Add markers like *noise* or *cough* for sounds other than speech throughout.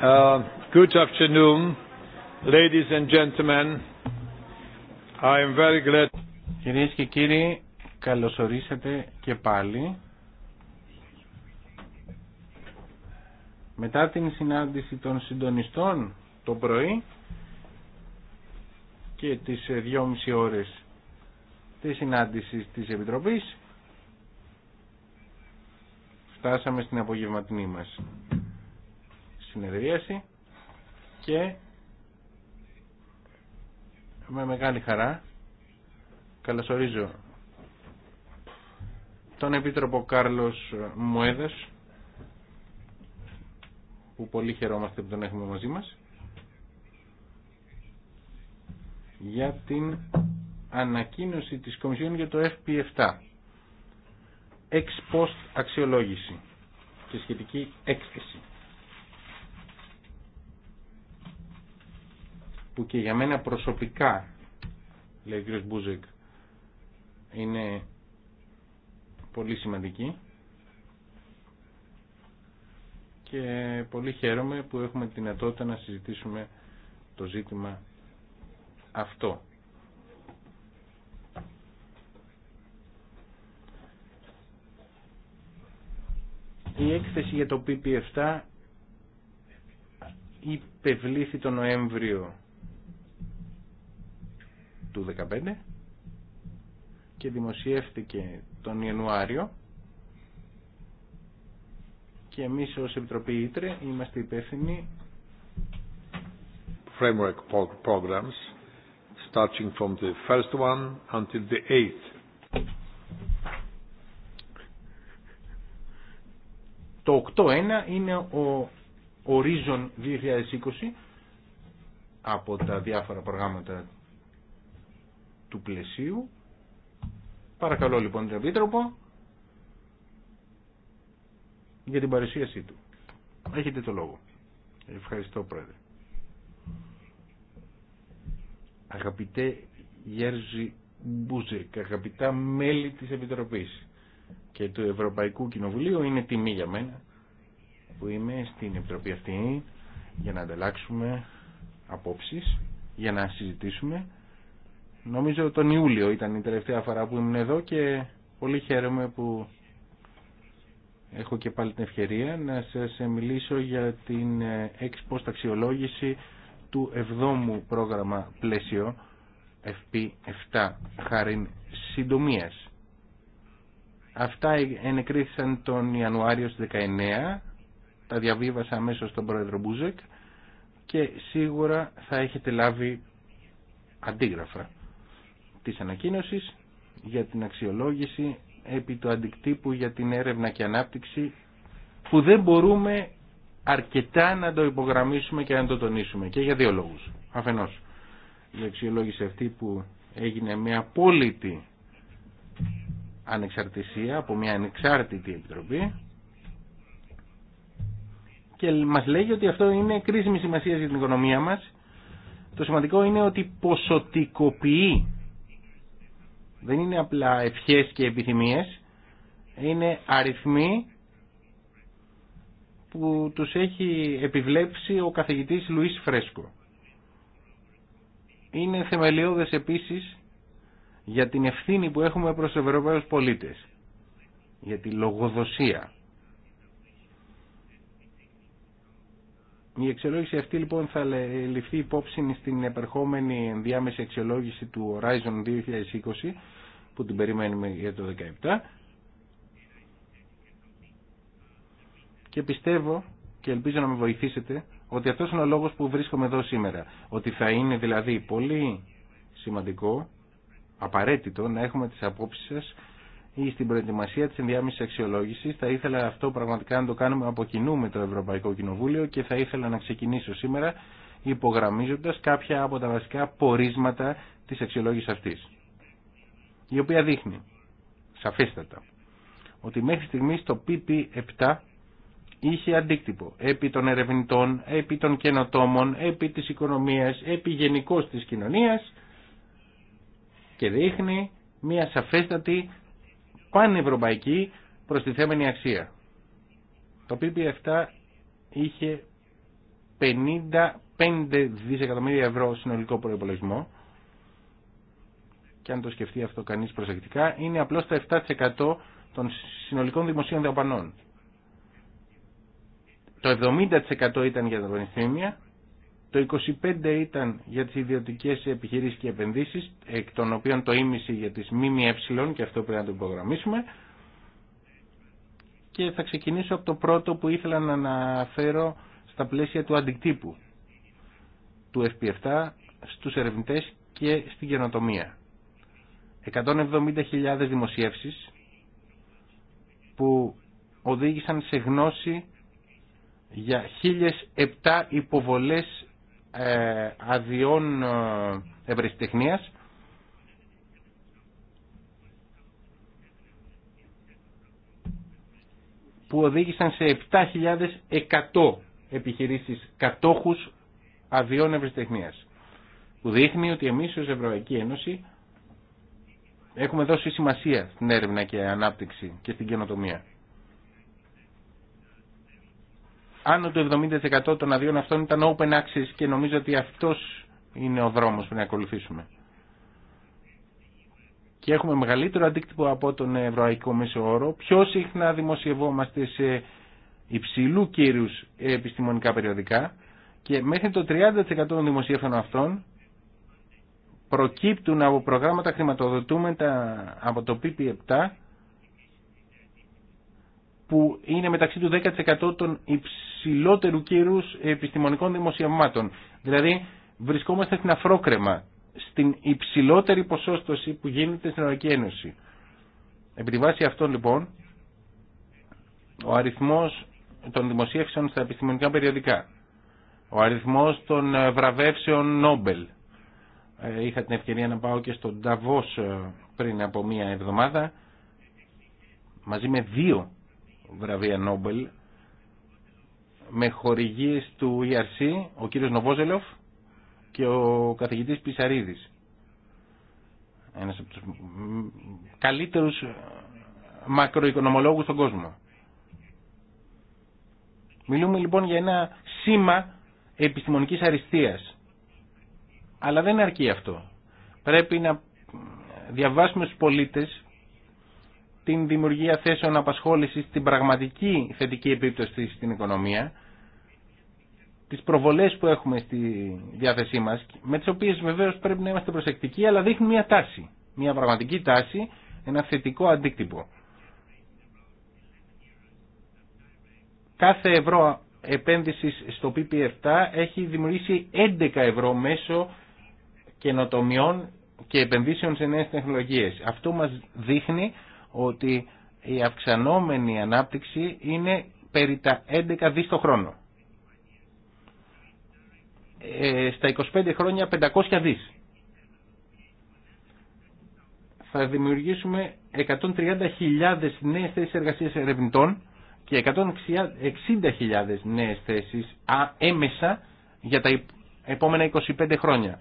Uh, good afternoon, ladies and gentlemen. I am very glad. Κυρίες και κύριοι, καλωσορίσατε και πάλι. Μετά την συνάντηση των συντονιστών το πρωί και τις 2,5 ε, ώρες της συνάντησης της Επιτροπής φτάσαμε στην απογευματινή μας συνεδρίαση και με μεγάλη χαρά καλωσορίζω τον Επίτροπο Κάρλος Μουέδας που πολύ χαιρόμαστε που τον έχουμε μαζί μας για την ανακοίνωση της Κομισιόν για το FP7 ex post αξιολόγηση και σχετική έκθεση. που και για μένα προσωπικά, λέει ο κ. Μπούζεκ, είναι πολύ σημαντική και πολύ χαίρομαι που έχουμε τη δυνατότητα να συζητήσουμε το ζήτημα αυτό. Η έκθεση για το PP7 υπευλήθη το Νοέμβριο του 2015 και δημοσιεύτηκε τον Ιανουάριο και εμείς ως Επιτροπή Ήτρε είμαστε υπεύθυνοι framework programs starting from the first one until the eighth. Το 8.1 είναι ο Horizon 2020 από τα διάφορα προγράμματα του πλαισίου. Παρακαλώ λοιπόν τον Επίτροπο για την παρουσίασή του. Έχετε το λόγο. Ευχαριστώ Πρόεδρε. Αγαπητέ Γέρζη Μπούζεκ, αγαπητά μέλη της Επιτροπής και του Ευρωπαϊκού Κοινοβουλίου, είναι τιμή για μένα που είμαι στην Επιτροπή αυτή για να ανταλλάξουμε απόψεις, για να συζητήσουμε Νομίζω τον Ιούλιο ήταν η τελευταία φορά που ήμουν εδώ και πολύ χαίρομαι που έχω και πάλι την ευκαιρία να σας μιλήσω για την πώς ε, ταξιολόγηση του 7ου πρόγραμμα πλαίσιο FP7 7 χάρην συντομίας. Αυτά ε, ενεκρίθησαν τον Ιανουάριο στις 19, τα διαβίβασα αμέσω στον πρόεδρο Μπούζεκ και σίγουρα θα έχετε λάβει αντίγραφα της ανακοίνωσης για την αξιολόγηση επί του αντικτύπου για την έρευνα και ανάπτυξη που δεν μπορούμε αρκετά να το υπογραμμίσουμε και να το τονίσουμε και για δύο λόγους. Αφενός, η αξιολόγηση αυτή που έγινε με απόλυτη ανεξαρτησία από μια ανεξάρτητη επιτροπή και μας λέει ότι αυτό είναι κρίσιμη σημασία για την οικονομία μας. Το σημαντικό είναι ότι ποσοτικοποιεί δεν είναι απλά ευχές και επιθυμίες, είναι αριθμοί που τους έχει επιβλέψει ο καθηγητής Λουίς Φρέσκο. Είναι θεμελιώδες επίσης για την ευθύνη που έχουμε προς Ευρωπαίους πολίτες, για τη λογοδοσία Η εξελόγηση αυτή λοιπόν θα ληφθεί υπόψη στην επερχόμενη διάμεση εξελόγηση του Horizon 2020 που την περιμένουμε για το 2017 και πιστεύω και ελπίζω να με βοηθήσετε ότι αυτός είναι ο λόγος που βρίσκομαι εδώ σήμερα. Ότι θα είναι δηλαδή πολύ σημαντικό, απαραίτητο να έχουμε τις απόψεις σας ή στην προετοιμασία της ενδιάμεσης αξιολόγησης. Θα ήθελα αυτό πραγματικά να το κάνουμε από κοινού με το Ευρωπαϊκό Κοινοβούλιο και θα ήθελα να ξεκινήσω σήμερα υπογραμμίζοντας κάποια από τα βασικά πορίσματα της αξιολόγησης αυτής, η οποία δείχνει σαφέστατα ότι μέχρι στιγμής το PP7 είχε αντίκτυπο επί των ερευνητών, επί των καινοτόμων, επί της οικονομίας, επί γενικώ της κοινωνίας και δείχνει μια σαφέστατη πανευρωπαϊκή προστιθέμενη αξία. Το PP7 είχε 55 δισεκατομμύρια ευρώ συνολικό προϋπολογισμό και αν το σκεφτεί αυτό κανείς προσεκτικά είναι απλώς το 7% των συνολικών δημοσίων δαπανών. Το 70% ήταν για τα πανεπιστήμια το 25 ήταν για τις ιδιωτικές επιχειρήσεις και επενδύσεις, εκ των οποίων το ίμιση για τις ΜΜΕ και αυτό πρέπει να το υπογραμμίσουμε. Και θα ξεκινήσω από το πρώτο που ήθελα να αναφέρω στα πλαίσια του αντικτύπου του FP7 στους ερευνητές και στην καινοτομία. 170.000 δημοσιεύσεις που οδήγησαν σε γνώση για 1.007 υποβολές ε, αδειών ε, ευρεσιτεχνίας που οδήγησαν σε 7.100 επιχειρήσεις κατόχους αδειών ευρεσιτεχνίας που δείχνει ότι εμείς ως Ευρωπαϊκή Ένωση έχουμε δώσει σημασία στην έρευνα και ανάπτυξη και στην καινοτομία. άνω του 70% των αδειών αυτών ήταν open access και νομίζω ότι αυτός είναι ο δρόμος που να ακολουθήσουμε. Και έχουμε μεγαλύτερο αντίκτυπο από τον ευρωαϊκό μέσο όρο. Πιο συχνά δημοσιευόμαστε σε υψηλού κύριους επιστημονικά περιοδικά και μέχρι το 30% των δημοσίευσεων αυτών προκύπτουν από προγράμματα χρηματοδοτούμετα από το PP7 που είναι μεταξύ του 10% των υψηλότερου κύρου επιστημονικών δημοσιευμάτων. Δηλαδή βρισκόμαστε στην αφρόκρεμα, στην υψηλότερη ποσόστοση που γίνεται στην Ευρωπαϊκή Ένωση. Επί τη βάση αυτών λοιπόν, ο αριθμός των δημοσίευσεων στα επιστημονικά περιοδικά, ο αριθμός των ε, βραβεύσεων Νόμπελ, ε, είχα την ευκαιρία να πάω και στον Ταβός ε, πριν από μία εβδομάδα, μαζί με δύο βραβεία Νόμπελ με χορηγίες του ERC, ο κύριος Νοβόζελοφ και ο καθηγητής Πισαρίδης. Ένας από τους καλύτερους μακροοικονομολόγους στον κόσμο. Μιλούμε λοιπόν για ένα σήμα επιστημονικής αριστείας. Αλλά δεν αρκεί αυτό. Πρέπει να διαβάσουμε στους πολίτες την δημιουργία θέσεων απασχόλησης, την πραγματική θετική επίπτωση στην οικονομία, τις προβολές που έχουμε στη διάθεσή μας, με τις οποίες βεβαίως πρέπει να είμαστε προσεκτικοί, αλλά δείχνουν μια τάση, μια πραγματική τάση, ένα θετικό αντίκτυπο. Κάθε ευρώ επένδυσης στο PP7 έχει δημιουργήσει 11 ευρώ μέσω καινοτομιών και επενδύσεων σε νέες τεχνολογίες. Αυτό μας δείχνει ότι η αυξανόμενη ανάπτυξη είναι περί τα 11 δις το χρόνο. Ε, στα 25 χρόνια 500 δις. Θα δημιουργήσουμε 130.000 νέες θέσεις εργασίας ερευνητών και 160.000 νέες θέσεις έμεσα για τα επόμενα 25 χρόνια.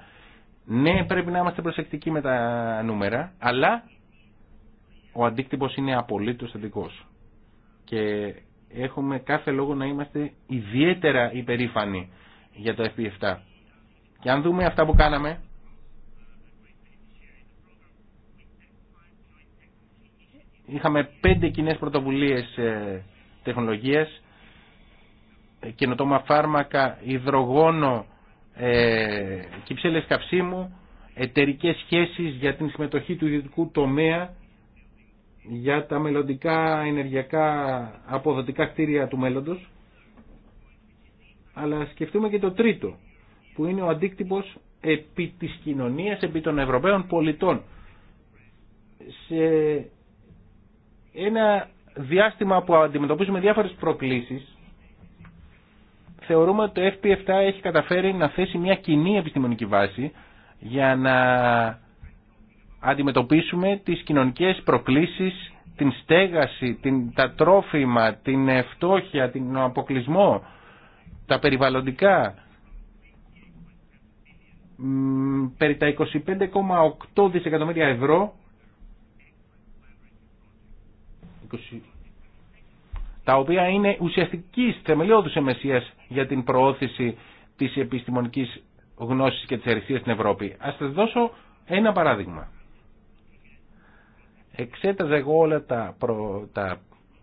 Ναι, πρέπει να είμαστε προσεκτικοί με τα νούμερα, αλλά ο αντίκτυπος είναι απολύτως θετικός. Και έχουμε κάθε λόγο να είμαστε ιδιαίτερα υπερήφανοι για το FP7. Και αν δούμε αυτά που κάναμε, είχαμε πέντε κοινέ πρωτοβουλίες ε, τεχνολογίας, ε, καινοτόμα φάρμακα, υδρογόνο, ε, κυψέλες καυσίμου, εταιρικές σχέσεις για την συμμετοχή του ιδιωτικού τομέα για τα μελλοντικά ενεργειακά αποδοτικά κτίρια του μέλλοντος αλλά σκεφτούμε και το τρίτο που είναι ο αντίκτυπος επί της κοινωνίας, επί των Ευρωπαίων πολιτών σε ένα διάστημα που αντιμετωπίζουμε διάφορες προκλήσεις θεωρούμε ότι το FP7 έχει καταφέρει να θέσει μια κοινή επιστημονική βάση για να αντιμετωπίσουμε τις κοινωνικές προκλήσεις, την στέγαση, την, τα τρόφιμα, την ε, φτώχεια, τον αποκλεισμό, τα περιβαλλοντικά. Περί τα 25,8 δισεκατομμύρια ευρώ τα οποία είναι ουσιαστικής θεμελιώδους εμεσίας για την προώθηση της επιστημονικής γνώσης και της αριστείας στην Ευρώπη. Ας σας δώσω ένα παράδειγμα εξέταζα εγώ όλα τα, τα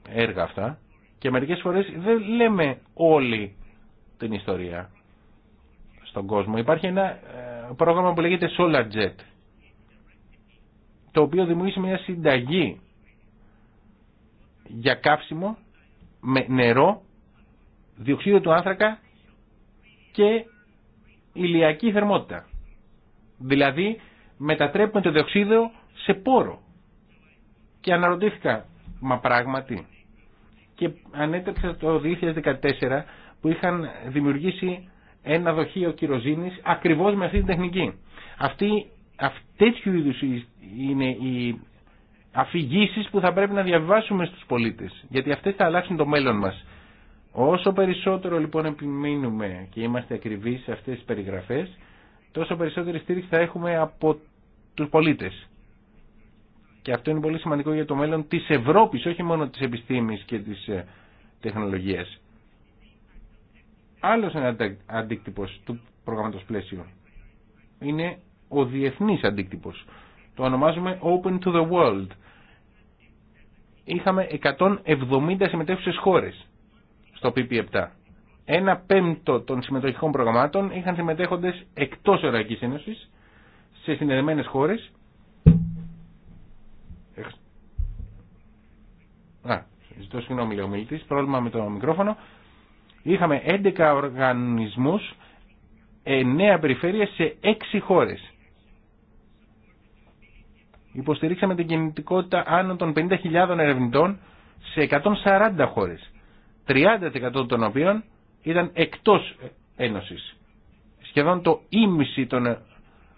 έργα αυτά και μερικές φορές δεν λέμε όλη την ιστορία στον κόσμο. Υπάρχει ένα ε, πρόγραμμα που λέγεται SolarJet το οποίο δημιούργησε μια συνταγή για κάψιμο με νερό, διοξείδιο του άνθρακα και ηλιακή θερμότητα. Δηλαδή μετατρέπουμε το διοξείδιο σε πόρο και αναρωτήθηκα, μα πράγματι. Και ανέτρεψα το 2014 που είχαν δημιουργήσει ένα δοχείο κυροζήνης ακριβώς με αυτή την τεχνική. Αυτή, τέτοιου είδους είναι οι αφηγήσει που θα πρέπει να διαβάσουμε στους πολίτες, γιατί αυτές θα αλλάξουν το μέλλον μας. Όσο περισσότερο λοιπόν επιμείνουμε και είμαστε ακριβείς σε αυτές τις περιγραφές, τόσο περισσότερη στήριξη θα έχουμε από τους πολίτες. Και αυτό είναι πολύ σημαντικό για το μέλλον της Ευρώπης, όχι μόνο της επιστήμης και της ε, τεχνολογίας. Άλλος ένα αντίκτυπος του προγράμματος πλαίσιο είναι ο διεθνής αντίκτυπος. Το ονομάζουμε Open to the World. Είχαμε 170 συμμετέχουσες χώρες στο PP7. Ένα πέμπτο των συμμετοχικών προγραμμάτων είχαν συμμετέχοντες εκτός Ευρωπαϊκής Ένωσης σε συνδεδεμένες χώρες Α, ζητώ συγγνώμη λέει ο πρόβλημα με το μικρόφωνο. Είχαμε 11 οργανισμούς, 9 περιφέρειες σε 6 χώρε. Υποστηρίξαμε την κινητικότητα άνω των 50.000 ερευνητών σε 140 χώρε. 30% των οποίων ήταν εκτός Ένωση. Σχεδόν το ίμιση των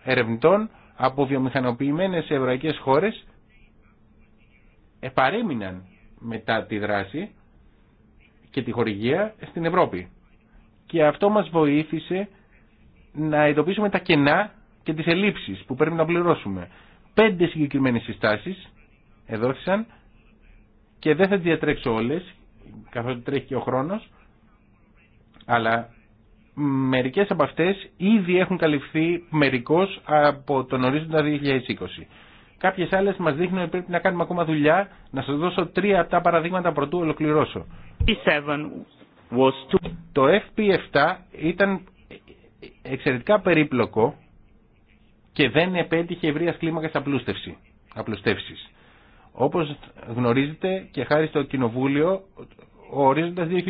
ερευνητών από βιομηχανοποιημένες ευρωπαϊκές χώρες παρέμειναν μετά τη δράση και τη χορηγία στην Ευρώπη. Και αυτό μας βοήθησε να ειδοποιήσουμε τα κενά και τις ελλείψεις που πρέπει να πληρώσουμε. Πέντε συγκεκριμένες συστάσεις εδόθησαν και δεν θα τις διατρέξω όλες καθώς τρέχει και ο χρόνος αλλά μερικές από αυτές ήδη έχουν καλυφθεί μερικώς από τον ορίζοντα 2020. Κάποιες άλλες μας δείχνουν ότι πρέπει να κάνουμε ακόμα δουλειά. Να σας δώσω τρία από τα παραδείγματα πρωτού ολοκληρώσω. Το FP7 ήταν εξαιρετικά περίπλοκο και δεν επέτυχε ευρεία κλίμακα απλούστευση. Όπω Όπως γνωρίζετε και χάρη στο Κοινοβούλιο, ο ορίζοντας 2020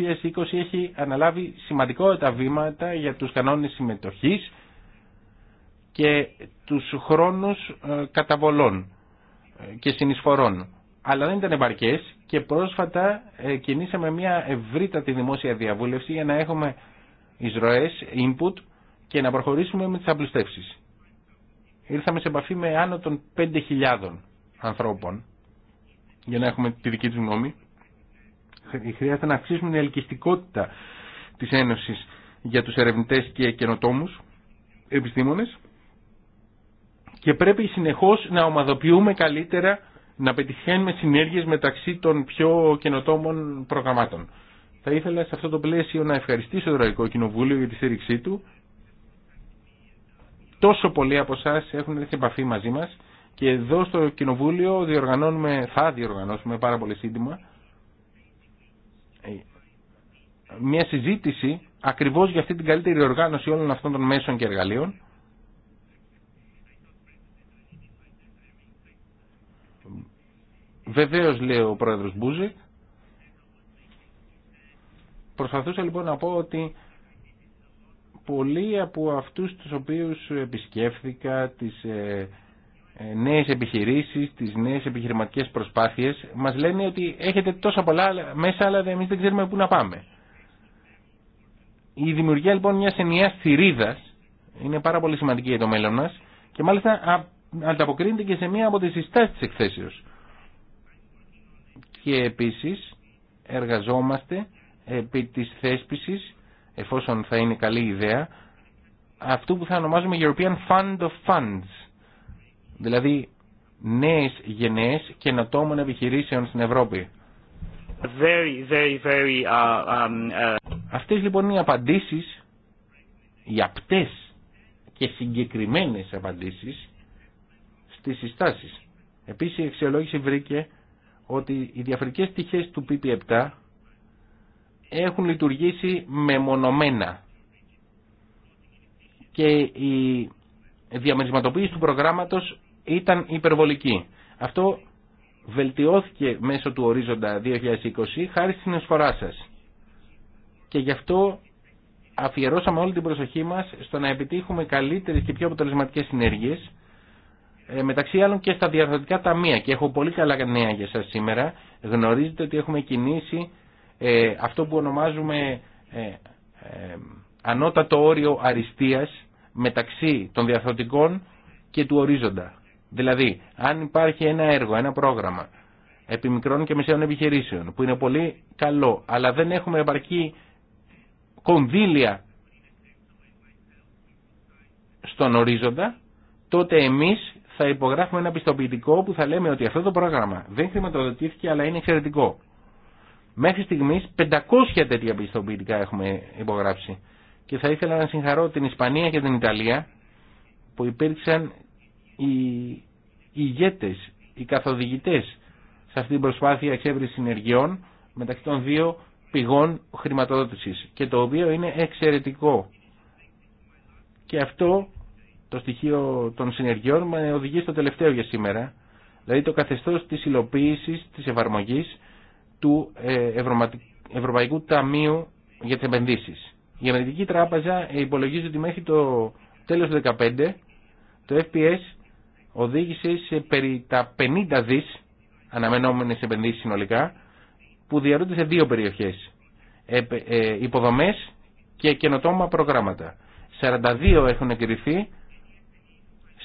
έχει αναλάβει σημαντικότατα βήματα για τους κανόνες συμμετοχής και τους χρόνους ε, καταβολών ε, και συνεισφορών. Αλλά δεν ήταν επαρκές και πρόσφατα ε, κινήσαμε μια ευρύτατη δημόσια διαβούλευση για να έχουμε εισρωές, input και να προχωρήσουμε με τις απλουστεύσεις. Ήρθαμε σε επαφή με άνω των 5.000 ανθρώπων για να έχουμε τη δική του γνώμη. Χρειάζεται να αυξήσουμε την ελκυστικότητα της Ένωσης για τους ερευνητές και καινοτόμους επιστήμονες και πρέπει συνεχώς να ομαδοποιούμε καλύτερα, να πετυχαίνουμε συνέργειες μεταξύ των πιο καινοτόμων προγραμμάτων. Θα ήθελα σε αυτό το πλαίσιο να ευχαριστήσω το Ευρωπαϊκό Κοινοβούλιο για τη στήριξή του. Τόσο πολλοί από εσά έχουν έρθει σε επαφή μαζί μας και εδώ στο Κοινοβούλιο διοργανώνουμε, θα διοργανώσουμε πάρα πολύ σύντομα ε, μια συζήτηση ακριβώς για αυτή την καλύτερη οργάνωση όλων αυτών των μέσων και εργαλείων Βεβαίω λέει ο πρόεδρος Μπούζη. Προσπαθούσα λοιπόν να πω ότι πολλοί από αυτούς τους οποίους επισκέφθηκα τις ε, ε, νέες επιχειρήσεις, τις νέες επιχειρηματικές προσπάθειες μας λένε ότι έχετε τόσα πολλά μέσα αλλά εμείς δεν ξέρουμε πού να πάμε. Η δημιουργία λοιπόν μια ενιαίας θηρίδας είναι πάρα πολύ σημαντική για το μέλλον μας και μάλιστα ανταποκρίνεται και σε μία από τις συστάσεις της εκθέσεως και επίσης εργαζόμαστε επί της θέσπισης, εφόσον θα είναι καλή ιδέα, αυτού που θα ονομάζουμε European Fund of Funds, δηλαδή νέες γενναίες καινοτόμων επιχειρήσεων στην Ευρώπη. Very, very, very, uh, um, uh, Αυτές λοιπόν είναι οι απαντήσεις, οι απτές και συγκεκριμένες απαντήσεις στις συστάσεις. Επίσης η αξιολόγηση βρήκε ότι οι διαφορετικές πτυχές του PP7 έχουν λειτουργήσει μεμονωμένα και η διαμερισματοποίηση του προγράμματος ήταν υπερβολική. Αυτό βελτιώθηκε μέσω του ορίζοντα 2020 χάρη στην εσφορά σας. Και γι' αυτό αφιερώσαμε όλη την προσοχή μας στο να επιτύχουμε καλύτερες και πιο αποτελεσματικές συνέργειες ε, μεταξύ άλλων και στα διαρθρωτικά ταμεία και έχω πολύ καλά νέα για σας σήμερα γνωρίζετε ότι έχουμε κινήσει ε, αυτό που ονομάζουμε ε, ε, ανώτατο όριο αριστείας μεταξύ των διαρθρωτικών και του ορίζοντα δηλαδή αν υπάρχει ένα έργο, ένα πρόγραμμα επί μικρών και μεσαίων επιχειρήσεων που είναι πολύ καλό αλλά δεν έχουμε επαρκή κονδύλια στον ορίζοντα τότε εμείς θα υπογράφουμε ένα πιστοποιητικό που θα λέμε ότι αυτό το πρόγραμμα δεν χρηματοδοτήθηκε αλλά είναι εξαιρετικό. Μέχρι στιγμή, 500 τέτοια πιστοποιητικά έχουμε υπογράψει. Και θα ήθελα να συγχαρώ την Ισπανία και την Ιταλία που υπήρξαν οι ηγέτε, οι καθοδήγητέ σε αυτή την προσπάθεια εξέβριση συνεργειών μεταξύ των δύο πηγών χρηματοδότησης και το οποίο είναι εξαιρετικό. Και αυτό το στοιχείο των συνεργειών με οδηγεί στο τελευταίο για σήμερα, δηλαδή το καθεστώς της υλοποίησης, της εφαρμογή του ε, Ευρωπαϊκού Ταμείου για τις επενδύσει. Η Αμερική Τράπεζα υπολογίζει ότι μέχρι το τέλος του 2015 το FPS οδήγησε σε περί τα 50 δις αναμενόμενες επενδύσεις συνολικά που διαρρούνται σε δύο περιοχές. Ε, υποδομές και καινοτόμα προγράμματα. 42 έχουν εγκριθεί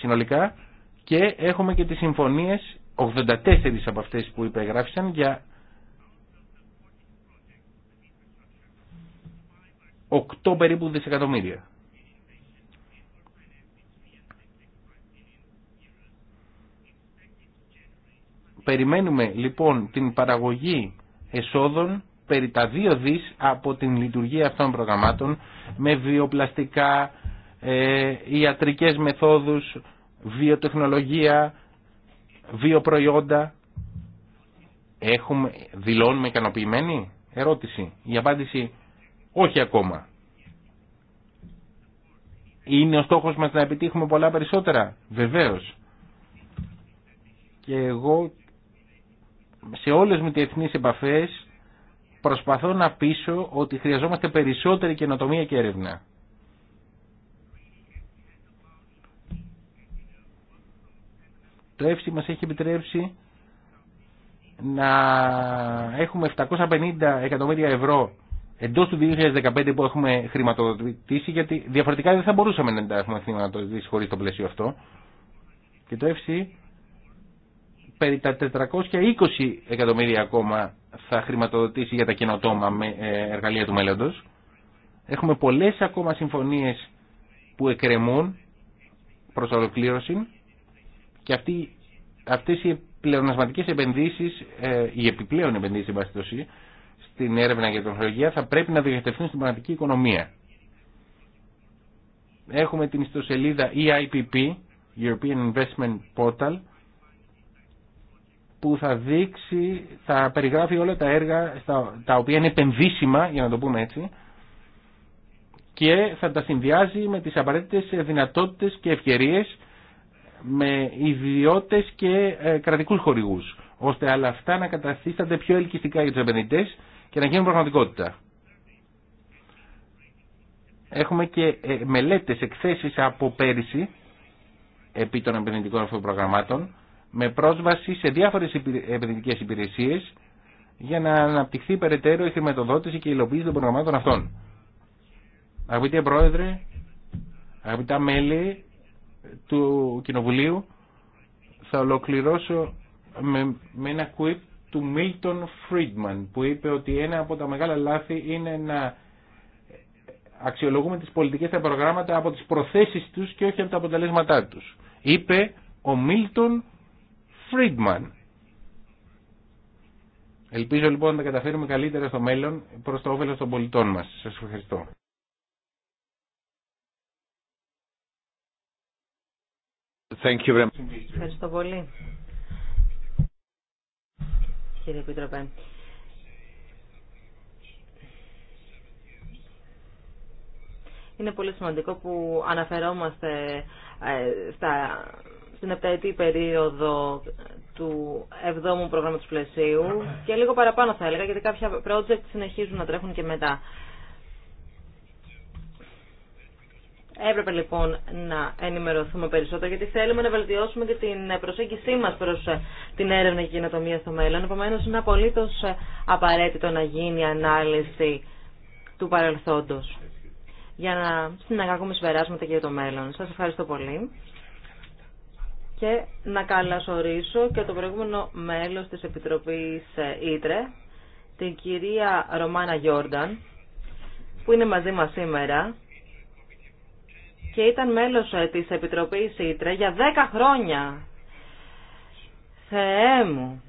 συνολικά και έχουμε και τις συμφωνίες, 84 από αυτές που υπεγράφησαν για 8 περίπου δισεκατομμύρια. Περιμένουμε λοιπόν την παραγωγή εσόδων περί τα 2 δις από την λειτουργία αυτών των προγραμμάτων με βιοπλαστικά, ε, ιατρικές μεθόδους, βιοτεχνολογία, βιοπροϊόντα. Έχουμε, δηλώνουμε ικανοποιημένοι. Ερώτηση. Η απάντηση όχι ακόμα. Είναι ο στόχος μας να επιτύχουμε πολλά περισσότερα. Βεβαίως. Και εγώ σε όλες μου τις εθνείς επαφές προσπαθώ να πείσω ότι χρειαζόμαστε περισσότερη καινοτομία και έρευνα. Το ΕΦΣΙ μας έχει επιτρέψει να έχουμε 750 εκατομμύρια ευρώ εντός του 2015 που έχουμε χρηματοδοτήσει γιατί διαφορετικά δεν θα μπορούσαμε να τα έχουμε χρηματοδοτήσει χωρίς το πλαίσιο αυτό και το ΕΦΣΙ περί τα 420 εκατομμύρια ακόμα θα χρηματοδοτήσει για τα καινοτόμα με ε, εργαλεία του μέλλοντος. Έχουμε πολλές ακόμα συμφωνίες που εκκρεμούν προς ολοκλήρωση και αυτοί, αυτές οι πλεονασματικές επενδύσεις, ε, οι επιπλέον επενδύσεις στην στην έρευνα και την τεχνολογία θα πρέπει να διατευθύνουν στην πραγματική οικονομία. Έχουμε την ιστοσελίδα EIPP, European Investment Portal, που θα δείξει, θα περιγράφει όλα τα έργα τα οποία είναι επενδύσιμα, για να το πούμε έτσι, και θα τα συνδυάζει με τις απαραίτητες δυνατότητες και ευκαιρίες με ιδιώτες και ε, κρατικούς χορηγούς, ώστε αλλά αυτά να καταθίστανται πιο ελκυστικά για τους επενδυτές και να γίνουν πραγματικότητα. Έχουμε και ε, μελέτες, εκθέσεις από πέρυσι, επί των επενδυτικών αυτών προγραμμάτων, με πρόσβαση σε διάφορες επενδυτικές υπηρεσίες, για να αναπτυχθεί περαιτέρω η χρηματοδότηση και η υλοποίηση των προγραμμάτων αυτών. Αγαπητέ Πρόεδρε, αγαπητά μέλη, του Κοινοβουλίου θα ολοκληρώσω με, ένα κουίπ του Μίλτον Φρίντμαν που είπε ότι ένα από τα μεγάλα λάθη είναι να αξιολογούμε τις πολιτικές τα προγράμματα από τις προθέσεις τους και όχι από τα αποτελέσματά τους. Είπε ο Μίλτον Φρίντμαν. Ελπίζω λοιπόν να τα καταφέρουμε καλύτερα στο μέλλον προς το όφελο των πολιτών μας. Σας ευχαριστώ. Thank you Ευχαριστώ πολύ. Κύριε Επίτροπε. Είναι πολύ σημαντικό που αναφερόμαστε ε, στα, στην επταετή περίοδο του 7ου προγράμματος πλαισίου και λίγο παραπάνω θα έλεγα γιατί κάποια project συνεχίζουν να τρέχουν και μετά. Έπρεπε λοιπόν να ενημερωθούμε περισσότερο γιατί θέλουμε να βελτιώσουμε και την προσέγγιση μας προς ε, την έρευνα και κοινοτομία στο μέλλον. Επομένω, είναι απολύτω ε, απαραίτητο να γίνει ανάλυση του παρελθόντος για να συναγάγουμε συμπεράσματα και για το μέλλον. Σας ευχαριστώ πολύ και να καλασορίσω και το προηγούμενο μέλος της Επιτροπής ε, Ήτρε, την κυρία Ρωμάνα Γιόρνταν, που είναι μαζί μας σήμερα και ήταν μέλος ε, της Επιτροπής Ήτρε για 10 χρόνια. Θεέ μου.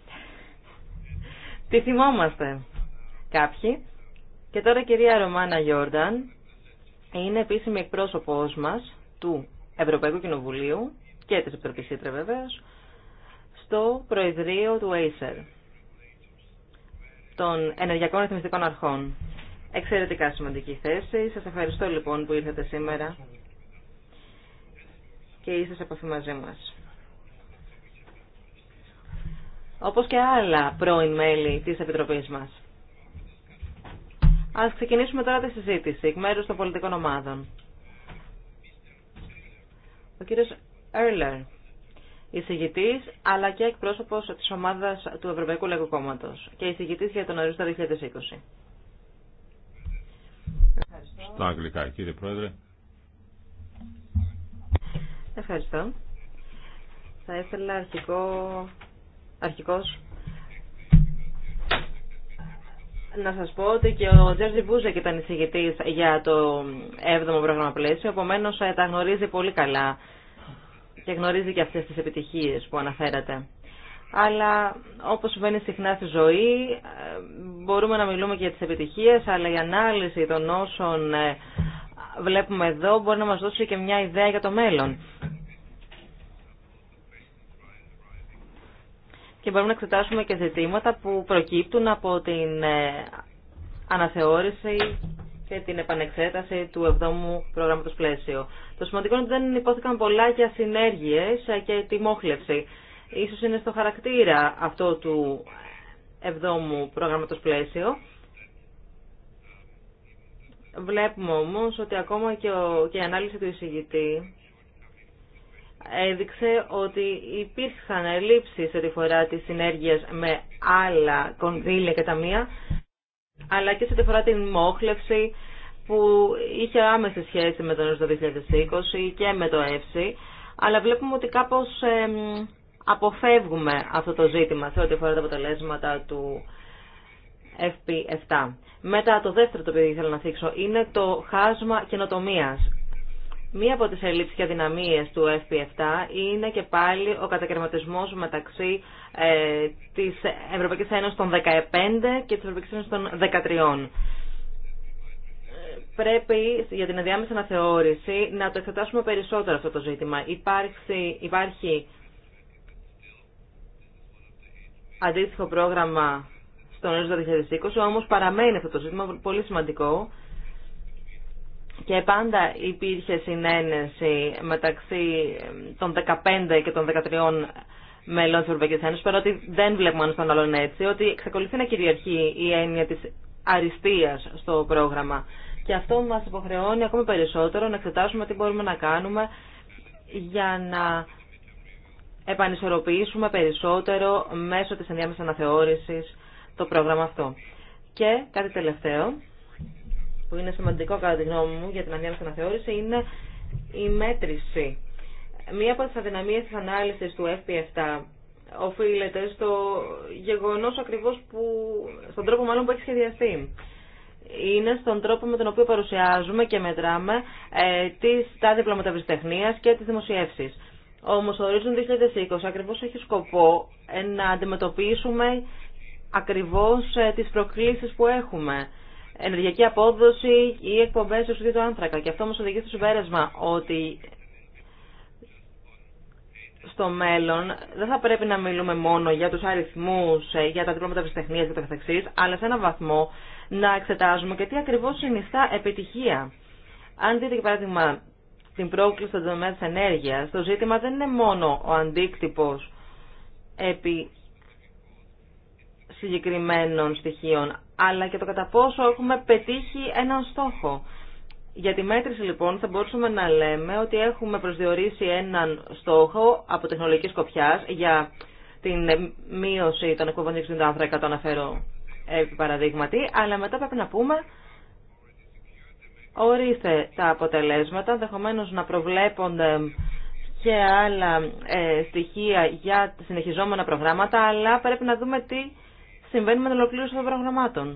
Τι θυμόμαστε κάποιοι. Και τώρα η κυρία Ρωμάνα Γιόρνταν είναι επίσημη εκπρόσωπός μας του Ευρωπαϊκού Κοινοβουλίου και της Επιτροπής Ήτρε βεβαίως στο Προεδρείο του ΑΙΣΕΡ των Ενεργειακών Ρυθμιστικών Αρχών. Εξαιρετικά σημαντική θέση. Σας ευχαριστώ λοιπόν που ήρθατε σήμερα και είστε σε επαφή μαζί μα. Όπως και άλλα πρώην μέλη της Επιτροπής μας. Ας ξεκινήσουμε τώρα τη συζήτηση εκ μέρου των πολιτικών ομάδων. Ο κύριος Έρλερ, εισηγητής αλλά και εκπρόσωπο της ομάδας του Ευρωπαϊκού Λαϊκού Κόμματο και εισηγητής για τον ορίζοντα 2020. Στα αγγλικά, κύριε Πρόεδρε. Ευχαριστώ. Θα ήθελα αρχικό, αρχικός να σας πω ότι και ο Τζέρζι Μπούζεκ ήταν εισηγητής για το 7ο πρόγραμμα πλαίσιο, επομένω ε, τα γνωρίζει πολύ καλά και γνωρίζει και αυτές τις επιτυχίες που αναφέρατε. Αλλά όπως συμβαίνει συχνά στη ζωή, ε, μπορούμε να μιλούμε και για τις επιτυχίες, αλλά η ανάλυση των όσων ε, βλέπουμε εδώ μπορεί να μας δώσει και μια ιδέα για το μέλλον. και μπορούμε να εξετάσουμε και ζητήματα που προκύπτουν από την ε, αναθεώρηση και την επανεξέταση του 7ου προγράμματο πλαίσιο. Το σημαντικό είναι ότι δεν υπόθηκαν πολλά για συνέργειε ε, και τη μόχλευση. Ίσως είναι στο χαρακτήρα αυτό του 7ου προγράμματο πλαίσιο. Βλέπουμε όμως ότι ακόμα και, η ανάλυση του εισηγητή έδειξε ότι υπήρχαν ελλείψεις σε τη φορά της συνέργειες με άλλα κονδύλια και ταμεία, αλλά και σε ό,τι φορά την μόχλευση που είχε άμεση σχέση με τον 2020 και με το ΕΦΣΥ, αλλά βλέπουμε ότι κάπως αποφεύγουμε αυτό το ζήτημα σε ό,τι αφορά τα αποτελέσματα του FP7. Μετά το δεύτερο το οποίο ήθελα να θίξω είναι το χάσμα καινοτομίας. Μία από τις ελλείψεις και αδυναμίες του FP7 είναι και πάλι ο κατακαιρματισμός μεταξύ ε, της Ευρωπαϊκής Ένωσης των 15 και της Ευρωπαϊκής Ένωσης των 13. Πρέπει για την ενδιάμεση αναθεώρηση να το εξετάσουμε περισσότερο αυτό το ζήτημα. Υπάρχει, υπάρχει αντίστοιχο πρόγραμμα στον του 2020, όμως παραμένει αυτό το ζήτημα πολύ σημαντικό και πάντα υπήρχε συνένεση μεταξύ των 15 και των 13 μελών της Ευρωπαϊκής Ένωσης, παρότι δεν βλέπουμε αν στον άλλον έτσι, ότι εξακολουθεί να κυριαρχεί η έννοια της αριστείας στο πρόγραμμα. Και αυτό μας υποχρεώνει ακόμη περισσότερο να εξετάσουμε τι μπορούμε να κάνουμε για να επανισορροπήσουμε περισσότερο μέσω της ενδιάμεσης αναθεώρησης το πρόγραμμα αυτό. Και κάτι τελευταίο, που είναι σημαντικό κατά τη γνώμη μου για την ανάμεσα αναθεώρηση είναι η μέτρηση. Μία από τις αδυναμίες της ανάλυσης του FP7 οφείλεται στο γεγονός ακριβώς που, στον τρόπο μάλλον που έχει σχεδιαστεί. Είναι στον τρόπο με τον οποίο παρουσιάζουμε και μετράμε ε, τις, τα διπλώματα και τις δημοσιεύσεις. Όμως ο Horizon 2020 ακριβώς έχει σκοπό ε, να αντιμετωπίσουμε ακριβώς ε, τις προκλήσεις που έχουμε ενεργειακή απόδοση ή εκπομπέ του του άνθρακα. Και αυτό όμω οδηγεί στο συμπέρασμα ότι στο μέλλον δεν θα πρέπει να μιλούμε μόνο για τους αριθμούς, ε, για τα διπλώματα τεχνία και το καθεξή, αλλά σε έναν βαθμό να εξετάζουμε και τι ακριβώς συνιστά επιτυχία. Αν δείτε για παράδειγμα την πρόκληση των τομέα τη ενέργεια, το ζήτημα δεν είναι μόνο ο αντίκτυπο επί συγκεκριμένων στοιχείων, αλλά και το κατά πόσο έχουμε πετύχει έναν στόχο. Για τη μέτρηση λοιπόν θα μπορούσαμε να λέμε ότι έχουμε προσδιορίσει έναν στόχο από τεχνολογική σκοπιά για την μείωση των εκπομπών του άνθρακα, το αναφέρω επί παραδείγματι, αλλά μετά πρέπει να πούμε ορίστε τα αποτελέσματα, ενδεχομένω να προβλέπονται και άλλα ε, στοιχεία για συνεχιζόμενα προγράμματα, αλλά πρέπει να δούμε τι συμβαίνει με την ολοκλήρωση των προγραμμάτων.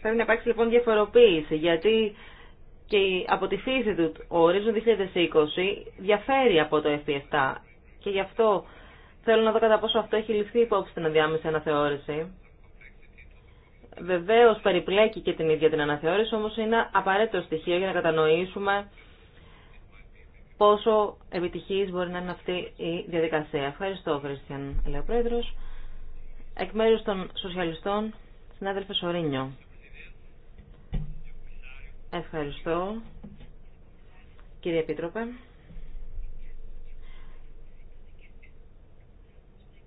Πρέπει να υπάρξει λοιπόν διαφοροποίηση, γιατί και από τη φύση του ο ορίζον 2020 διαφέρει από το FP7 και γι' αυτό θέλω να δω κατά πόσο αυτό έχει ληφθεί υπόψη στην ενδιάμεση αναθεώρηση. Βεβαίω περιπλέκει και την ίδια την αναθεώρηση, όμως είναι απαραίτητο στοιχείο για να κατανοήσουμε πόσο επιτυχής μπορεί να είναι αυτή η διαδικασία. Ευχαριστώ, Χριστιαν, λέει Εκ μέρους των σοσιαλιστών, συνάδελφε Σωρίνιο. Ευχαριστώ, κύριε Επίτροπε.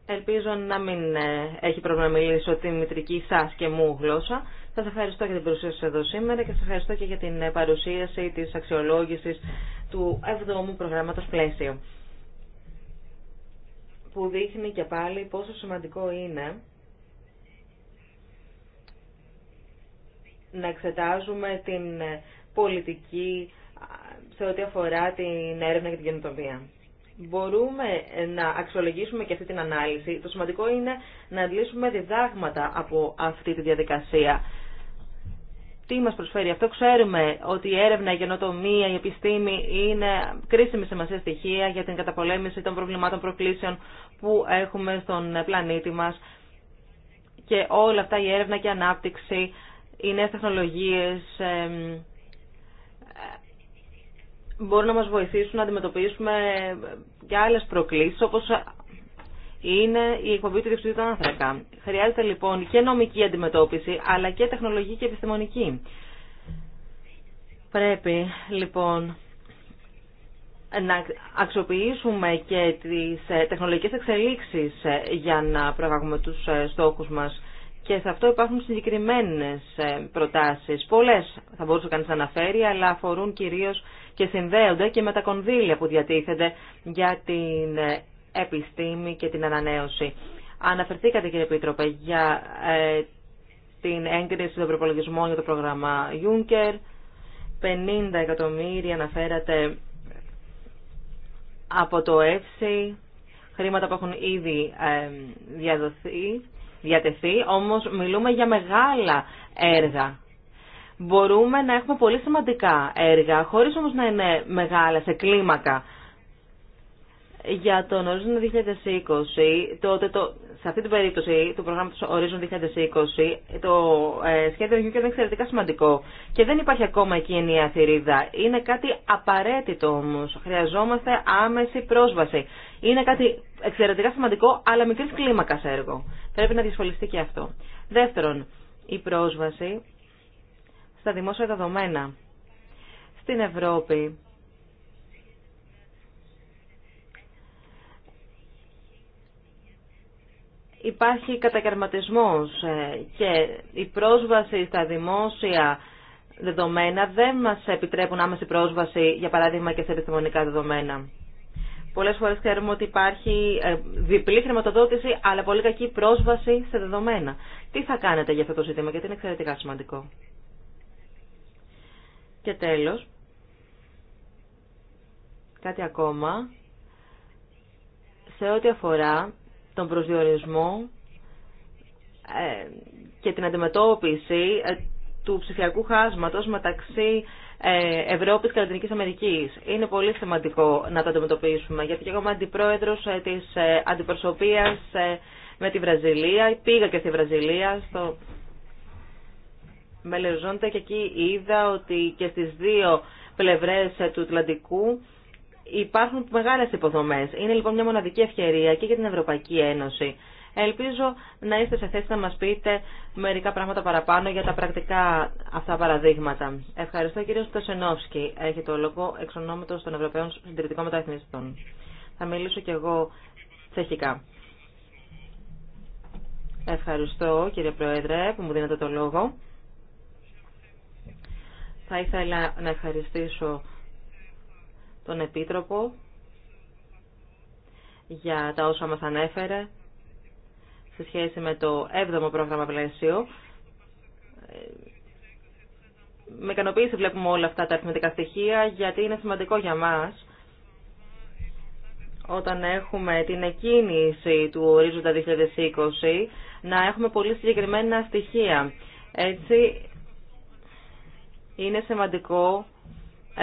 Ελπίζω να μην ε, έχει πρόβλημα να μιλήσω τη μητρική σας και μου γλώσσα. Σα ευχαριστώ για την παρουσία σα εδώ σήμερα και σα ευχαριστώ και για την ε, παρουσίαση της αξιολόγηση του 7ου Προγράμματο πλαίσιο που δείχνει και πάλι πόσο σημαντικό είναι να εξετάζουμε την ε, πολιτική σε ό,τι αφορά την έρευνα και την καινοτομία. Μπορούμε ε, να αξιολογήσουμε και αυτή την ανάλυση. Το σημαντικό είναι να αντλήσουμε διδάγματα από αυτή τη διαδικασία τι μας προσφέρει αυτό. Ξέρουμε ότι η έρευνα, η γενοτομία, η επιστήμη είναι κρίσιμη σημασία στοιχεία για την καταπολέμηση των προβλημάτων προκλήσεων που έχουμε στον πλανήτη μας. Και όλα αυτά η έρευνα και η ανάπτυξη, οι νέες τεχνολογίες ε, μπορούν να μας βοηθήσουν να αντιμετωπίσουμε και άλλες προκλήσεις όπως είναι η εκπομπή του διευθυντήτου του άνθρακα. Χρειάζεται λοιπόν και νομική αντιμετώπιση, αλλά και τεχνολογική και επιστημονική. Πρέπει λοιπόν να αξιοποιήσουμε και τις ε, τεχνολογικές εξελίξεις ε, για να προβάγουμε τους ε, στόχους μας. Και σε αυτό υπάρχουν συγκεκριμένες προτάσεις. Πολλές θα μπορούσε κανείς να αναφέρει, αλλά αφορούν κυρίως και συνδέονται και με τα κονδύλια που διατίθενται για την επιστήμη και την ανανέωση. Αναφερθήκατε κύριε Επίτροπε για ε, την έγκριση των προπολογισμών για το πρόγραμμα Juncker. 50 εκατομμύρια αναφέρατε από το ΕΦΣΙ, χρήματα που έχουν ήδη ε, διαδοθεί, διατεθεί, όμως μιλούμε για μεγάλα έργα. Μπορούμε να έχουμε πολύ σημαντικά έργα, χωρίς όμως να είναι μεγάλα σε κλίμακα για τον ορίζοντα 2020, τότε το, σε αυτή την περίπτωση του προγράμματος ορίζον 2020, το ε, σχέδιο Juncker είναι εξαιρετικά σημαντικό και δεν υπάρχει ακόμα εκεί η θηρίδα. Είναι κάτι απαραίτητο όμως. Χρειαζόμαστε άμεση πρόσβαση. Είναι κάτι εξαιρετικά σημαντικό, αλλά μικρής κλίμακας έργο. Πρέπει να διασφαλιστεί και αυτό. Δεύτερον, η πρόσβαση στα δημόσια δεδομένα. Στην Ευρώπη υπάρχει κατακαιρματισμός ε, και η πρόσβαση στα δημόσια δεδομένα δεν μας επιτρέπουν άμεση πρόσβαση, για παράδειγμα, και σε επιστημονικά δεδομένα. Πολλές φορές ξέρουμε ότι υπάρχει ε, διπλή χρηματοδότηση, αλλά πολύ κακή πρόσβαση σε δεδομένα. Τι θα κάνετε για αυτό το ζήτημα, γιατί είναι εξαιρετικά σημαντικό. Και τέλος, κάτι ακόμα, σε ό,τι αφορά τον προσδιορισμό ε, και την αντιμετώπιση ε, του ψηφιακού χάσματος μεταξύ ε, Ευρώπης και Λατινικής Αμερικής. Είναι πολύ σημαντικό να το αντιμετωπίσουμε, γιατί και εγώ είμαι αντιπρόεδρος της αντιπροσωπείας με τη Βραζιλία. Πήγα και στη Βραζιλία, στο Μελεζόντα και εκεί είδα ότι και στις δύο πλευρές του Ατλαντικού υπάρχουν μεγάλε υποδομέ. Είναι λοιπόν μια μοναδική ευκαιρία και για την Ευρωπαϊκή Ένωση. Ελπίζω να είστε σε θέση να μας πείτε μερικά πράγματα παραπάνω για τα πρακτικά αυτά παραδείγματα. Ευχαριστώ κύριο Στοσενόφσκι. Έχει το λόγο εξ ονόματος των Ευρωπαίων Συντηρητικών Μεταρρυθμιστών. Θα μιλήσω κι εγώ τσεχικά. Ευχαριστώ κύριε Πρόεδρε που μου δίνετε το λόγο. Θα ήθελα να ευχαριστήσω τον Επίτροπο για τα όσα μας ανέφερε σε σχέση με το 7ο πρόγραμμα πλαίσιο. Με ικανοποίηση βλέπουμε όλα αυτά τα αριθμητικά στοιχεία γιατί είναι σημαντικό για μας όταν έχουμε την εκκίνηση του ορίζοντα 2020 να έχουμε πολύ συγκεκριμένα στοιχεία. Έτσι είναι σημαντικό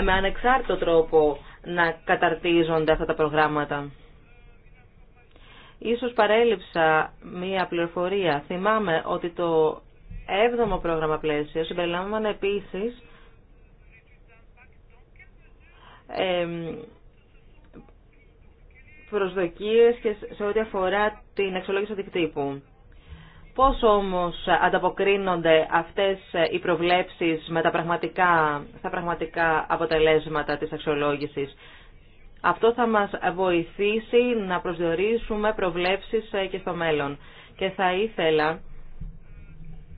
με ανεξάρτητο τρόπο να καταρτίζονται αυτά τα προγράμματα. Ίσως παρέλειψα μία πληροφορία. Θυμάμαι ότι το 7ο πρόγραμμα πλαίσιο συμπεριλάμβανε επίσης προσδοκίες και σε ό,τι αφορά την εξολόγηση αντικτύπου. Πώς όμως ανταποκρίνονται αυτές ε, οι προβλέψεις με τα πραγματικά, πραγματικά αποτελέσματα της αξιολόγησης. Αυτό θα μας βοηθήσει να προσδιορίσουμε προβλέψεις ε, και στο μέλλον. Και θα ήθελα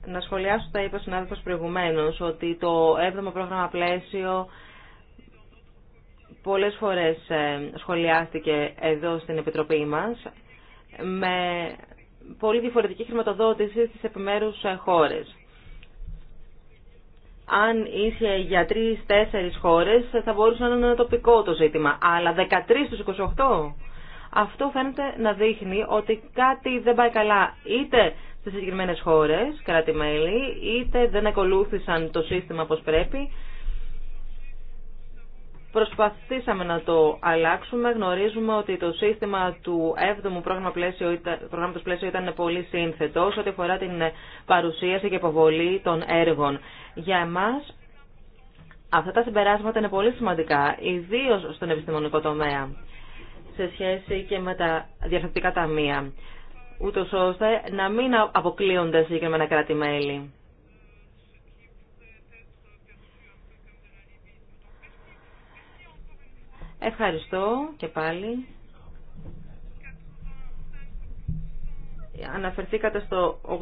να σχολιάσω τα είπα συνάδελφος προηγουμένως ότι το 7ο πρόγραμμα πλαίσιο πολλές φορές ε, σχολιάστηκε εδώ στην Επιτροπή μας με πολύ διαφορετική χρηματοδότηση στις επιμέρους ε, χώρες. Αν είσαι για τρει-τέσσερι χώρε, θα μπορούσε να είναι τοπικό το ζήτημα. Αλλά 13 στου 28, αυτό φαίνεται να δείχνει ότι κάτι δεν πάει καλά είτε στις συγκεκριμένες χώρες, χώρε, κράτη-μέλη, είτε δεν ακολούθησαν το σύστημα όπως πρέπει, Προσπαθήσαμε να το αλλάξουμε. Γνωρίζουμε ότι το σύστημα του 7ου πρόγραμμα πλαίσιο, πλαίσιο ήταν πολύ σύνθετο ό,τι αφορά την παρουσίαση και υποβολή των έργων. Για εμάς αυτά τα συμπεράσματα είναι πολύ σημαντικά, ιδίω στον επιστημονικό τομέα, σε σχέση και με τα διαφορετικά ταμεία, ούτω ώστε να μην αποκλείονται συγκεκριμένα κράτη-μέλη Ευχαριστώ και πάλι. Αναφερθήκατε στο 85%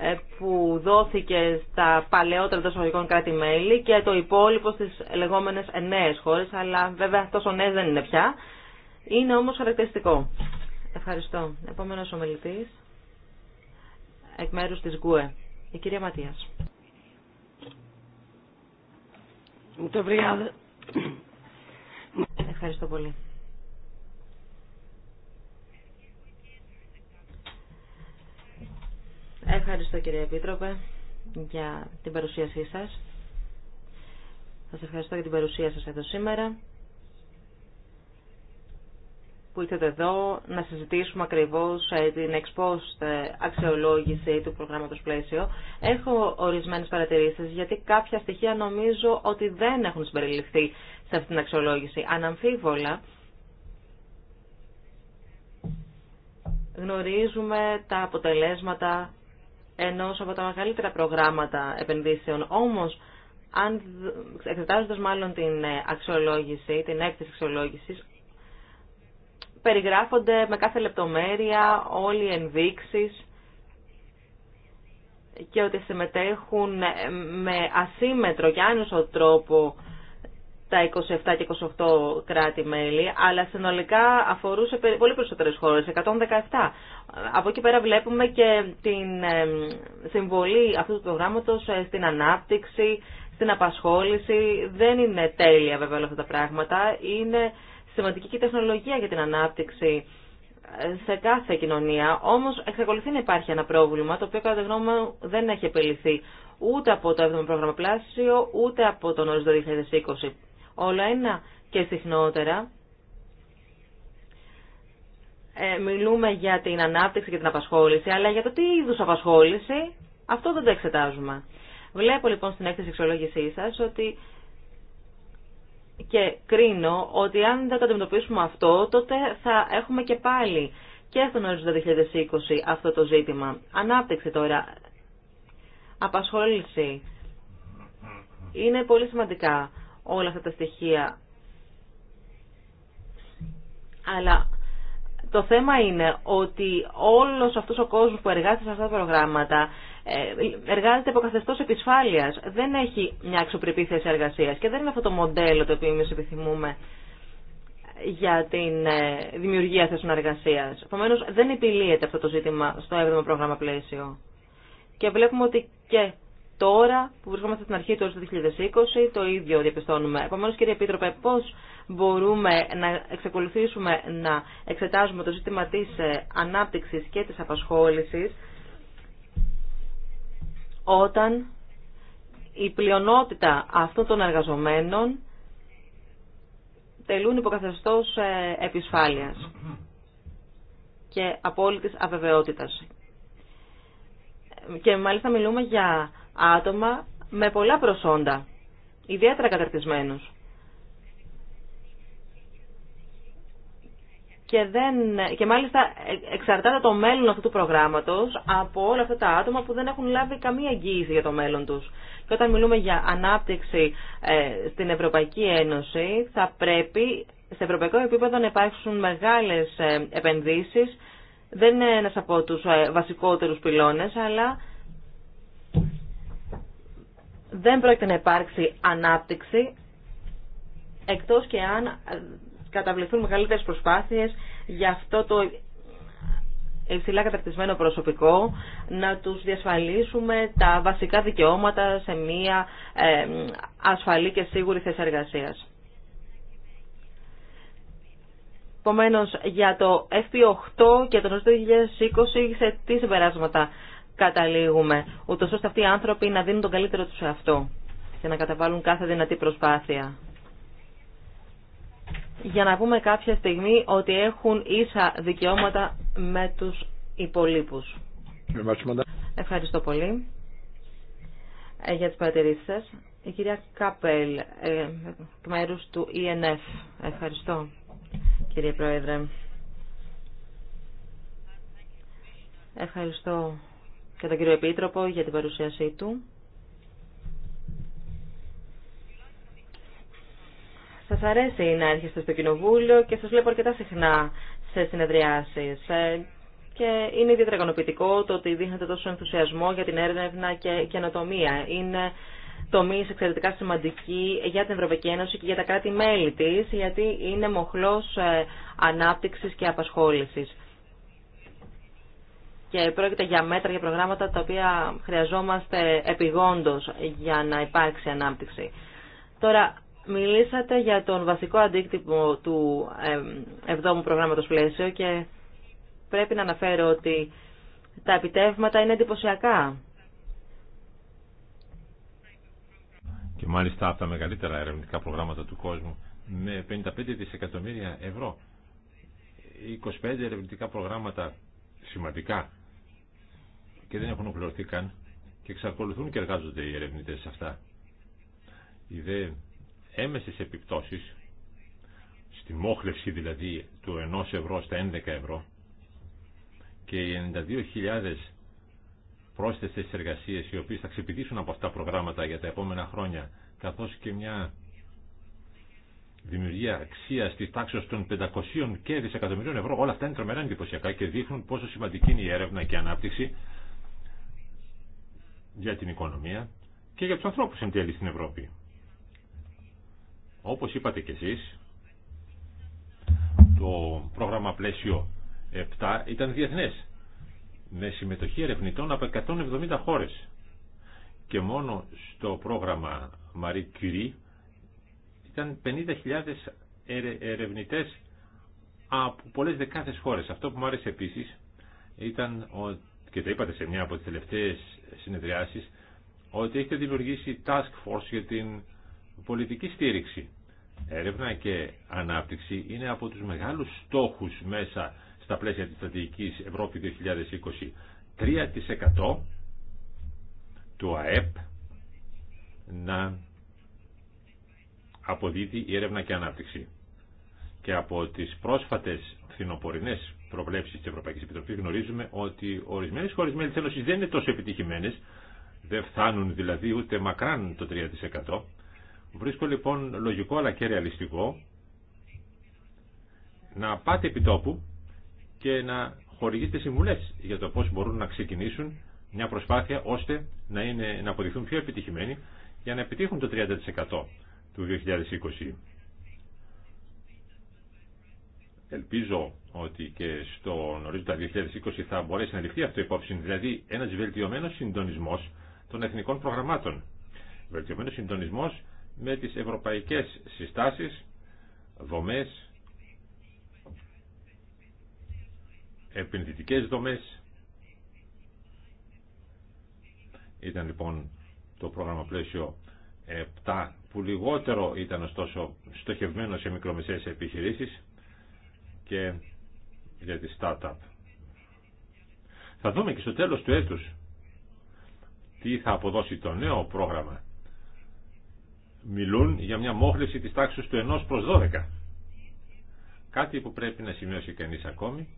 ε, που δόθηκε στα παλαιότερα των κρατη κράτη-μέλη και το υπόλοιπο στις λεγόμενες νέες χώρες, αλλά βέβαια τόσο νέες δεν είναι πια. Είναι όμως χαρακτηριστικό. Ευχαριστώ. Επόμενος ομιλητής, εκ μέρους της ΓΚΟΕ, η κυρία Ματίας. Ευχαριστώ πολύ. Ευχαριστώ κύριε Επίτροπε για την παρουσίασή σας. Σας ευχαριστώ για την παρουσία σας εδώ σήμερα που ήρθατε εδώ να συζητήσουμε ακριβώς ε, την εξπόστ αξιολόγηση του προγράμματος πλαίσιο. Έχω ορισμένες παρατηρήσεις γιατί κάποια στοιχεία νομίζω ότι δεν έχουν συμπεριληφθεί σε αυτήν την αξιολόγηση. Αναμφίβολα γνωρίζουμε τα αποτελέσματα ενός από τα μεγαλύτερα προγράμματα επενδύσεων. Όμως, εξετάζοντα μάλλον την ε, αξιολόγηση, την έκθεση αξιολόγηση, περιγράφονται με κάθε λεπτομέρεια όλοι οι ενδείξεις και ότι συμμετέχουν με ασύμετρο και άνισο τρόπο τα 27 και 28 κράτη-μέλη, αλλά συνολικά αφορούσε πολύ περισσότερες χώρες, 117. Από εκεί πέρα βλέπουμε και την συμβολή αυτού του προγράμματος ε, στην ανάπτυξη, στην απασχόληση. Δεν είναι τέλεια βέβαια όλα αυτά τα πράγματα, είναι σημαντική και η τεχνολογία για την ανάπτυξη ε, σε κάθε κοινωνία. Όμως εξακολουθεί να υπάρχει ένα πρόβλημα το οποίο κατά τη γνώμη μου δεν έχει επιληθεί ούτε από το 7ο πρόγραμμα πλάσιο ούτε από τον ορίζοντα 2020. Όλα ένα και συχνότερα ε, μιλούμε για την ανάπτυξη και την απασχόληση, αλλά για το τι είδου απασχόληση αυτό δεν το εξετάζουμε. Βλέπω λοιπόν στην έκθεση εξολόγησή σα ότι και κρίνω ότι αν δεν αντιμετωπίσουμε αυτό, τότε θα έχουμε και πάλι και στον ορίζοντα 2020 αυτό το ζήτημα. Ανάπτυξη τώρα, απασχόληση. Είναι πολύ σημαντικά όλα αυτά τα στοιχεία. Αλλά το θέμα είναι ότι όλος αυτός ο κόσμος που εργάζεται σε αυτά τα προγράμματα ε, εργάζεται από καθεστώ επισφάλεια. Δεν έχει μια αξιοπρεπή θέση εργασία και δεν είναι αυτό το μοντέλο το οποίο εμεί επιθυμούμε για την ε, δημιουργία θέσεων εργασία. Επομένω, δεν επιλύεται αυτό το ζήτημα στο 7ο πρόγραμμα πλαίσιο. Και βλέπουμε ότι και τώρα που βρισκόμαστε στην αρχή του 2020, το ίδιο διαπιστώνουμε. Επομένω, κύριε Επίτροπε, πώ μπορούμε να εξακολουθήσουμε να εξετάζουμε το ζήτημα τη ε, ανάπτυξη και τη απασχόληση όταν η πλειονότητα αυτών των εργαζομένων τελούν υποκαθεστώς ε, επισφάλειας και απόλυτης αβεβαιότητας. Και μάλιστα μιλούμε για άτομα με πολλά προσόντα, ιδιαίτερα καταρτισμένους. και, δεν, και μάλιστα εξαρτάται το μέλλον αυτού του προγράμματος από όλα αυτά τα άτομα που δεν έχουν λάβει καμία εγγύηση για το μέλλον τους. Και όταν μιλούμε για ανάπτυξη ε, στην Ευρωπαϊκή Ένωση θα πρέπει σε ευρωπαϊκό επίπεδο να υπάρξουν μεγάλες ε, επενδύσεις. Δεν είναι ένας από τους ε, βασικότερους πυλώνες, αλλά δεν πρόκειται να υπάρξει ανάπτυξη εκτός και αν καταβληθούν μεγαλύτερες προσπάθειες για αυτό το υψηλά καταρτισμένο προσωπικό, να τους διασφαλίσουμε τα βασικά δικαιώματα σε μια ασφαλή και σίγουρη θέση εργασίας. Επομένω, για το FP8 και το 2020, σε τι συμπεράσματα καταλήγουμε, ούτω ώστε αυτοί οι άνθρωποι να δίνουν τον καλύτερο του σε αυτό και να καταβάλουν κάθε δυνατή προσπάθεια για να πούμε κάποια στιγμή ότι έχουν ίσα δικαιώματα με τους υπολείπους. Ευχαριστώ πολύ ε, για τις παρατηρήσεις σας. Η κυρία Κάπελ, ε, εκ μέρους του ΕΝΕΦ. E Ευχαριστώ, κύριε Πρόεδρε. Ευχαριστώ και τον κύριο Επίτροπο για την παρουσίασή του. Σας αρέσει να έρχεστε στο κοινοβούλιο και σα βλέπω αρκετά συχνά σε συνεδριάσεις. Ε, και είναι ιδιαίτερα ικανοποιητικό το ότι δείχνετε τόσο ενθουσιασμό για την έρευνα και καινοτομία. Είναι τομεί εξαιρετικά σημαντικοί για την Ευρωπαϊκή Ένωση και για τα κράτη-μέλη τη, γιατί είναι μοχλό ε, ανάπτυξη και απασχόληση. Και πρόκειται για μέτρα, για προγράμματα τα οποία χρειαζόμαστε επιγόντω για να υπάρξει ανάπτυξη. Τώρα, Μιλήσατε για τον βασικό αντίκτυπο του 7 προγράμματος πλαίσιο και πρέπει να αναφέρω ότι τα επιτεύγματα είναι εντυπωσιακά. Και μάλιστα από τα μεγαλύτερα ερευνητικά προγράμματα του κόσμου με 55 δισεκατομμύρια ευρώ. 25 ερευνητικά προγράμματα σημαντικά και δεν έχουν ολοκληρωθεί καν και εξακολουθούν και εργάζονται οι ερευνητές σε αυτά. Η έμεσες επιπτώσεις, στη μόχλευση δηλαδή του 1 ευρώ στα 11 ευρώ και οι 92.000 πρόσθετες εργασίες οι οποίες θα ξεπηδήσουν από αυτά τα προγράμματα για τα επόμενα χρόνια καθώς και μια δημιουργία αξία τη τάξη των 500 και δισεκατομμυρίων ευρώ. Όλα αυτά είναι τρομερά εντυπωσιακά και δείχνουν πόσο σημαντική είναι η έρευνα και η ανάπτυξη για την οικονομία και για του ανθρώπου εν τέλει στην Ευρώπη. Όπως είπατε κι εσείς, το πρόγραμμα πλαίσιο 7 ήταν διεθνές, με συμμετοχή ερευνητών από 170 χώρες. Και μόνο στο πρόγραμμα Marie Curie ήταν 50.000 ερευνητές από πολλές δεκάδες χώρες. Αυτό που μου άρεσε επίσης ήταν, και το είπατε σε μια από τις τελευταίες συνεδριάσεις, ότι έχετε δημιουργήσει task force για την πολιτική στήριξη. Έρευνα και ανάπτυξη είναι από τους μεγάλους στόχους μέσα στα πλαίσια της στρατηγικής Ευρώπη 2020. 3% του ΑΕΠ να αποδίδει η έρευνα και ανάπτυξη. Και από τις πρόσφατες φθινοπορεινές προβλέψεις της Ευρωπαϊκής Επιτροπής γνωρίζουμε ότι ορισμένες χώρες μέλη δεν είναι τόσο επιτυχημένες, δεν φτάνουν δηλαδή ούτε μακράν το 3%. Βρίσκω λοιπόν λογικό αλλά και ρεαλιστικό να πάτε επί τόπου και να χορηγήσετε συμβουλές για το πώς μπορούν να ξεκινήσουν μια προσπάθεια ώστε να, είναι, να αποδειχθούν πιο επιτυχημένοι για να επιτύχουν το 30% του 2020. Ελπίζω ότι και στο το 2020 θα μπορέσει να ληφθεί αυτό υπόψη, δηλαδή ένας βελτιωμένος συντονισμός των εθνικών προγραμμάτων. Βελτιωμένος συντονισμός με τις ευρωπαϊκές συστάσεις, δομές, επενδυτικές δομές. Ήταν λοιπόν το πρόγραμμα πλαίσιο 7 που λιγότερο ήταν ωστόσο στοχευμένο σε μικρομεσαίες επιχειρήσεις και για τη startup. Θα δούμε και στο τέλος του έτους τι θα αποδώσει το νέο πρόγραμμα μιλούν για μια μόχλευση της τάξης του 1 προς 12. Κάτι που πρέπει να σημειώσει κανείς ακόμη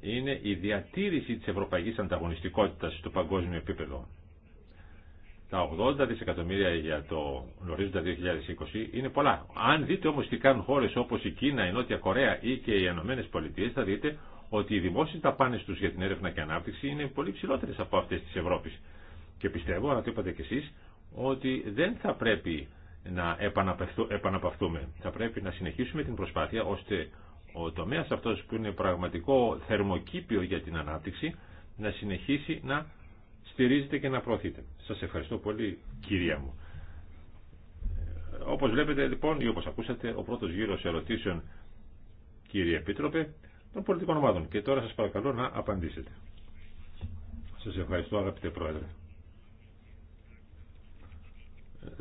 είναι η διατήρηση της ευρωπαϊκής ανταγωνιστικότητας στο παγκόσμιο επίπεδο. Τα 80 δισεκατομμύρια για το νορίζοντα 2020 είναι πολλά. Αν δείτε όμως τι κάνουν χώρες όπως η Κίνα, η Νότια Κορέα ή και οι Ηνωμένε Πολιτείες θα δείτε ότι οι δημόσιες ταπάνες τους για την έρευνα και ανάπτυξη είναι πολύ ψηλότερες από αυτές της Ευρώπης. Και πιστεύω, αλλά το είπατε κι εσείς, ότι δεν θα πρέπει να επαναπαυτούμε. Θα πρέπει να συνεχίσουμε την προσπάθεια ώστε ο τομέας αυτός που είναι πραγματικό θερμοκήπιο για την ανάπτυξη να συνεχίσει να στηρίζεται και να προωθείται. Σας ευχαριστώ πολύ κυρία μου. Ε, όπως βλέπετε λοιπόν ή όπως ακούσατε ο πρώτος γύρος ερωτήσεων κύριε Επίτροπε των πολιτικών ομάδων και τώρα σας παρακαλώ να απαντήσετε. Σας ευχαριστώ αγαπητέ Πρόεδρε.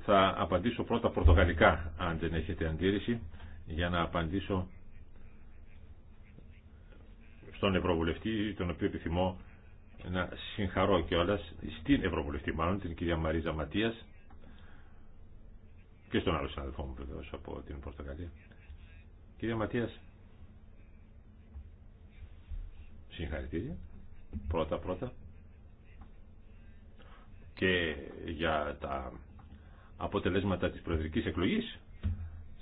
Θα απαντήσω πρώτα πορτογαλικά, αν δεν έχετε αντίρρηση, για να απαντήσω στον Ευρωβουλευτή, τον οποίο επιθυμώ να συγχαρώ κιόλα στην Ευρωβουλευτή, μάλλον την κυρία Μαρίζα Ματίας και στον άλλο συναδελφό μου βεβαίω από την Πορτογαλία. Κυρία Ματίας συγχαρητήρια πρώτα πρώτα και για τα αποτελέσματα της προεδρικής εκλογής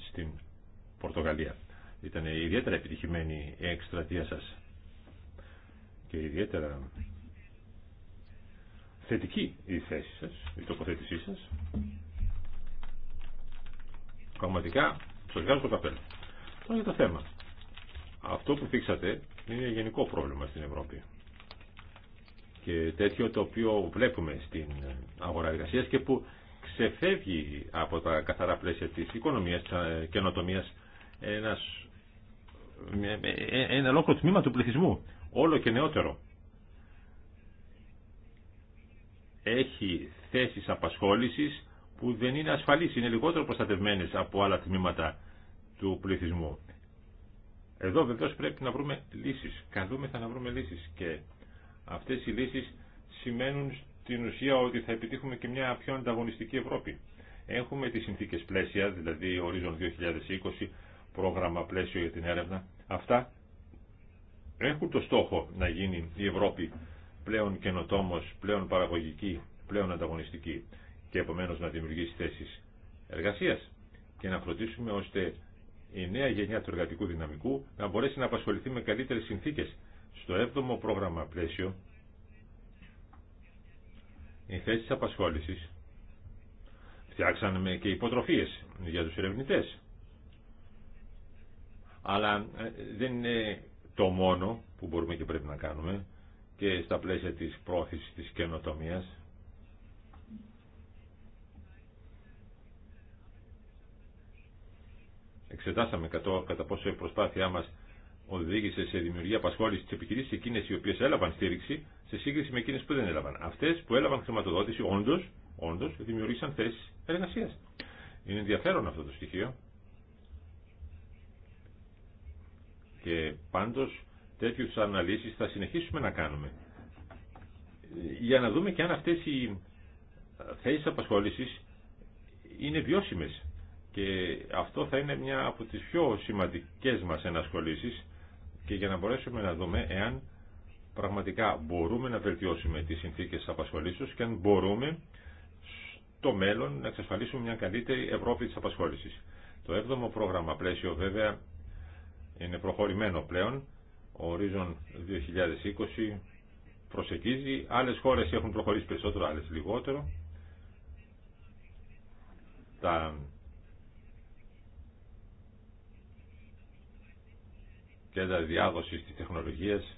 στην Πορτογαλία. Ήταν ιδιαίτερα επιτυχημένη η εκστρατεία σας και ιδιαίτερα θετική η θέση σας, η τοποθέτησή σας. Πραγματικά, στο το καπέλο. Τώρα για το θέμα. Αυτό που φίξατε είναι γενικό πρόβλημα στην Ευρώπη. Και τέτοιο το οποίο βλέπουμε στην αγορά εργασίας και που ξεφεύγει από τα καθαρά πλαίσια της οικονομίας, της ε, καινοτομίας, ένας, ε, ε, ένα ολόκληρο τμήμα του πληθυσμού, όλο και νεότερο. Έχει θέσεις απασχόλησης που δεν είναι ασφαλείς, είναι λιγότερο προστατευμένες από άλλα τμήματα του πληθυσμού. Εδώ βεβαίω πρέπει να βρούμε λύσεις. Καλούμεθα να βρούμε λύσεις και αυτές οι λύσεις σημαίνουν την ουσία ότι θα επιτύχουμε και μια πιο ανταγωνιστική Ευρώπη. Έχουμε τις συνθήκες πλαίσια, δηλαδή ορίζον 2020, πρόγραμμα πλαίσιο για την έρευνα. Αυτά έχουν το στόχο να γίνει η Ευρώπη πλέον καινοτόμος, πλέον παραγωγική, πλέον ανταγωνιστική και επομένως να δημιουργήσει θέσεις εργασίας και να φροντίσουμε ώστε η νέα γενιά του εργατικού δυναμικού να μπορέσει να απασχοληθεί με καλύτερες συνθήκες. Στο 7ο πρόγραμμα πλαίσιο οι θέσεις απασχόλησης. Φτιάξαμε και υποτροφίες για τους ερευνητές. Αλλά ε, δεν είναι το μόνο που μπορούμε και πρέπει να κάνουμε και στα πλαίσια της πρόθεσης της καινοτομίας. Εξετάσαμε κατά πόσο η προσπάθειά μας οδήγησε σε δημιουργία απασχόληση τη επιχειρήση εκείνε οι οποίε έλαβαν στήριξη σε σύγκριση με εκείνε που δεν έλαβαν. Αυτέ που έλαβαν χρηματοδότηση όντω όντως, δημιουργήσαν θέσει εργασία. Είναι ενδιαφέρον αυτό το στοιχείο. Και πάντω τέτοιου αναλύσει θα συνεχίσουμε να κάνουμε. Για να δούμε και αν αυτέ οι θέσει απασχόληση είναι βιώσιμε. Και αυτό θα είναι μια από τις πιο σημαντικές μας ενασχολήσεις και για να μπορέσουμε να δούμε εάν πραγματικά μπορούμε να βελτιώσουμε τις συνθήκες απασχολήσεως και αν μπορούμε στο μέλλον να εξασφαλίσουμε μια καλύτερη Ευρώπη της απασχόλησης. Το 7ο πρόγραμμα πλαίσιο βέβαια είναι προχωρημένο πλέον. Ο ορίζον 2020 προσεγγίζει. Άλλες χώρες έχουν προχωρήσει περισσότερο, άλλες λιγότερο. Τα κέντρα διάδοση της τεχνολογίας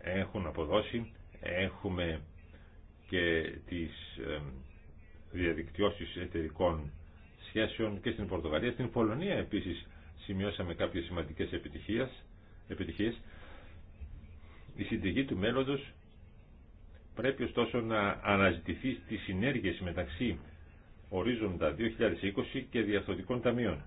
έχουν αποδώσει. Έχουμε και τις διαδικτυώσεις εταιρικών σχέσεων και στην Πορτογαλία. Στην Πολωνία επίσης σημειώσαμε κάποιες σημαντικές επιτυχίες. επιτυχίες. Η συντηγή του μέλλοντος πρέπει ωστόσο να αναζητηθεί στις συνέργειες μεταξύ ορίζοντα 2020 και διαφορετικών ταμείων.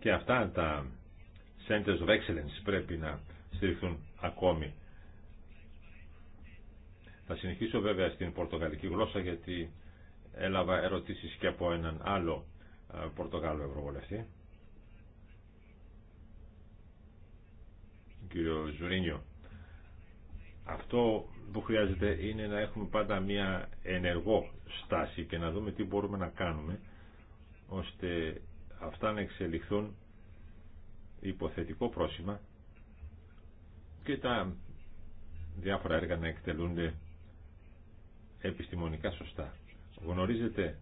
και αυτά τα Centers of Excellence πρέπει να στηριχθούν ακόμη. Θα συνεχίσω βέβαια στην πορτογαλική γλώσσα γιατί έλαβα ερωτήσεις και από έναν άλλο ε, Πορτογάλο Ευρωβουλευτή. Κύριο Ζουρίνιο, αυτό που χρειάζεται είναι να έχουμε πάντα μια ενεργό στάση και να δούμε τι μπορούμε να κάνουμε ώστε αυτά να εξελιχθούν υποθετικό πρόσημα και τα διάφορα έργα να εκτελούνται επιστημονικά σωστά. Γνωρίζετε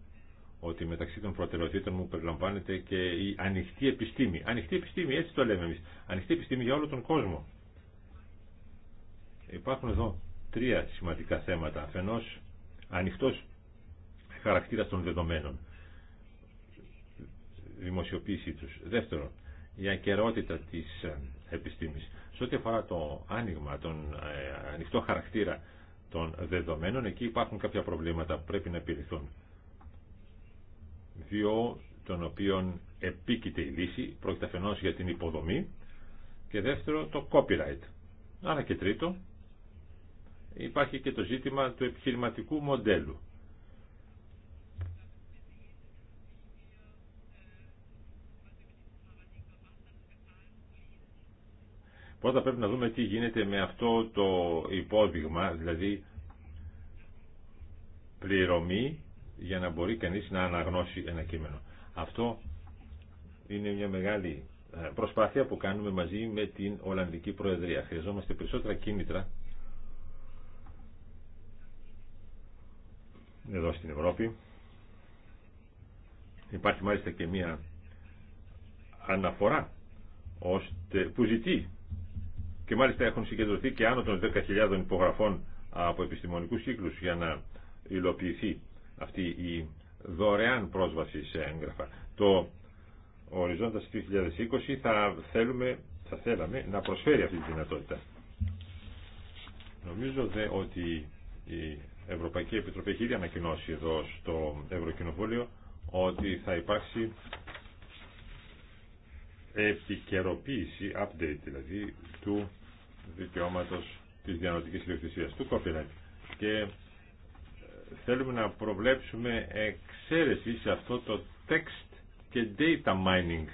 ότι μεταξύ των προτεραιοτήτων μου περιλαμβάνεται και η ανοιχτή επιστήμη. Ανοιχτή επιστήμη, έτσι το λέμε εμείς. Ανοιχτή επιστήμη για όλο τον κόσμο. Υπάρχουν εδώ τρία σημαντικά θέματα. Αφενός, ανοιχτός χαρακτήρα των δεδομένων δημοσιοποίησή τους. Δεύτερον, η ακαιρότητα της ε, επιστήμης. Σε ό,τι αφορά το άνοιγμα, τον ε, ανοιχτό χαρακτήρα των δεδομένων, εκεί υπάρχουν κάποια προβλήματα που πρέπει να επιληθούν. Δύο των οποίων επίκειται η λύση, πρόκειται αφενός για την υποδομή και δεύτερο το copyright. Άρα και τρίτο, υπάρχει και το ζήτημα του επιχειρηματικού μοντέλου. Πρώτα πρέπει να δούμε τι γίνεται με αυτό το υπόδειγμα, δηλαδή πληρωμή για να μπορεί κανείς να αναγνώσει ένα κείμενο. Αυτό είναι μια μεγάλη ε, προσπάθεια που κάνουμε μαζί με την Ολλανδική Προεδρία. Χρειαζόμαστε περισσότερα κίνητρα εδώ στην Ευρώπη. Υπάρχει μάλιστα και μια αναφορά ώστε, που ζητεί και μάλιστα έχουν συγκεντρωθεί και άνω των 10.000 υπογραφών από επιστημονικούς κύκλους για να υλοποιηθεί αυτή η δωρεάν πρόσβαση σε έγγραφα. Το οριζόντας 2020 θα, θέλουμε, θα θέλαμε να προσφέρει αυτή τη δυνατότητα. Νομίζω δε ότι η Ευρωπαϊκή Επιτροπή έχει ήδη ανακοινώσει εδώ στο Ευρωκοινοβούλιο ότι θα υπάρξει επικαιροποίηση, update δηλαδή, του δικαιώματος της διανοτικής ιδιοκτησίας, του copyright. Και ε, θέλουμε να προβλέψουμε εξαίρεση σε αυτό το text και data mining,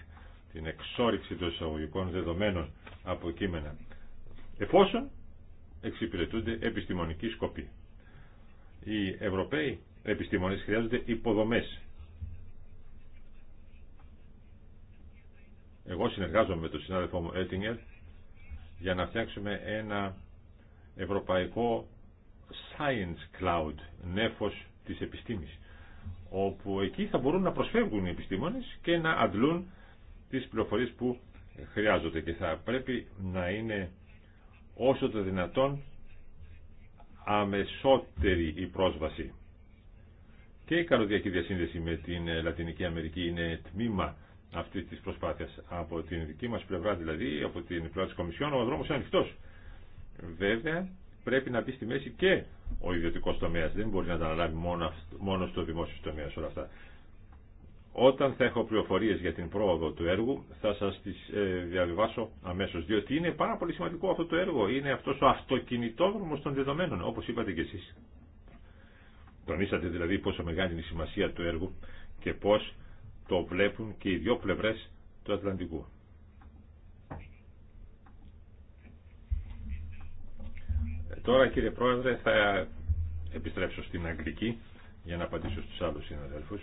την εξόριξη των εισαγωγικών δεδομένων από κείμενα, εφόσον εξυπηρετούνται επιστημονικοί σκοποί. Οι Ευρωπαίοι επιστήμονες χρειάζονται υποδομές Εγώ συνεργάζομαι με τον συνάδελφό μου για να φτιάξουμε ένα ευρωπαϊκό science cloud, νέφος της επιστήμης, όπου εκεί θα μπορούν να προσφεύγουν οι επιστήμονες και να αντλούν τις πληροφορίες που χρειάζονται και θα πρέπει να είναι όσο το δυνατόν αμεσότερη η πρόσβαση. Και η καλωδιακή διασύνδεση με την Λατινική Αμερική είναι τμήμα αυτή τη προσπάθεια. Από την δική μα πλευρά δηλαδή, από την πλευρά τη Κομισιόν, ο δρόμο είναι ανοιχτό. Βέβαια, πρέπει να μπει στη μέση και ο ιδιωτικό τομέα. Δεν μπορεί να τα αναλάβει μόνο, στο δημόσιο τομέα όλα αυτά. Όταν θα έχω πληροφορίε για την πρόοδο του έργου, θα σα τι ε, διαβιβάσω αμέσω. Διότι είναι πάρα πολύ σημαντικό αυτό το έργο. Είναι αυτό ο αυτοκινητόδρομο των δεδομένων, όπω είπατε κι εσεί. Τονίσατε δηλαδή πόσο μεγάλη είναι η σημασία του έργου και πώς το βλέπουν και οι δύο πλευρές του Ατλαντικού. Ε, τώρα κύριε Πρόεδρε θα επιστρέψω στην Αγγλική για να απαντήσω στους άλλους συναδέλφους.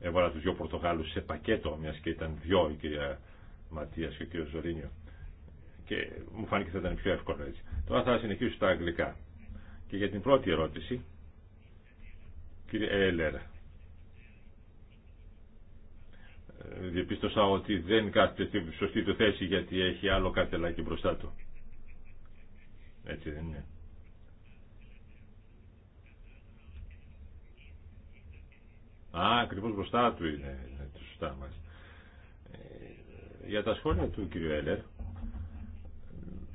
Έβαλα τους δύο Πορτογάλους σε πακέτο, μιας και ήταν δυο η κυρία Ματίας και ο κύριος Ζωρίνιο. Και μου φάνηκε θα ήταν πιο εύκολο έτσι. Τώρα θα συνεχίσω στα αγγλικά. Και για την πρώτη ερώτηση, κύριε Έλερα διεπίστωσα ότι δεν κάθεται στη σωστή του θέση γιατί έχει άλλο καρτελάκι μπροστά του. Έτσι δεν είναι. Α, ακριβώ μπροστά του είναι, ναι, το σωστά μας. Ε, για τα σχόλια του κ. Έλερ,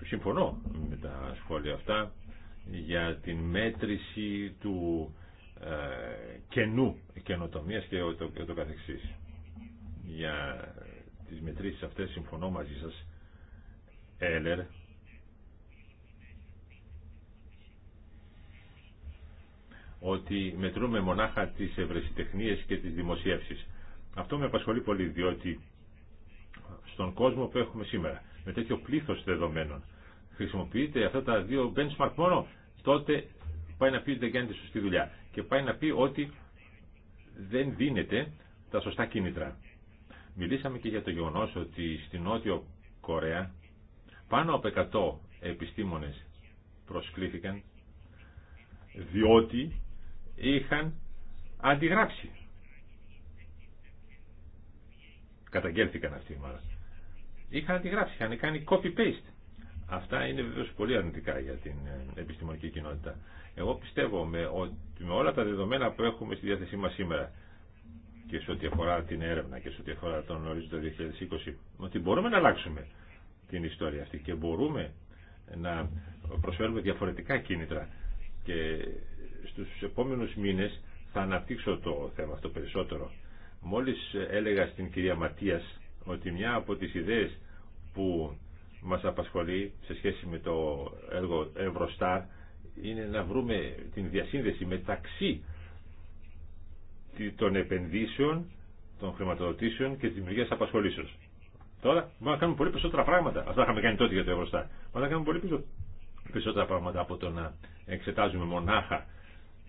συμφωνώ με τα σχόλια αυτά για την μέτρηση του ε, κενού καινοτομίας και το καθεξής για τις μετρήσεις αυτές συμφωνώ μαζί σας Έλερ ότι μετρούμε μονάχα τις ευρεσιτεχνίες και τις δημοσίευσεις. Αυτό με απασχολεί πολύ διότι στον κόσμο που έχουμε σήμερα με τέτοιο πλήθος δεδομένων χρησιμοποιείται αυτά τα δύο benchmark μόνο τότε πάει να πει ότι δεν κάνετε σωστή δουλειά και πάει να πει ότι δεν δίνεται τα σωστά κίνητρα. Μιλήσαμε και για το γεγονό ότι στην Νότιο Κορέα πάνω από 100 επιστήμονες προσκλήθηκαν διότι είχαν αντιγράψει. Καταγγέλθηκαν αυτοί η ειχαν Είχαν αντιγράψει, είχαν κάνει copy-paste. Αυτά είναι βεβαίως πολύ αρνητικά για την ε, επιστημονική κοινότητα. Εγώ πιστεύω με, ότι με όλα τα δεδομένα που έχουμε στη διάθεσή μας σήμερα και σε ό,τι αφορά την έρευνα και σε ό,τι αφορά τον ορίζοντα 2020 ότι μπορούμε να αλλάξουμε την ιστορία αυτή και μπορούμε να προσφέρουμε διαφορετικά κίνητρα και στους επόμενους μήνες θα αναπτύξω το θέμα αυτό περισσότερο. Μόλις έλεγα στην κυρία Ματίας ότι μια από τις ιδέες που μας απασχολεί σε σχέση με το έργο Ευρωστάρ είναι να βρούμε την διασύνδεση μεταξύ των επενδύσεων, των χρηματοδοτήσεων και τη δημιουργία απασχολήσεω. Τώρα μπορούμε να κάνουμε πολύ περισσότερα πράγματα. Αυτά είχαμε κάνει τότε για το ευρωστά. Μπορούμε να κάνουμε πολύ περισσότερα πράγματα από το να εξετάζουμε μονάχα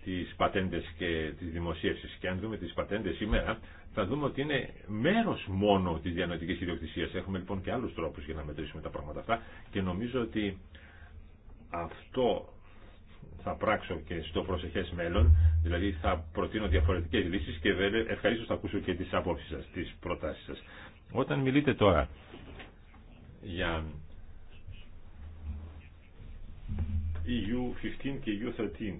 τι πατέντε και τι δημοσίευσει. Και αν δούμε τι πατέντε σήμερα, θα δούμε ότι είναι μέρο μόνο τη διανοητική ιδιοκτησία. Έχουμε λοιπόν και άλλου τρόπου για να μετρήσουμε τα πράγματα αυτά και νομίζω ότι αυτό θα πράξω και στο προσεχέ μέλλον, δηλαδή θα προτείνω διαφορετικές λύσει και ευχαρίστω θα ακούσω και τι απόψεις σας, τις προτάσεις σας. Όταν μιλείτε τώρα για EU15 και EU13,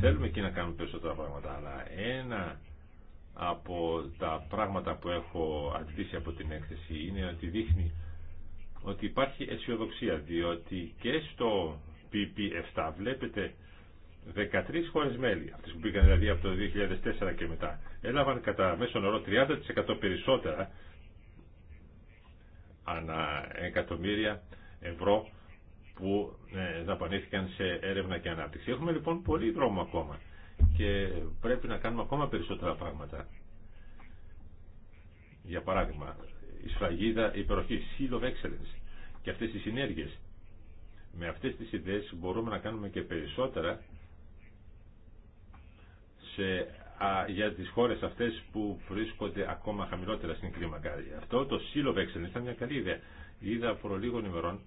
θέλουμε και να κάνουμε περισσότερα πράγματα, αλλά ένα από τα πράγματα που έχω αντλήσει από την έκθεση είναι ότι δείχνει ότι υπάρχει αισιοδοξία, διότι και στο PP7. Βλέπετε 13 χώρε μέλη, αυτές που πήγαν δηλαδή από το 2004 και μετά, έλαβαν κατά μέσο όρο 30% περισσότερα ανά εκατομμύρια ευρώ που ε, δαπανήθηκαν σε έρευνα και ανάπτυξη. Έχουμε λοιπόν πολύ δρόμο ακόμα και πρέπει να κάνουμε ακόμα περισσότερα πράγματα. Για παράδειγμα, η σφραγίδα υπεροχή, seal of excellence και αυτές οι συνέργειες με αυτές τις ιδέες μπορούμε να κάνουμε και περισσότερα σε, α, για τις χώρες αυτές που βρίσκονται ακόμα χαμηλότερα στην κλίμακα. Αυτό το σύλλογο of ήταν μια καλή ιδέα. Είδα προ λίγων ημερών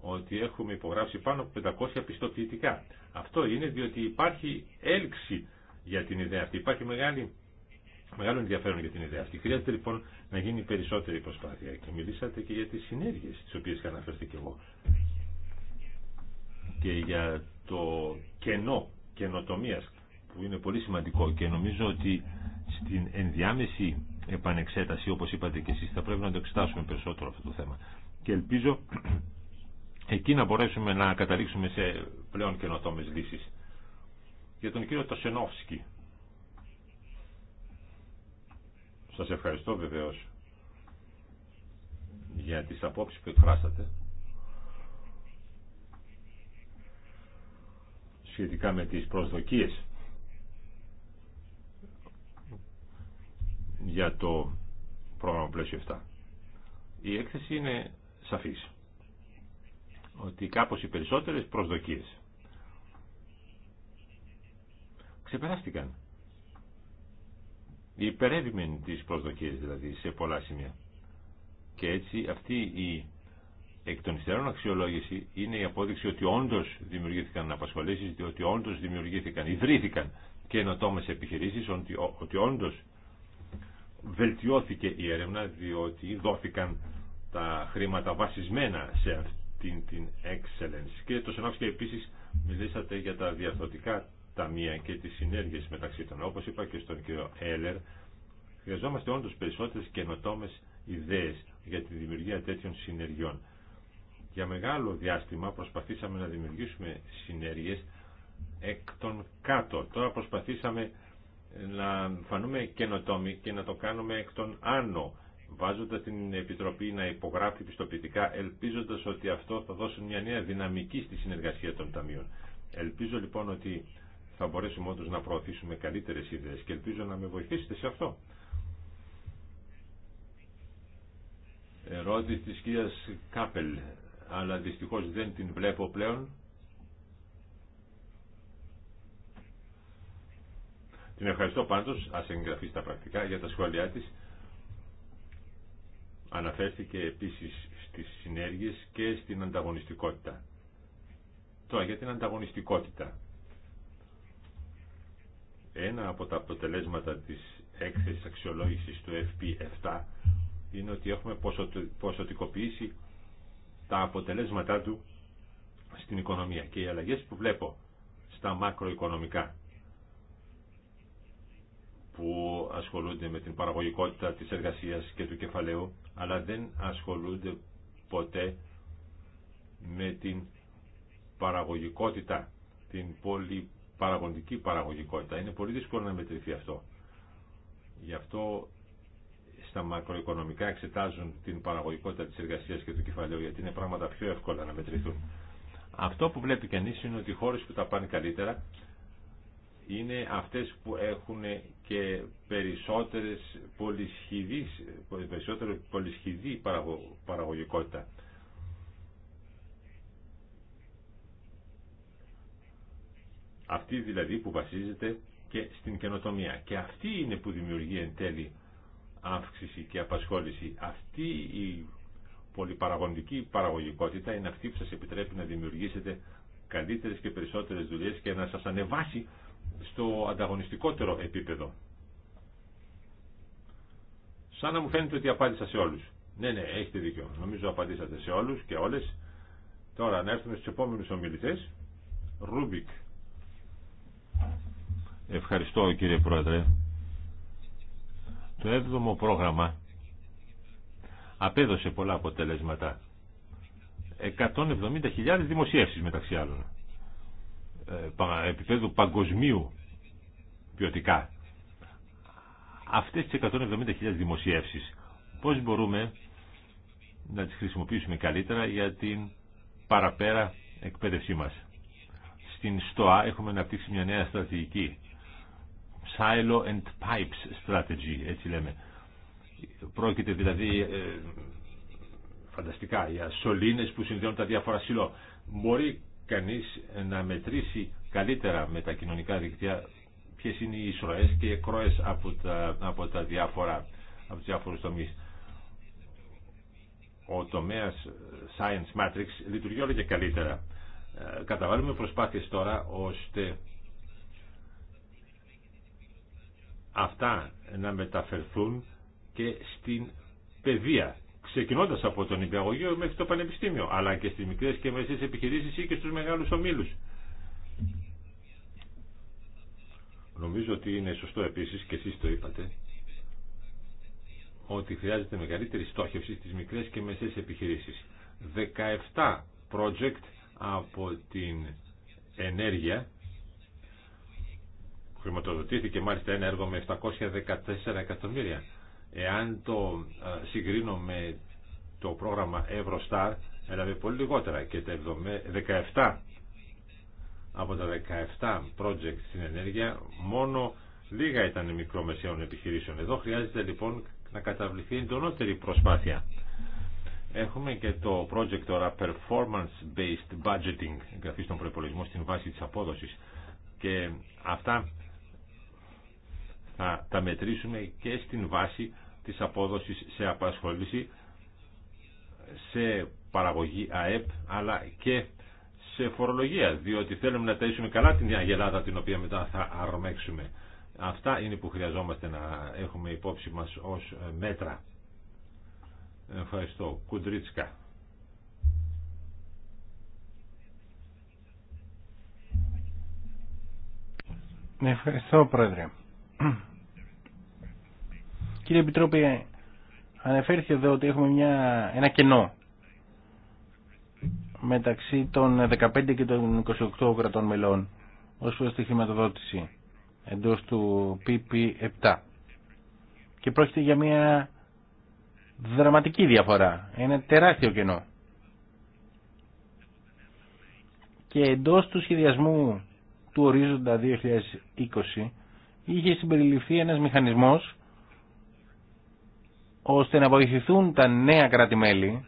ότι έχουμε υπογράψει πάνω από 500 πιστοποιητικά. Αυτό είναι διότι υπάρχει έλξη για την ιδέα αυτή. Υπάρχει μεγάλη, μεγάλο ενδιαφέρον για την ιδέα αυτή. Χρειάζεται λοιπόν να γίνει περισσότερη προσπάθεια. Και μιλήσατε και για τις συνέργειες τις οποίες είχα αναφερθεί και εγώ και για το κενό καινοτομία που είναι πολύ σημαντικό και νομίζω ότι στην ενδιάμεση επανεξέταση όπως είπατε και εσείς θα πρέπει να το εξετάσουμε περισσότερο αυτό το θέμα και ελπίζω *clears throat* εκεί να μπορέσουμε να καταλήξουμε σε πλέον καινοτόμες λύσεις για τον κύριο Τασενόφσκι σας ευχαριστώ βεβαίως για τις απόψεις που εκφράσατε σχετικά με τις προσδοκίες για το πρόγραμμα πλαίσιο 7. Η έκθεση είναι σαφής ότι κάπως οι περισσότερες προσδοκίες ξεπεράστηκαν. Υπερεύημεν τις προσδοκίες δηλαδή σε πολλά σημεία. Και έτσι αυτή η εκ των υστέρων αξιολόγηση είναι η απόδειξη ότι όντω δημιουργήθηκαν απασχολήσει, ότι όντω δημιουργήθηκαν, ιδρύθηκαν καινοτόμε επιχειρήσει, ότι, ότι όντω βελτιώθηκε η έρευνα, διότι δόθηκαν τα χρήματα βασισμένα σε αυτήν την excellence. Και το Σενάφσκι επίση μιλήσατε για τα διαρθωτικά ταμεία και τι συνέργειε μεταξύ των. Όπω είπα και στον κύριο Έλερ, χρειαζόμαστε όντω περισσότερε καινοτόμε ιδέε για τη δημιουργία τέτοιων συνεργειών για μεγάλο διάστημα προσπαθήσαμε να δημιουργήσουμε συνέργειες εκ των κάτω. Τώρα προσπαθήσαμε να φανούμε καινοτόμοι και να το κάνουμε εκ των άνω, βάζοντας την Επιτροπή να υπογράφει πιστοποιητικά, ελπίζοντας ότι αυτό θα δώσει μια νέα δυναμική στη συνεργασία των ταμείων. Ελπίζω λοιπόν ότι θα μπορέσουμε όντως να προωθήσουμε καλύτερες ιδέες και ελπίζω να με βοηθήσετε σε αυτό. Ερώτηση της κυρίας Κάπελ αλλά δυστυχώς δεν την βλέπω πλέον. Την ευχαριστώ πάντως, ας εγγραφεί στα πρακτικά για τα σχόλιά της. Αναφέρθηκε επίσης στις συνέργειες και στην ανταγωνιστικότητα. Τώρα για την ανταγωνιστικότητα. Ένα από τα αποτελέσματα της έκθεσης αξιολόγησης του FP7 είναι ότι έχουμε ποσοτικοποιήσει τα αποτελέσματά του στην οικονομία και οι αλλαγές που βλέπω στα μακροοικονομικά που ασχολούνται με την παραγωγικότητα της εργασίας και του κεφαλαίου αλλά δεν ασχολούνται ποτέ με την παραγωγικότητα την πολύ παραγωγική παραγωγικότητα είναι πολύ δύσκολο να μετρηθεί αυτό γι' αυτό στα μακροοικονομικά εξετάζουν την παραγωγικότητα της εργασίας και του κεφαλαίου γιατί είναι πράγματα πιο εύκολα να μετρηθούν. Αυτό που βλέπει κανείς είναι ότι οι χώρες που τα πάνε καλύτερα είναι αυτές που έχουν και περισσότερες πολυσχηδείς, περισσότερο πολυσχηδή παραγωγικότητα. Αυτή δηλαδή που βασίζεται και στην καινοτομία. Και αυτή είναι που δημιουργεί εν τέλει αύξηση και απασχόληση. Αυτή η πολυπαραγωγική παραγωγικότητα είναι αυτή που σας επιτρέπει να δημιουργήσετε καλύτερες και περισσότερες δουλειές και να σας ανεβάσει στο ανταγωνιστικότερο επίπεδο. Σαν να μου φαίνεται ότι απάντησα σε όλους. Ναι, ναι, έχετε δίκιο. Νομίζω απαντήσατε σε όλους και όλες. Τώρα να έρθουμε στους επόμενους ομιλητές. Ρούμπικ. Ευχαριστώ κύριε Πρόεδρε. Το έβδομο πρόγραμμα απέδωσε πολλά αποτελέσματα. 170.000 δημοσίευσεις μεταξύ άλλων. Ε, Επιπέδου παγκοσμίου ποιοτικά. Αυτές τις 170.000 δημοσίευσεις πώς μπορούμε να τις χρησιμοποιήσουμε καλύτερα για την παραπέρα εκπαίδευσή μας. Στην ΣΤΟΑ έχουμε αναπτύξει μια νέα στρατηγική silo and pipes strategy, έτσι λέμε. Πρόκειται δηλαδή ε, φανταστικά για σωλήνες που συνδέουν τα διάφορα σιλό. Μπορεί κανείς να μετρήσει καλύτερα με τα κοινωνικά δικτύα ποιες είναι οι ισροές και οι εκροές από τα, από τα διάφορα, από τους διάφορους τομείς. Ο τομέας ε, Science Matrix λειτουργεί όλο και καλύτερα. Ε, καταβάλουμε προσπάθειες τώρα ώστε αυτά να μεταφερθούν και στην παιδεία ξεκινώντας από τον υπηαγωγείο μέχρι το πανεπιστήμιο, αλλά και στις μικρές και μεσές επιχειρήσεις ή και στους μεγάλους ομίλους. Νομίζω ότι είναι σωστό επίσης, και εσεί το είπατε, ότι χρειάζεται μεγαλύτερη στόχευση στις μικρές και μεσές επιχειρήσεις. 17 project από την ενέργεια Χρηματοδοτήθηκε μάλιστα ένα έργο με 714 εκατομμύρια. Εάν το συγκρίνω με το πρόγραμμα Eurostar, έλαβε πολύ λιγότερα και τα 17 από τα 17 project στην ενέργεια μόνο λίγα ήταν μικρομεσαίων επιχειρήσεων. Εδώ χρειάζεται λοιπόν να καταβληθεί εντονότερη προσπάθεια. Έχουμε και το project τώρα Performance Based Budgeting, εγγραφή στον προπολογισμό στην βάση της απόδοσης και αυτά θα τα μετρήσουμε και στην βάση της απόδοσης σε απασχόληση, σε παραγωγή ΑΕΠ, αλλά και σε φορολογία, διότι θέλουμε να ταΐσουμε καλά την αγελάδα την οποία μετά θα αρμέξουμε. Αυτά είναι που χρειαζόμαστε να έχουμε υπόψη μας ως μέτρα. Ευχαριστώ. Κουντρίτσκα. Ευχαριστώ, Πρόεδρε. Κύριε Επιτρόπη, αναφέρθηκε εδώ ότι έχουμε μια, ένα κενό μεταξύ των 15 και των 28 κρατών μελών ως προς τη χρηματοδότηση εντός του PP7 και πρόκειται για μια δραματική διαφορά, ένα τεράστιο κενό. Και εντός του σχεδιασμού του ορίζοντα 2020 είχε συμπεριληφθεί ένας μηχανισμός ώστε να βοηθηθούν τα νέα κράτη-μέλη,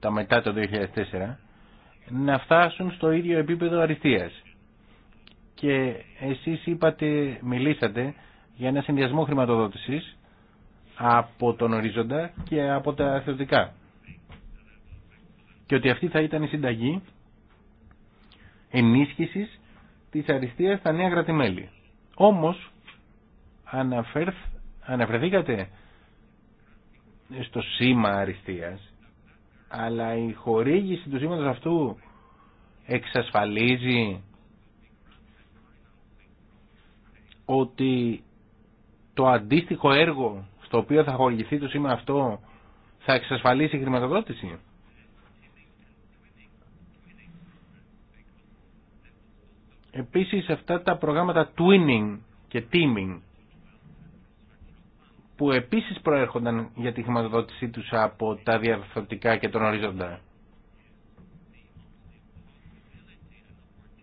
τα μετά το 2004, να φτάσουν στο ίδιο επίπεδο αριστείας. Και εσείς είπατε, μιλήσατε για ένα συνδυασμό χρηματοδότησης από τον ορίζοντα και από τα θεωρητικά. Και ότι αυτή θα ήταν η συνταγή ενίσχυσης της αριστείας στα νέα κράτη-μέλη. Όμως, αναφέρθ, αναφερθήκατε στο σήμα αριστείας αλλά η χορήγηση του σήματος αυτού εξασφαλίζει ότι το αντίστοιχο έργο στο οποίο θα χορηγηθεί το σήμα αυτό θα εξασφαλίσει η χρηματοδότηση. Επίσης αυτά τα προγράμματα twinning και teaming που επίσης προέρχονταν για τη χρηματοδότησή τους από τα διαρθρωτικά και τον οριζόντα.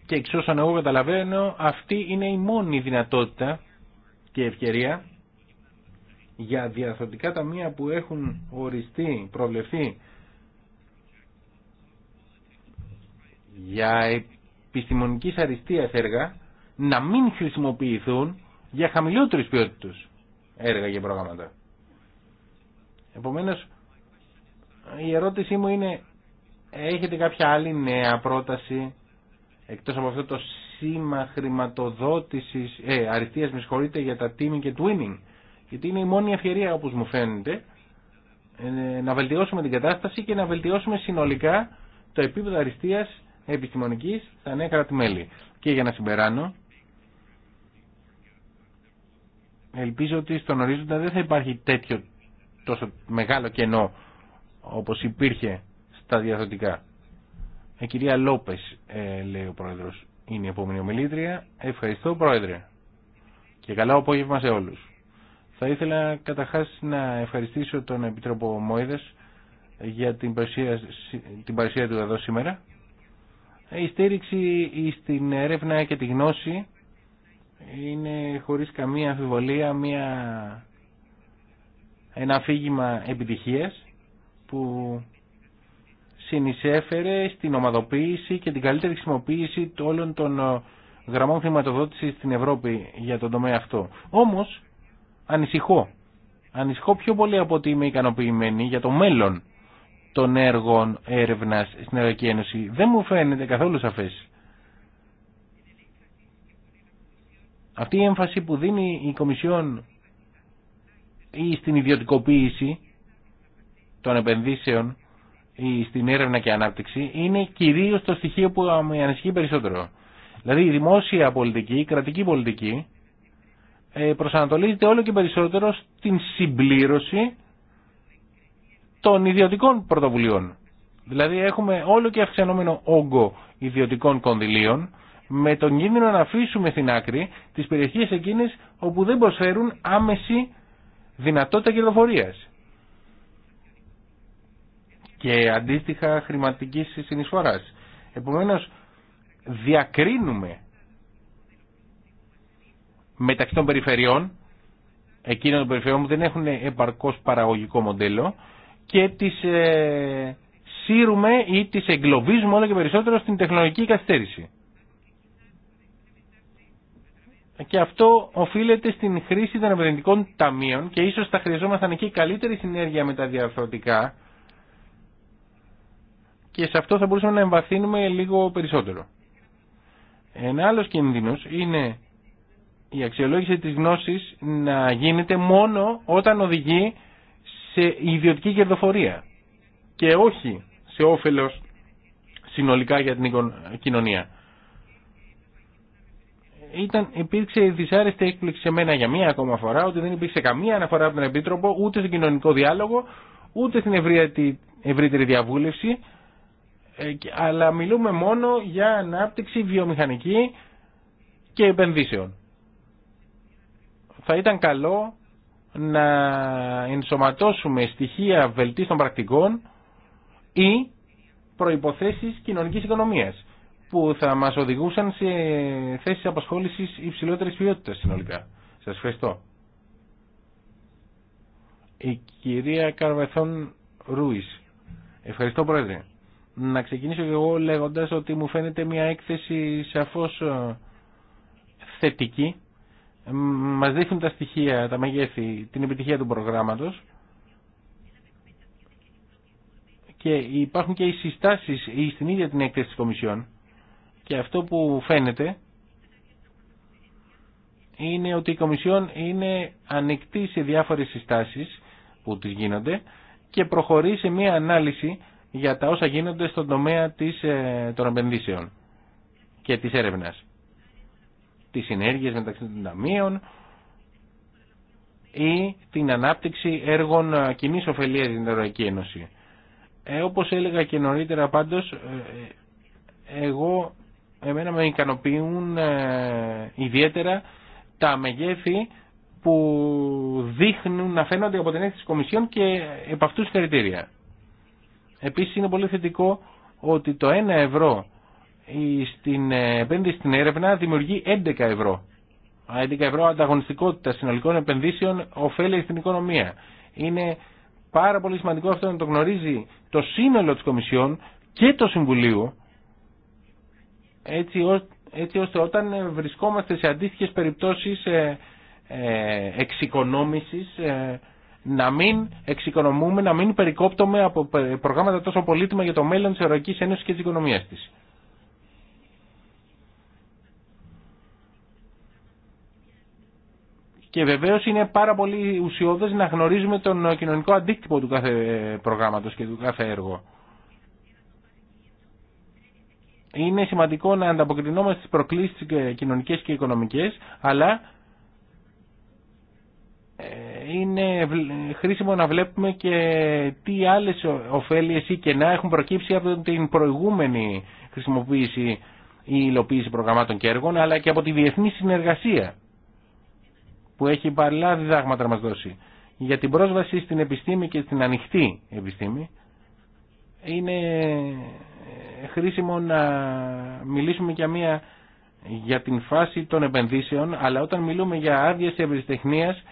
Και εξ όσων εγώ καταλαβαίνω, αυτή είναι η μόνη δυνατότητα και ευκαιρία για τα ταμεία που έχουν οριστεί, προβλεφθεί για επιστημονικής αριστείας έργα να μην χρησιμοποιηθούν για χαμηλότερης ποιότητας έργα και προγράμματα. Επομένως, η ερώτησή μου είναι, έχετε κάποια άλλη νέα πρόταση, εκτός από αυτό το σήμα χρηματοδότησης, ε, αριστείας με συγχωρείτε, για τα teaming και twinning, γιατί είναι η μόνη ευκαιρία όπως μου φαίνεται, ε, να βελτιώσουμε την κατάσταση και να βελτιώσουμε συνολικά το επίπεδο αριστείας επιστημονικής στα νέα κράτη-μέλη. Και για να συμπεράνω, ελπίζω ότι στον ορίζοντα δεν θα υπάρχει τέτοιο τόσο μεγάλο κενό όπως υπήρχε στα διαδοτικά. Η ε, κυρία Λόπες, ε, λέει ο πρόεδρος, είναι η επόμενη ομιλήτρια. Ευχαριστώ πρόεδρε και καλά απόγευμα σε όλους. Θα ήθελα καταρχάς να ευχαριστήσω τον Επιτρόπο Μόηδες για την παρουσία, την παρουσία του εδώ σήμερα. Η στήριξη στην έρευνα και τη γνώση είναι χωρίς καμία αμφιβολία μια, ένα αφήγημα επιτυχίας που συνεισέφερε στην ομαδοποίηση και την καλύτερη χρησιμοποίηση όλων των ε, γραμμών χρηματοδότησης στην Ευρώπη για τον τομέα αυτό. Όμως, ανησυχώ. Ανησυχώ πιο πολύ από ότι είμαι ικανοποιημένη για το μέλλον των έργων έρευνας στην Ευρωπαϊκή Ένωση. Δεν μου φαίνεται καθόλου σαφές Αυτή η έμφαση που δίνει η Κομισιόν ή στην ιδιωτικοποίηση των επενδύσεων ή στην έρευνα και ανάπτυξη είναι κυρίως το στοιχείο που με ανησυχεί περισσότερο. Δηλαδή η δημόσια πολιτική, η κρατική πολιτική ε, προσανατολίζεται όλο και περισσότερο στην συμπλήρωση των ιδιωτικών πρωτοβουλειών. Δηλαδή έχουμε όλο και αυξανόμενο όγκο ιδιωτικών κονδυλίων με τον κίνδυνο να αφήσουμε στην άκρη τις περιοχές εκείνες όπου δεν προσφέρουν άμεση δυνατότητα κερδοφορίας και αντίστοιχα χρηματικής συνεισφοράς. Επομένως, διακρίνουμε μεταξύ των περιφερειών, εκείνων των περιφερειών που δεν έχουν επαρκώς παραγωγικό μοντέλο και τις ε, σύρουμε ή τις εγκλωβίζουμε όλο και περισσότερο στην τεχνολογική καθυστέρηση και αυτό οφείλεται στην χρήση των επενδυτικών ταμείων και ίσως θα χρειαζόμασταν εκεί καλύτερη συνέργεια με τα διαρθρωτικά και σε αυτό θα μπορούσαμε να εμβαθύνουμε λίγο περισσότερο. Ένα άλλος κίνδυνος είναι η αξιολόγηση της γνώσης να γίνεται μόνο όταν οδηγεί σε ιδιωτική κερδοφορία και όχι σε όφελος συνολικά για την κοινωνία ήταν, υπήρξε δυσάρεστη έκπληξη σε μένα για μία ακόμα φορά ότι δεν υπήρξε καμία αναφορά από τον Επίτροπο ούτε στον κοινωνικό διάλογο ούτε στην ευρύτερη διαβούλευση ε, αλλά μιλούμε μόνο για ανάπτυξη βιομηχανική και επενδύσεων. Θα ήταν καλό να ενσωματώσουμε στοιχεία βελτίστων πρακτικών ή προϋποθέσεις κοινωνικής οικονομίας που θα μας οδηγούσαν σε θέσεις απασχόλησης υψηλότερης ποιοτητα συνολικά. Σας ευχαριστώ. Η κυρία Καρβεθόν Ρούις. Ευχαριστώ πρόεδρε. Να ξεκινήσω και εγώ λέγοντα ότι μου φαίνεται μια έκθεση σαφώ ε, θετική. Μας δείχνουν τα στοιχεία, τα μεγέθη, την επιτυχία του προγράμματος. Και υπάρχουν και οι συστάσει στην ίδια την έκθεση τη Κομισιόν και αυτό που φαίνεται είναι ότι η Κομισιόν είναι ανοιχτή σε διάφορες συστάσεις που τις γίνονται και προχωρεί σε μία ανάλυση για τα όσα γίνονται στον τομέα της, ε, των επενδύσεων και της έρευνας. Τις συνέργειες μεταξύ των ταμείων ή την ανάπτυξη έργων ε, κοινή ωφελία στην Ευρωπαϊκή Ένωση. Ε, όπως έλεγα και νωρίτερα πάντως, εγώ εμένα με ικανοποιούν ε, ιδιαίτερα τα μεγέθη που δείχνουν να φαίνονται από την έκθεση της Κομισιόν και επ' αυτού συγχαρητήρια. Επίσης είναι πολύ θετικό ότι το 1 ευρώ στην ε, επένδυση στην έρευνα δημιουργεί 11 ευρώ. 11 ευρώ ανταγωνιστικότητα συνολικών επενδύσεων ωφέλει στην οικονομία. Είναι πάρα πολύ σημαντικό αυτό να το γνωρίζει το σύνολο της Κομισιόν και το Συμβουλίου έτσι, ώστε όταν ε, βρισκόμαστε σε αντίθετες περιπτώσεις ε, ε, εξοικονόμησης να μην εξοικονομούμε, να μην περικόπτουμε από προγράμματα τόσο πολύτιμα για το μέλλον της Ευρωπαϊκής Ένωσης και της οικονομίας της. Και βεβαίω είναι πάρα πολύ ουσιώδε να γνωρίζουμε τον κοινωνικό αντίκτυπο του κάθε προγράμματο και του κάθε έργου είναι σημαντικό να ανταποκρινόμαστε στις προκλήσεις κοινωνικές και οικονομικές, αλλά ε, είναι χρήσιμο να βλέπουμε και τι άλλες ωφέλειες ή κενά έχουν προκύψει από την προηγούμενη χρησιμοποίηση ή υλοποίηση προγραμμάτων και έργων, αλλά και από τη διεθνή συνεργασία που έχει παρελά διδάγματα να μας δώσει για την πρόσβαση στην επιστήμη και στην ανοιχτή επιστήμη, είναι ε, χρήσιμο να μιλήσουμε για, μια, για την φάση των επενδύσεων, αλλά όταν μιλούμε για άδειες ευρυστεχνίας,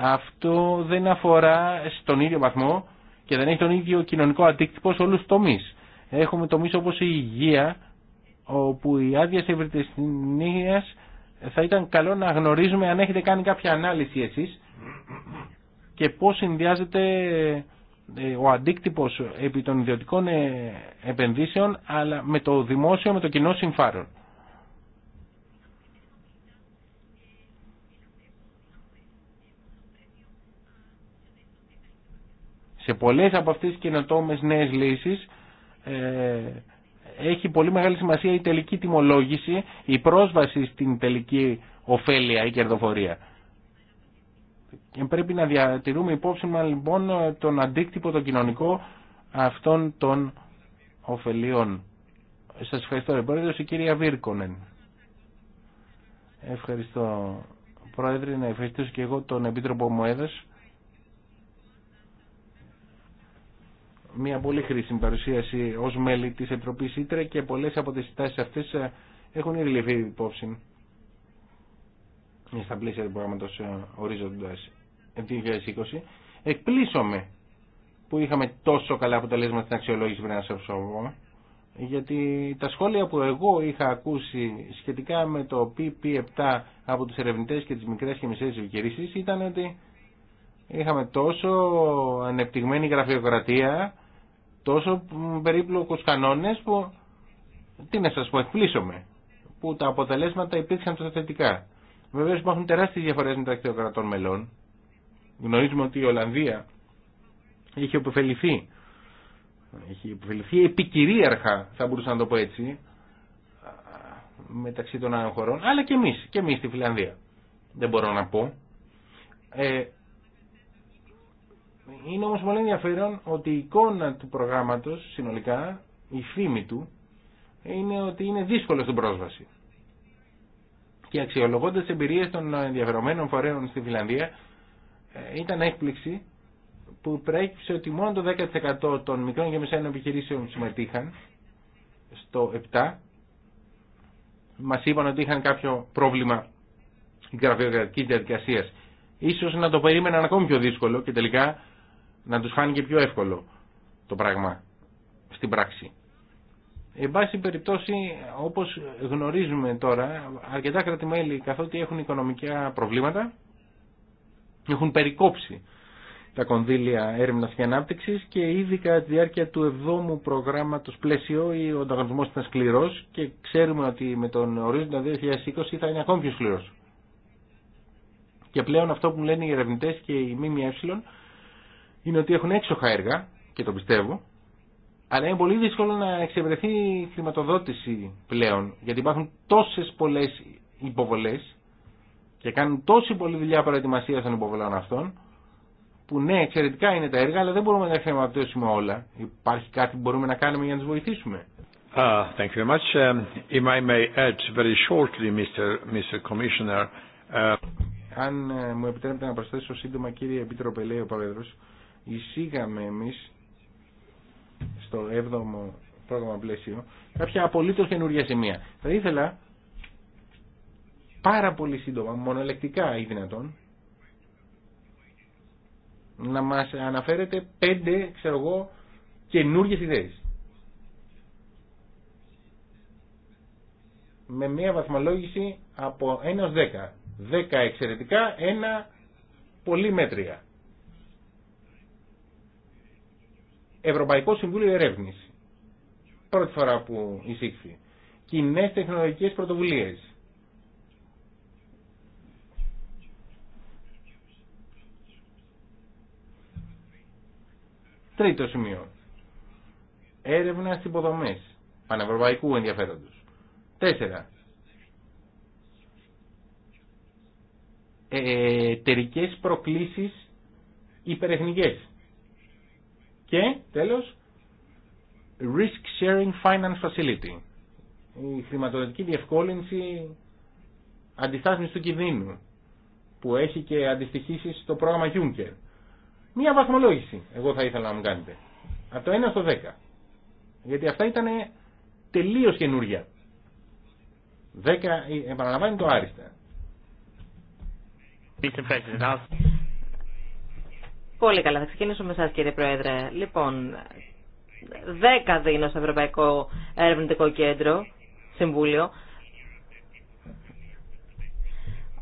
αυτό δεν αφορά στον ίδιο βαθμό και δεν έχει τον ίδιο κοινωνικό αντίκτυπο σε όλους τους τομείς. Έχουμε τομείς όπως η υγεία, όπου οι άδειες ευρυστεχνίας θα ήταν καλό να γνωρίζουμε αν έχετε κάνει κάποια ανάλυση εσείς και πώς συνδυάζεται ε, ο αντίκτυπος επί των ιδιωτικών ε, επενδύσεων αλλά με το δημόσιο, με το κοινό συμφάρον. Σε πολλές από αυτές τις καινοτόμες νέες λύσεις ε, έχει πολύ μεγάλη σημασία η τελική τιμολόγηση, η πρόσβαση στην τελική ωφέλεια ή κερδοφορία πρέπει να διατηρούμε υπόψη μας λοιπόν τον αντίκτυπο, τον κοινωνικό αυτών των ωφελιών. Σας ευχαριστώ ρε Πρόεδρος, η κυρία Βίρκονεν. Ευχαριστώ Πρόεδρε, να ευχαριστήσω και εγώ τον Επίτροπο Μοέδας. Μια πολύ χρήσιμη παρουσίαση ως μέλη της Επιτροπής Ήτρε και πολλές από τις συστάσεις αυτές ε, έχουν ήδη ληφθεί υπόψη στα πλαίσια του προγράμματος ε, ορίζοντας 2020, εκπλήσωμε που είχαμε τόσο καλά αποτελέσματα στην αξιολόγηση πριν να γιατί τα σχόλια που εγώ είχα ακούσει σχετικά με το PP7 από τους ερευνητές και τις μικρές και μισές επιχειρήσεις ήταν ότι είχαμε τόσο ανεπτυγμένη γραφειοκρατία, τόσο περίπλοκους κανόνες που, τι να σας πω, εκπλήσωμε, που τα αποτελέσματα υπήρξαν τόσο θετικά. Βεβαίως υπάρχουν τεράστιες διαφορές μεταξύ των κρατών μελών Γνωρίζουμε ότι η Ολλανδία είχε υποφεληθεί. Είχε υποφεληθεί επικυρίαρχα, θα μπορούσα να το πω έτσι, μεταξύ των άλλων χωρών, αλλά και εμείς, και εμείς στη Φιλανδία. Δεν μπορώ να πω. Ε, είναι όμως πολύ ενδιαφέρον ότι η εικόνα του προγράμματος συνολικά, η φήμη του, είναι ότι είναι δύσκολο στην πρόσβαση. Και αξιολογώντας εμπειρίες των ενδιαφερομένων φορέων στη Φιλανδία, ε, ήταν έκπληξη που προέκυψε ότι μόνο το 10% των μικρών και μεσαίων επιχειρήσεων συμμετείχαν στο 7. Μας είπαν ότι είχαν κάποιο πρόβλημα γραφειοκρατικής διαδικασίας. Ίσως να το περίμεναν ακόμη πιο δύσκολο και τελικά να τους φάνηκε πιο εύκολο το πράγμα στην πράξη. Εν πάση περιπτώσει, όπως γνωρίζουμε τώρα, αρκετά κρατημέλη καθότι έχουν οικονομικά προβλήματα, έχουν περικόψει τα κονδύλια έρευνα και ανάπτυξη και ήδη κατά τη διάρκεια του 7ου προγράμματο πλαίσιο ο ανταγωνισμό ήταν σκληρό και ξέρουμε ότι με τον ορίζοντα 2020 θα είναι ακόμη πιο σκληρό. Και πλέον αυτό που λένε οι ερευνητέ και οι ΜΜΕ είναι ότι έχουν έξοχα έργα και το πιστεύω, αλλά είναι πολύ δύσκολο να εξευρεθεί χρηματοδότηση πλέον γιατί υπάρχουν τόσε πολλέ υποβολέ και κάνουν τόση πολλή δουλειά προετοιμασία των υποβολών αυτών που ναι, εξαιρετικά είναι τα έργα, αλλά δεν μπορούμε να τα όλα. Υπάρχει κάτι που μπορούμε να κάνουμε για να του βοηθήσουμε. Uh, thank you very much. Um, I may add very shortly, Mr. Mr. Commissioner. Uh... Αν uh, μου επιτρέπετε να προσθέσω σύντομα, κύριε Επίτροπε, λέει ο Πρόεδρος, εισήγαμε εμείς στο 7ο πρόγραμμα πλαίσιο κάποια απολύτως καινούργια σημεία. Θα ήθελα πάρα πολύ σύντομα, μονολεκτικά ή δυνατόν, να μας αναφέρετε πέντε, ξέρω εγώ, καινούργιες ιδέες. Με μια βαθμολόγηση από 1 ως 10. 10 εξαιρετικά, ένα πολύ μέτρια. Ευρωπαϊκό Συμβούλιο Ερεύνηση. Πρώτη φορά που εισήχθη. Κοινέ τεχνολογικές πρωτοβουλίες Τρίτο σημείο. Έρευνα στι υποδομέ πανευρωπαϊκού ενδιαφέροντο. Τέσσερα. Ε, Εταιρικέ προκλήσει υπερεθνικέ. Και τέλος, Risk Sharing Finance Facility. Η χρηματοδοτική διευκόλυνση αντιστάθμιση του κινδύνου που έχει και αντιστοιχήσει στο πρόγραμμα Juncker. Μία βαθμολόγηση εγώ θα ήθελα να μου κάνετε. Από το 1 στο 10. Γιατί αυτά ήταν τελείω καινούργια. 10 ε, επαναλαμβάνει το άριστα. Πολύ καλά. Θα ξεκινήσω με εσά, κύριε Πρόεδρε. Λοιπόν, 10 δίνω στο Ευρωπαϊκό Ερευνητικό Κέντρο, Συμβούλιο.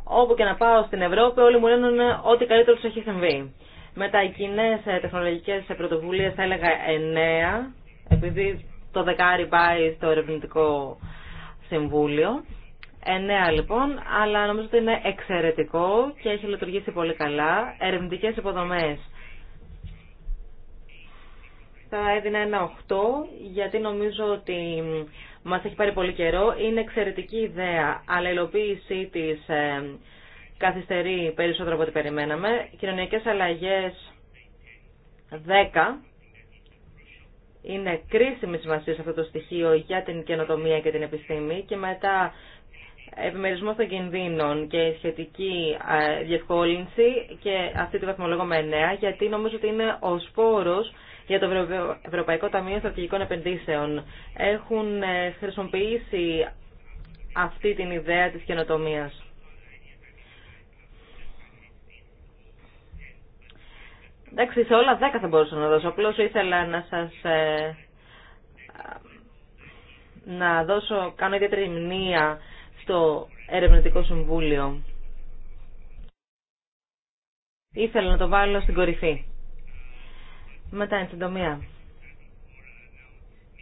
Όπου και να πάω στην Ευρώπη, όλοι μου λένε ότι καλύτερο του έχει συμβεί. Με τα κοινέ ε, τεχνολογικέ ε, πρωτοβουλίε θα έλεγα 9, επειδή το δεκάρι πάει στο ερευνητικό συμβούλιο. 9 λοιπόν, αλλά νομίζω ότι είναι εξαιρετικό και έχει λειτουργήσει πολύ καλά. Ερευνητικέ υποδομέ. Θα έδινα ένα 8, γιατί νομίζω ότι μας έχει πάρει πολύ καιρό. Είναι εξαιρετική ιδέα, αλλά η υλοποίησή τη ε, καθυστερεί περισσότερο από ό,τι περιμέναμε. Κοινωνικές αλλαγές 10 είναι κρίσιμη σημασία σε αυτό το στοιχείο για την καινοτομία και την επιστήμη και μετά επιμερισμός των κινδύνων και σχετική διευκόλυνση και αυτή τη βαθμολόγω με 9 γιατί νομίζω ότι είναι ο σπόρος για το Ευρωπαϊκό Ταμείο Στρατηγικών Επενδύσεων. Έχουν ε, χρησιμοποιήσει αυτή την ιδέα της καινοτομίας. Εντάξει, σε όλα δέκα θα μπορούσα να δώσω. Απλώ ήθελα να σα ε, να δώσω, κάνω ιδιαίτερη μνήμα στο Ερευνητικό Συμβούλιο. Ήθελα να το βάλω στην κορυφή. Μετά, εν συντομία.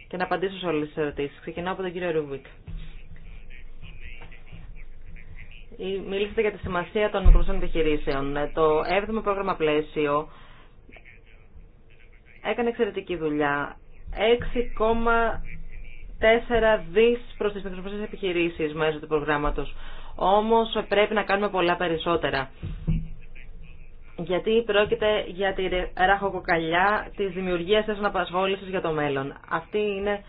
Και να απαντήσω σε όλες τις ερωτήσεις. Ξεκινάω από τον κύριο Ρουβίκ. Μίλησατε για τη σημασία των μικρομεσαίων επιχειρήσεων. Ε, το 7ο πρόγραμμα πλαίσιο έκανε εξαιρετική δουλειά. 6,4 δις προς τις μικροπροσίες επιχειρήσεις μέσω του προγράμματος. Όμως πρέπει να κάνουμε πολλά περισσότερα. Γιατί πρόκειται για τη ραχοκοκαλιά της δημιουργίας της απασχόλησης για το μέλλον. Αυτή είναι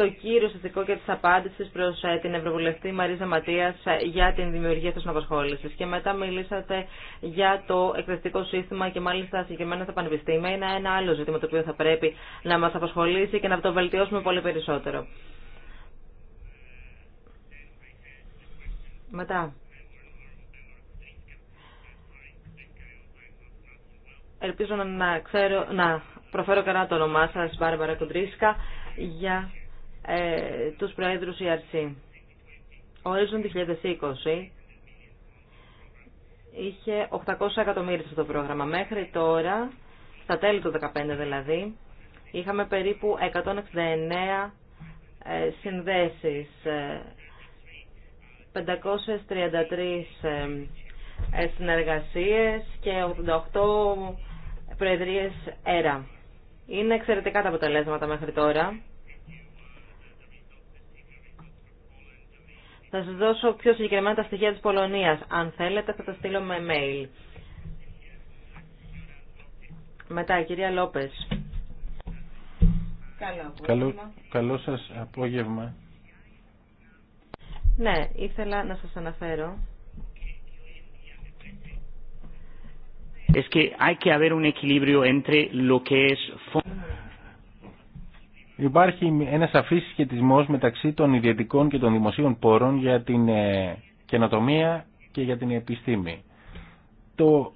το κύριο συστατικό και τη απάντηση προ ε, την Ευρωβουλευτή Μαρίζα Ματία ε, για την δημιουργία τη απασχόληση. Και μετά μιλήσατε για το εκπαιδευτικό σύστημα και μάλιστα συγκεκριμένα στα πανεπιστήμια. Είναι ένα άλλο ζήτημα το οποίο θα πρέπει να μα απασχολήσει και να το βελτιώσουμε πολύ περισσότερο. Μετά. Ελπίζω να, ξέρω, να προφέρω καλά το όνομά σας, Μπάρμπαρα Κοντρίσκα, για ε, τους Προέδρους ERC. Ορίζον 2020 είχε 800 εκατομμύρια στο πρόγραμμα. Μέχρι τώρα, στα τέλη του 2015 δηλαδή, είχαμε περίπου 169 ε, συνδέσεις, 533 ε, ε, ε, συνεργασίες και 88 προεδρίες ΕΡΑ. Είναι εξαιρετικά τα αποτελέσματα μέχρι τώρα Θα σας δώσω πιο συγκεκριμένα τα στοιχεία της Πολωνίας. Αν θέλετε θα τα στείλω με mail. Μετά, η κυρία Λόπες. Καλό, καλό, σας απόγευμα. Ναι, ήθελα να σας αναφέρω. Es que hay que haber un equilibrio entre Υπάρχει ένα σαφή σχετισμό μεταξύ των ιδιωτικών και των δημοσίων πόρων για την ε, καινοτομία και για την επιστήμη. Το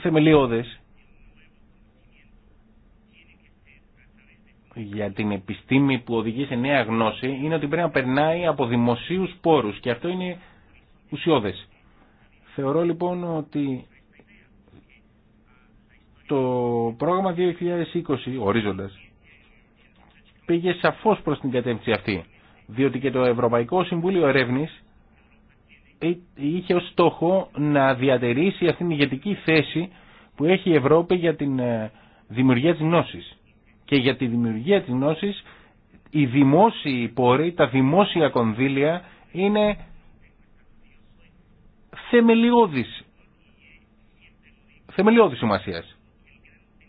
θεμελιώδε για την επιστήμη που οδηγεί σε νέα γνώση είναι ότι πρέπει να περνάει από δημοσίους πόρους και αυτό είναι ουσιώδες. Θεωρώ λοιπόν ότι το πρόγραμμα 2020 ορίζοντας πήγε σαφώ προ την κατεύθυνση αυτή. Διότι και το Ευρωπαϊκό Συμβούλιο Έρεύνη ε, είχε ω στόχο να διατηρήσει αυτήν την ηγετική θέση που έχει η Ευρώπη για την ε, δημιουργία τη γνώση. Και για τη δημιουργία τη γνώση οι δημόσιοι πόροι, τα δημόσια κονδύλια είναι θεμελιώδης, θεμελιώδης σημασίας.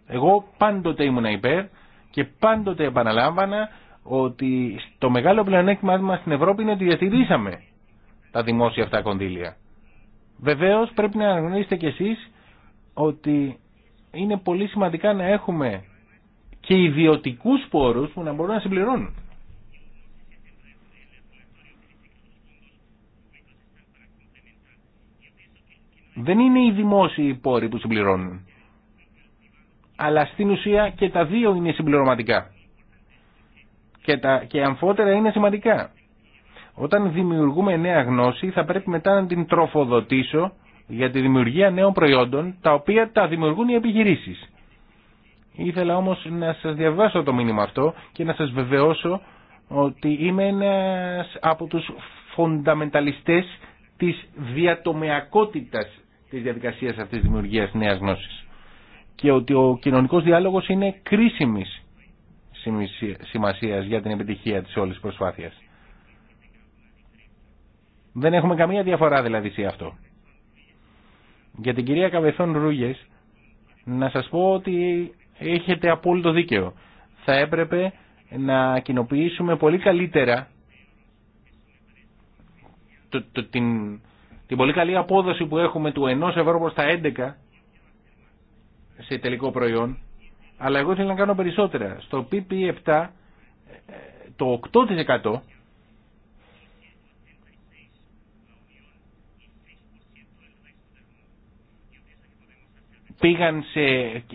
Εγώ πάντοτε ήμουν υπέρ και πάντοτε επαναλάμβανα ότι το μεγάλο πλεονέκτημα μας στην Ευρώπη είναι ότι διατηρήσαμε τα δημόσια αυτά κονδύλια. Βεβαίως πρέπει να αναγνωρίσετε κι εσείς ότι είναι πολύ σημαντικά να έχουμε και ιδιωτικούς πόρους που να μπορούν να συμπληρώνουν. Δεν είναι οι δημόσιοι πόροι που συμπληρώνουν αλλά στην ουσία και τα δύο είναι συμπληρωματικά. Και, τα, και αμφότερα είναι σημαντικά. Όταν δημιουργούμε νέα γνώση θα πρέπει μετά να την τροφοδοτήσω για τη δημιουργία νέων προϊόντων τα οποία τα δημιουργούν οι επιχειρήσεις. Ήθελα όμως να σας διαβάσω το μήνυμα αυτό και να σας βεβαιώσω ότι είμαι ένας από τους φονταμενταλιστές της διατομεακότητας της διαδικασίας αυτής της δημιουργίας νέας γνώσης και ότι ο κοινωνικός διάλογος είναι κρίσιμης σημασίας για την επιτυχία της όλης προσπάθειας. Δεν έχουμε καμία διαφορά δηλαδή σε αυτό. Για την κυρία Καβεθόν Ρούγες, να σας πω ότι έχετε απόλυτο δίκαιο. Θα έπρεπε να κοινοποιήσουμε πολύ καλύτερα το, την, την πολύ καλή απόδοση που έχουμε του 1 ευρώ προς τα 11 σε τελικό προϊόν, αλλά εγώ ήθελα να κάνω περισσότερα. Στο PP7 e ε, το 8% πήγαν σε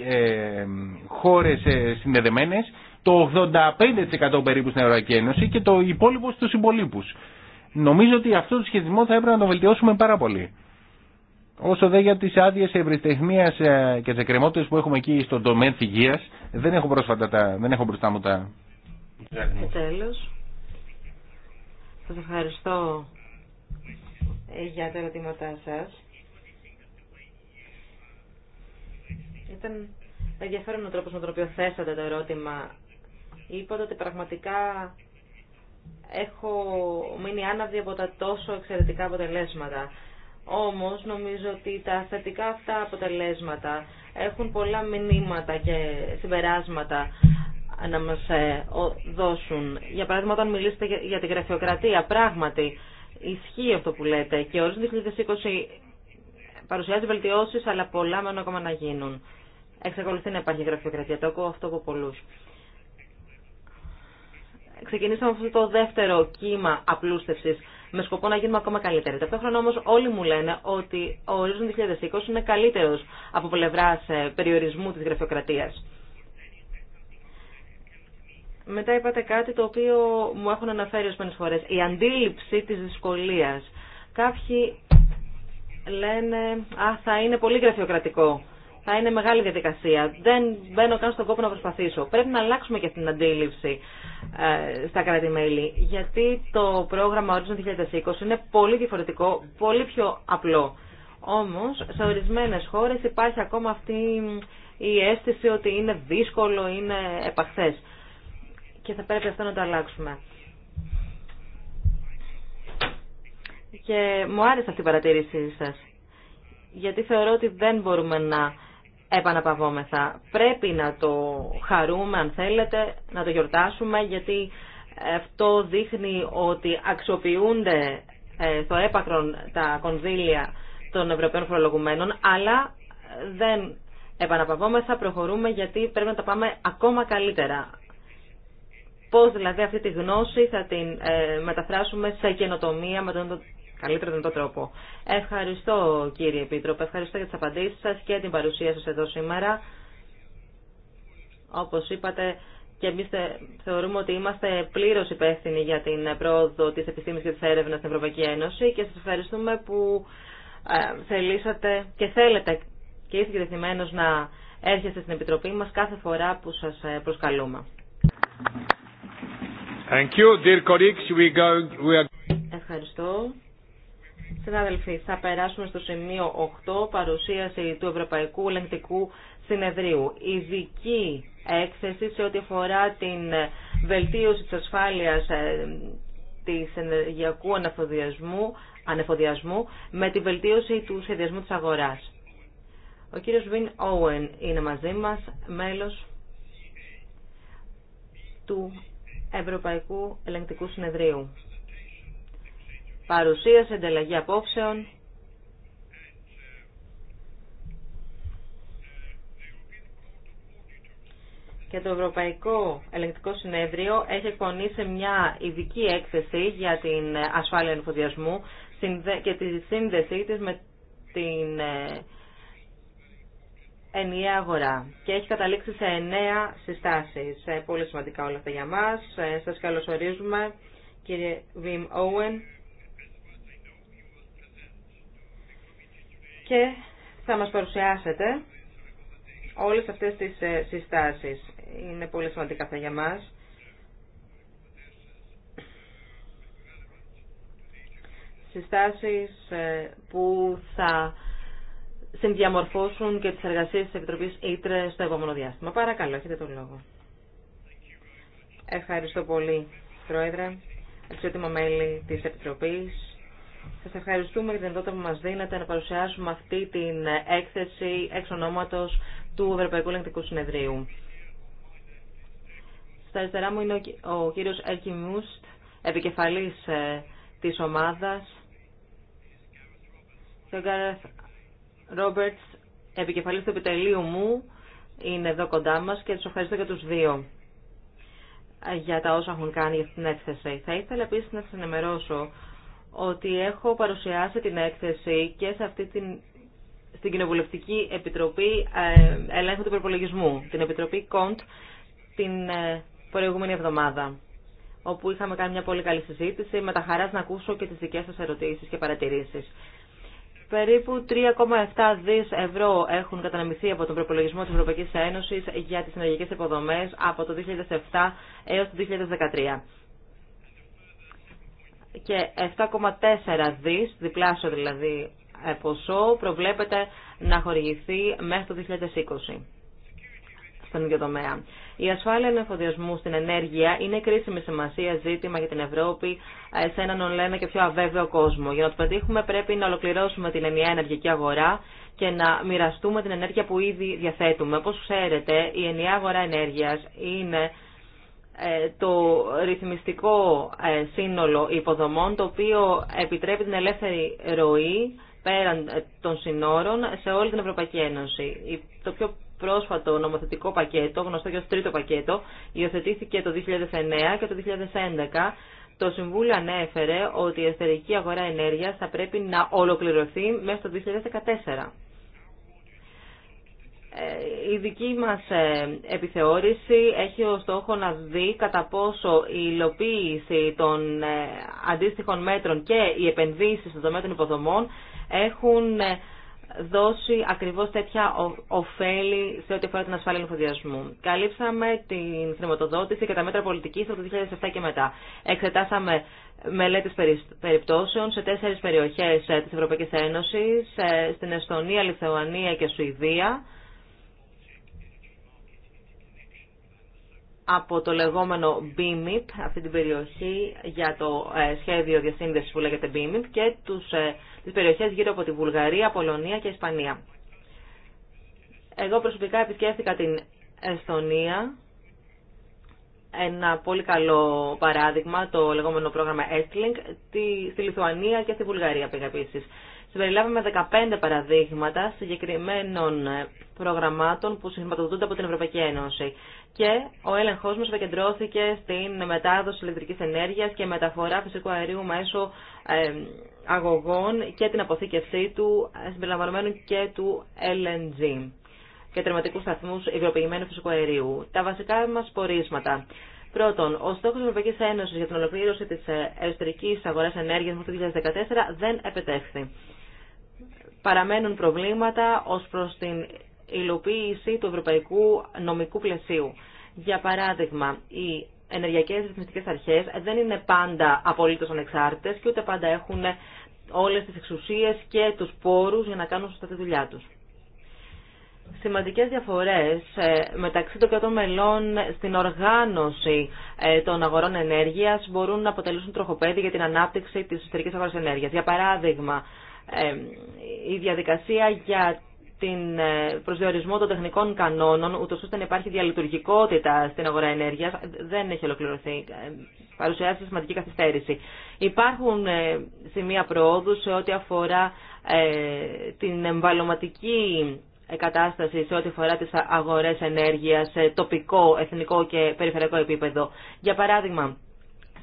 ε, χώρες ε, συνδεδεμένες, το 85% περίπου στην Ευρωπαϊκή Ένωση και το υπόλοιπο στους υπολείπους. Νομίζω ότι αυτό το σχετισμό θα έπρεπε να το βελτιώσουμε πάρα πολύ. Όσο δε για τις άδειε ευρυτεχνία ε, και τι εκκρεμότητε που έχουμε εκεί στον τομέα τη υγεία, δεν έχω, πρόσφατα τα, δεν έχω μπροστά μου τα... Και Τέλο. σα ευχαριστώ ε, για τα ερωτήματά σα. Ήταν ενδιαφέρον ο τρόπο με τον οποίο θέσατε το ερώτημα. Είπατε ότι πραγματικά έχω μείνει άναυδη από τα τόσο εξαιρετικά αποτελέσματα. Όμως νομίζω ότι τα θετικά αυτά αποτελέσματα έχουν πολλά μηνύματα και συμπεράσματα να μας ε, δώσουν. Για παράδειγμα, όταν μιλήσετε για την γραφειοκρατία, πράγματι ισχύει αυτό που λέτε και ο 2020 παρουσιάζει βελτιώσεις, αλλά πολλά μένουν ακόμα να γίνουν. Εξακολουθεί να υπάρχει γραφειοκρατία, το ακούω αυτό από πολλούς. Ξεκινήσαμε αυτό το δεύτερο κύμα απλούστευσης με σκοπό να γίνουμε ακόμα καλύτεροι. Ταυτόχρονα όμω όλοι μου λένε ότι ο ορίζον 2020 είναι καλύτερο από πλευρά ε, περιορισμού τη γραφειοκρατία. Μετά είπατε κάτι το οποίο μου έχουν αναφέρει πέντες φορές, Η αντίληψη της δυσκολίας. Κάποιοι λένε, α, θα είναι πολύ γραφειοκρατικό θα είναι μεγάλη διαδικασία. Δεν μπαίνω καν στον κόπο να προσπαθήσω. Πρέπει να αλλάξουμε και την αντίληψη ε, στα κράτη-μέλη. Γιατί το πρόγραμμα Horizon 2020 είναι πολύ διαφορετικό, πολύ πιο απλό. Όμως, σε ορισμένε χώρες υπάρχει ακόμα αυτή η αίσθηση ότι είναι δύσκολο, είναι επαχθέ. Και θα πρέπει αυτό να το αλλάξουμε. Και μου άρεσε αυτή η παρατήρησή σας. Γιατί θεωρώ ότι δεν μπορούμε να επαναπαυόμεθα. Πρέπει να το χαρούμε, αν θέλετε, να το γιορτάσουμε, γιατί αυτό δείχνει ότι αξιοποιούνται ε, στο έπακρον τα κονδύλια των Ευρωπαίων φορολογουμένων, αλλά δεν επαναπαυόμεθα, προχωρούμε γιατί πρέπει να τα πάμε ακόμα καλύτερα. Πώς δηλαδή αυτή τη γνώση θα την ε, μεταφράσουμε σε καινοτομία με τον καλύτερο δυνατό τρόπο. Ευχαριστώ κύριε Επίτροπε, ευχαριστώ για τις απαντήσεις σας και την παρουσία σας εδώ σήμερα. Όπως είπατε και εμείς θεωρούμε ότι είμαστε πλήρως υπεύθυνοι για την πρόοδο της επιστήμης και της έρευνας στην Ευρωπαϊκή Ένωση και σας ευχαριστούμε που ε, θελήσατε και θέλετε και είστε διεθυμένος να έρχεστε στην Επιτροπή μας κάθε φορά που σας ε, προσκαλούμε. Thank you, dear colleagues. We go, we are... Ευχαριστώ. Συνάδελφοι, θα περάσουμε στο σημείο 8, παρουσίαση του Ευρωπαϊκού Ελεγκτικού Συνεδρίου. Ειδική έκθεση σε ό,τι αφορά την βελτίωση της ασφάλειας ε, της ενεργειακού ανεφοδιασμού, με τη βελτίωση του σχεδιασμού της αγοράς. Ο κύριος Βιν Όουεν είναι μαζί μας, μέλος του Ευρωπαϊκού Ελεγκτικού Συνεδρίου παρουσίαση, ανταλλαγή απόψεων. Και το Ευρωπαϊκό Ελεγκτικό Συνέδριο έχει εκπονήσει μια ειδική έκθεση για την ασφάλεια ενφοδιασμού και τη σύνδεσή της με την ε, ενιαία αγορά. Και έχει καταλήξει σε εννέα συστάσεις. Ε, πολύ σημαντικά όλα αυτά για μας. Ε, σας καλωσορίζουμε κύριε Βιμ Όουεν και θα μας παρουσιάσετε όλες αυτές τις ε, συστάσεις. Είναι πολύ σημαντικά αυτά για μας. Συστάσεις ε, που θα συνδιαμορφώσουν και τις εργασίες της Επιτροπής Ήτρε στο επόμενο διάστημα. Παρακαλώ, έχετε τον λόγο. Ευχαριστώ πολύ, Πρόεδρε, αξιότιμο μέλη της Επιτροπής, σας ευχαριστούμε για την δυνατότητα που μας δίνετε να παρουσιάσουμε αυτή την έκθεση εξ ονόματο του Ευρωπαϊκού Λεγκτικού Συνεδρίου. Στα αριστερά μου είναι ο κύριος Έρκι Μούστ, επικεφαλής ε, της ομάδας. Και ο Γκάρεθ Ρόμπερτς, επικεφαλής του επιτελείου μου, είναι εδώ κοντά μας και του ευχαριστώ και τους δύο ε, για τα όσα έχουν κάνει για την έκθεση. Θα ήθελα επίσης να σας ενημερώσω ότι έχω παρουσιάσει την έκθεση και σε αυτή την, στην Κοινοβουλευτική Επιτροπή ε, Ελέγχου του Προπολογισμού, την Επιτροπή Κοντ, την ε, προηγούμενη εβδομάδα, όπου είχαμε κάνει μια πολύ καλή συζήτηση, με τα χαράς να ακούσω και τις δικές σας ερωτήσεις και παρατηρήσεις. Περίπου 3,7 δις ευρώ έχουν καταναμηθεί από τον προπολογισμό της Ευρωπαϊκής Ένωσης για τις συνεργικές υποδομές από το 2007 έως το 2013 και 7,4 δις, διπλάσιο δηλαδή ε, ποσό, προβλέπεται να χορηγηθεί μέχρι το 2020 στον ίδιο τομέα. Η ασφάλεια ενεφοδιασμού στην ενέργεια είναι κρίσιμη σημασία ζήτημα για την Ευρώπη ε, σε έναν ολένα και πιο αβέβαιο κόσμο. Για να το πετύχουμε πρέπει να ολοκληρώσουμε την ενιαία ενεργειακή αγορά και να μοιραστούμε την ενέργεια που ήδη διαθέτουμε. Όπως ξέρετε, η ενιαία αγορά ενέργειας είναι ε, το ρυθμιστικό ε, σύνολο υποδομών το οποίο επιτρέπει την ελεύθερη ροή πέραν ε, των συνόρων σε όλη την Ευρωπαϊκή Ένωση. Το πιο πρόσφατο νομοθετικό πακέτο, γνωστό και ως τρίτο πακέτο, υιοθετήθηκε το 2009 και το 2011. Το Συμβούλιο ανέφερε ότι η εσωτερική αγορά ενέργειας θα πρέπει να ολοκληρωθεί μέσα το 2014. Ε, η δική μας ε, επιθεώρηση έχει ως στόχο να δει κατά πόσο η υλοποίηση των ε, αντίστοιχων μέτρων και οι επενδύσεις στον τομέα των υποδομών έχουν δώσει ακριβώς τέτοια ωφέλη σε ό,τι αφορά την ασφάλεια ενφοδιασμού. Καλύψαμε την χρηματοδότηση και τα μέτρα πολιτικής από το 2007 και μετά. Εξετάσαμε μελέτες περιπτώσεων σε τέσσερις περιοχές της Ευρωπαϊκής Ένωσης, στην Εστονία, Λιθουανία και Σουηδία. από το λεγόμενο BIMIP, αυτή την περιοχή για το ε, σχέδιο διασύνδεσης που λέγεται BIMIP και τους, ε, τις περιοχές γύρω από τη Βουλγαρία, Πολωνία και Ισπανία. Εγώ προσωπικά επισκέφθηκα την Εστονία ένα πολύ καλό παράδειγμα, το λεγόμενο πρόγραμμα Estlink, στη Λιθουανία και στη Βουλγαρία πήγα επίση. Συμπεριλάβαμε 15 παραδείγματα συγκεκριμένων ε, προγραμμάτων που συγχρηματοδοτούνται από την Ευρωπαϊκή Ένωση. Και ο έλεγχό μα επικεντρώθηκε στην μετάδοση ηλεκτρική ενέργεια και μεταφορά φυσικού αερίου μέσω ε, αγωγών και την αποθήκευσή του, ε, συμπεριλαμβανομένου και του LNG και τερματικού σταθμού υγροποιημένου φυσικού αερίου. Τα βασικά μα πορίσματα. Πρώτον, ο στόχο τη Ευρωπαϊκή Ένωση για την ολοκλήρωση τη ε, εσωτερική αγορά ενέργεια μέχρι το 2014 δεν επετέχθη. Παραμένουν προβλήματα ω προ την υλοποίηση του ευρωπαϊκού νομικού πλαισίου. Για παράδειγμα, οι ενεργειακέ ρυθμιστικέ αρχέ δεν είναι πάντα απολύτω ανεξάρτητε και ούτε πάντα έχουν όλε τι εξουσίε και του πόρου για να κάνουν σωστά τη δουλειά του σημαντικές διαφορές ε, μεταξύ των κρατών μελών στην οργάνωση ε, των αγορών ενέργειας μπορούν να αποτελούσουν τροχοπέδι για την ανάπτυξη της εσωτερικής αγοράς ενέργειας. Για παράδειγμα, ε, η διαδικασία για την προσδιορισμό των τεχνικών κανόνων, ούτως ώστε να υπάρχει διαλειτουργικότητα στην αγορά ενέργειας, δεν έχει ολοκληρωθεί. Παρουσιάζει σημαντική καθυστέρηση. Υπάρχουν σημεία προόδου σε ό,τι αφορά την εμβαλωματική κατάσταση σε ό,τι αφορά τις αγορές ενέργειας σε τοπικό, εθνικό και περιφερειακό επίπεδο. Για παράδειγμα,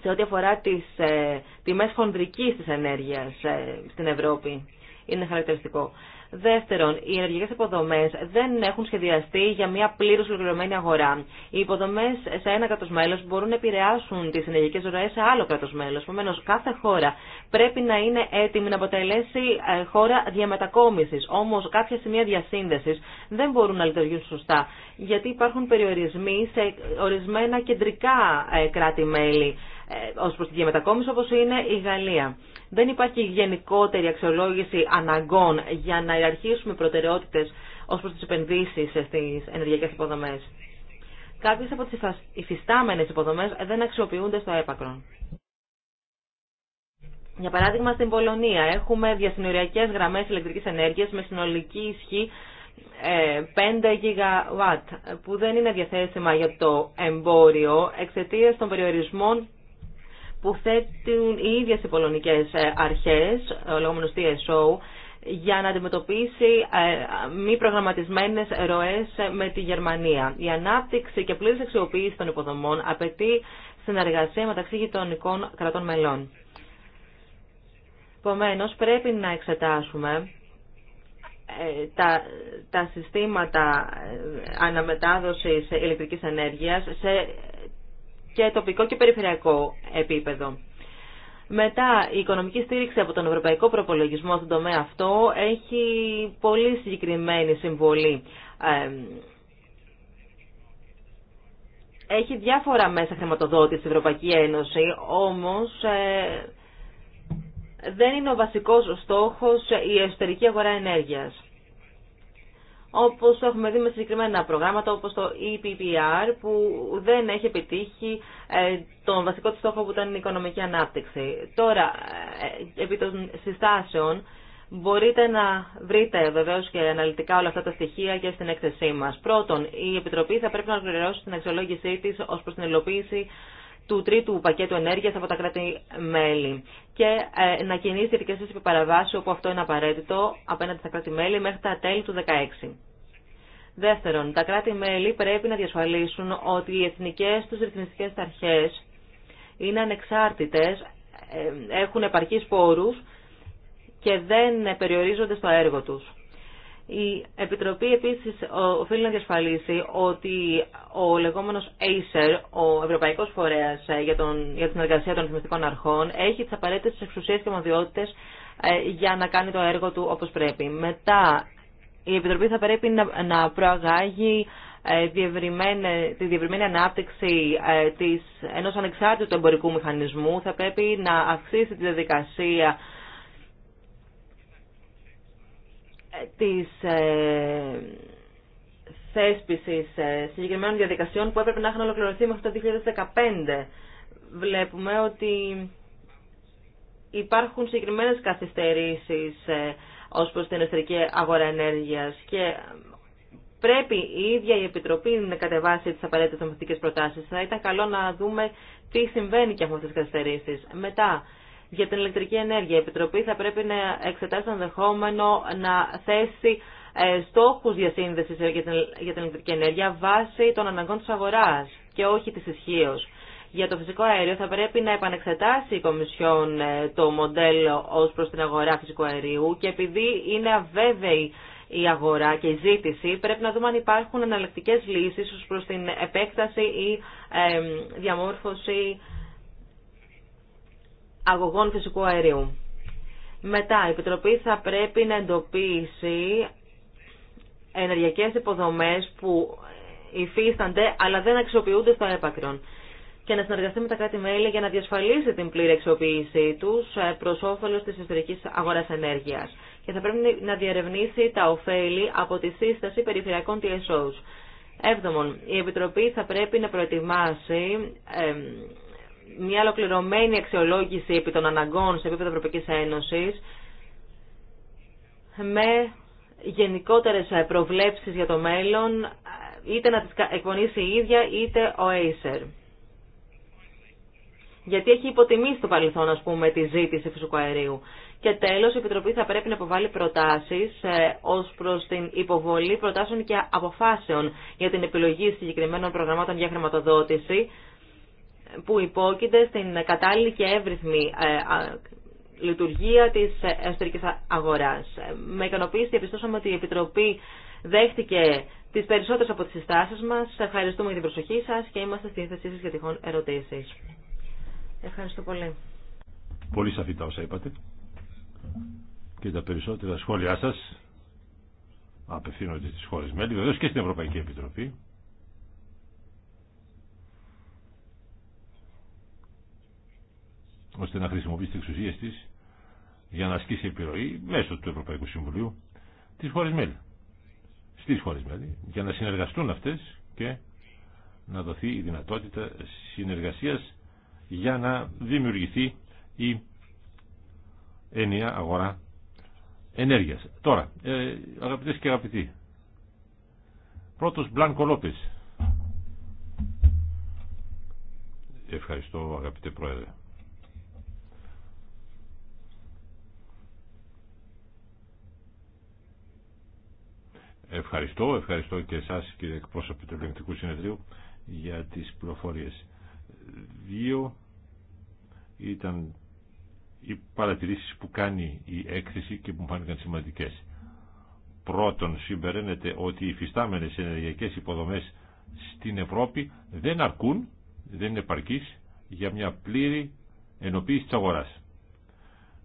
σε ό,τι αφορά τις ε, τιμές χονδρικής της ενέργειας ε, στην Ευρώπη. Είναι χαρακτηριστικό. Δεύτερον, οι ενεργειακέ υποδομέ δεν έχουν σχεδιαστεί για μια πλήρω ολοκληρωμένη αγορά. Οι υποδομέ σε ένα κράτο μέλο μπορούν να επηρεάσουν τι ενεργειακέ ροέ σε άλλο κράτο μέλο. Επομένω, κάθε χώρα πρέπει να είναι έτοιμη να αποτελέσει ε, χώρα διαμετακόμιση. Όμω, κάποια σημεία διασύνδεση δεν μπορούν να λειτουργούν σωστά, γιατί υπάρχουν περιορισμοί σε ορισμένα κεντρικά ε, κράτη-μέλη ε, ω προ τη διαμετακόμιση, όπω είναι η Γαλλία. Δεν υπάρχει γενικότερη αξιολόγηση αναγκών για να ιεραρχήσουμε προτεραιότητες ω προ τι επενδύσει στι ενεργειακές υποδομές. Κάποιες από τις υφιστάμενε υποδομές δεν αξιοποιούνται στο έπακρον. Για παράδειγμα, στην Πολωνία έχουμε διασυνοριακές γραμμές ηλεκτρικής ενέργειας με συνολική ισχύ 5 ε, γιγαβάτ που δεν είναι διαθέσιμα για το εμπόριο εξαιτίας των περιορισμών που θέτουν οι ίδιες οι πολωνικές ε, αρχές, ο λόγωμενος TSO, για να αντιμετωπίσει ε, μη προγραμματισμένες ροές με τη Γερμανία. Η ανάπτυξη και πλήρης αξιοποίηση των υποδομών απαιτεί συνεργασία μεταξύ γειτονικών κρατών μελών. Επομένω, πρέπει να εξετάσουμε ε, τα, τα συστήματα αναμετάδοσης ηλεκτρικής ενέργειας σε και τοπικό και περιφερειακό επίπεδο. Μετά, η οικονομική στήριξη από τον Ευρωπαϊκό Προπολογισμό στον τομέα αυτό έχει πολύ συγκεκριμένη συμβολή. Έχει διάφορα μέσα χρηματοδότηση στην Ευρωπαϊκή Ένωση, όμως ε, δεν είναι ο βασικός στόχος η εσωτερική αγορά ενέργειας όπως έχουμε δει με συγκεκριμένα προγράμματα όπως το EPPR που δεν έχει επιτύχει ε, τον βασικό της στόχο που ήταν η οικονομική ανάπτυξη. Τώρα, ε, επί των συστάσεων, μπορείτε να βρείτε βεβαίως και αναλυτικά όλα αυτά τα στοιχεία και στην έκθεσή μας. Πρώτον, η Επιτροπή θα πρέπει να ολοκληρώσει την αξιολόγησή της ως προς την υλοποίηση του τρίτου πακέτου ενέργειας από τα κράτη-μέλη και ε, να κινήσει ειδικέ επί παραβάση όπου αυτό είναι απαραίτητο απέναντι στα κράτη-μέλη μέχρι τα τέλη του 2016. Δεύτερον, τα κράτη-μέλη πρέπει να διασφαλίσουν ότι οι εθνικές τους ρυθμιστικές αρχές είναι ανεξάρτητες, ε, έχουν επαρκείς πόρους και δεν περιορίζονται στο έργο τους. Η Επιτροπή επίσης οφείλει να διασφαλίσει ότι ο λεγόμενος ACER, ο Ευρωπαϊκός Φορέας ε, για, την για των ρυθμιστικών αρχών, έχει τις απαραίτητες εξουσίες και ομοδιότητες ε, για να κάνει το έργο του όπως πρέπει. Μετά, η Επιτροπή θα πρέπει να, να προαγάγει ε, τη διευρυμένη ανάπτυξη της, ενός ανεξάρτητου εμπορικού μηχανισμού. Θα πρέπει να αυξήσει τη διαδικασία Ε, της ε, θέσπισης ε, συγκεκριμένων διαδικασιών που έπρεπε να έχουν ολοκληρωθεί μέχρι το 2015. Βλέπουμε ότι υπάρχουν συγκεκριμένες καθυστερήσεις ως προς την εσωτερική αγορά ενέργειας και πρέπει η ίδια η Επιτροπή να κατεβάσει τις απαραίτητες νομοθετικές προτάσεις. Θα ήταν καλό να δούμε τι συμβαίνει και από αυτές τις καθυστερήσεις. Μετά, για την ηλεκτρική ενέργεια. Η Επιτροπή θα πρέπει να εξετάσει το ενδεχόμενο να θέσει ε, στόχους διασύνδεσης για την ηλεκτρική ενέργεια βάσει των αναγκών της αγοράς και όχι της ισχύω. Για το φυσικό αέριο θα πρέπει να επανεξετάσει η Κομισιόν ε, το μοντέλο ως προς την αγορά φυσικού αερίου και επειδή είναι αβέβαιη η αγορά και η ζήτηση, πρέπει να δούμε αν υπάρχουν λύσεις λύσει προς την επέκταση ή ε, διαμόρφωση αγωγών φυσικού αερίου. Μετά, η Επιτροπή θα πρέπει να εντοπίσει ενεργειακές υποδομές που υφίστανται αλλά δεν αξιοποιούνται στο έπακρον και να συνεργαστεί με τα κράτη-μέλη για να διασφαλίσει την πλήρη αξιοποίησή του ε, προ όφελο τη εσωτερική αγορά ενέργεια. Και θα πρέπει να διαρευνήσει τα ωφέλη από τη σύσταση περιφερειακών TSOs. Έβδομον, η Επιτροπή θα πρέπει να προετοιμάσει ε, μια ολοκληρωμένη αξιολόγηση επί των αναγκών σε επίπεδο Ευρωπαϊκής Ένωσης με γενικότερες προβλέψεις για το μέλλον είτε να τις εκπονήσει η ίδια είτε ο Acer. Γιατί έχει υποτιμήσει το παρελθόν, ας πούμε, τη ζήτηση φυσικού αερίου. Και τέλος, η Επιτροπή θα πρέπει να υποβάλει προτάσεις ε, ως προς την υποβολή προτάσεων και αποφάσεων για την επιλογή συγκεκριμένων προγραμμάτων για χρηματοδότηση που υπόκειται στην κατάλληλη και εύρυθμη ε, λειτουργία της εσωτερικής αγοράς. Ε, με ικανοποίηση διαπιστώσαμε ότι η Επιτροπή δέχτηκε τις περισσότερες από τις συστάσεις μας. Σας ευχαριστούμε για την προσοχή σας και είμαστε στη θέση σας για τυχόν ερωτήσεις. Ευχαριστώ πολύ. Πολύ σαφή τα όσα είπατε και τα περισσότερα σχόλιά σας απευθύνονται στις χώρες μέλη, βεβαίως και στην Ευρωπαϊκή Επιτροπή. ώστε να χρησιμοποιήσει τι εξουσίε τη για να ασκήσει επιρροή μέσω του Ευρωπαϊκού Συμβουλίου τι χώρε μέλη. Στι χώρε μέλη, για να συνεργαστούν αυτέ και να δοθεί η δυνατότητα συνεργασία για να δημιουργηθεί η ενιαία αγορά ενέργειας. Τώρα, ε, αγαπητές και αγαπητοί, πρώτος Μπλάνκο Λόπε. Ευχαριστώ αγαπητέ Πρόεδρε. Ευχαριστώ, ευχαριστώ και εσάς κύριε εκπρόσωπε του Ελληνικού Συνεδρίου για τις πληροφορίες. Δύο ήταν οι παρατηρήσεις που κάνει η έκθεση και που μου φάνηκαν σημαντικές. Πρώτον, συμπεραίνεται ότι οι υφιστάμενες ενεργειακές υποδομές στην Ευρώπη δεν αρκούν, δεν είναι για μια πλήρη ενοποίηση της αγοράς.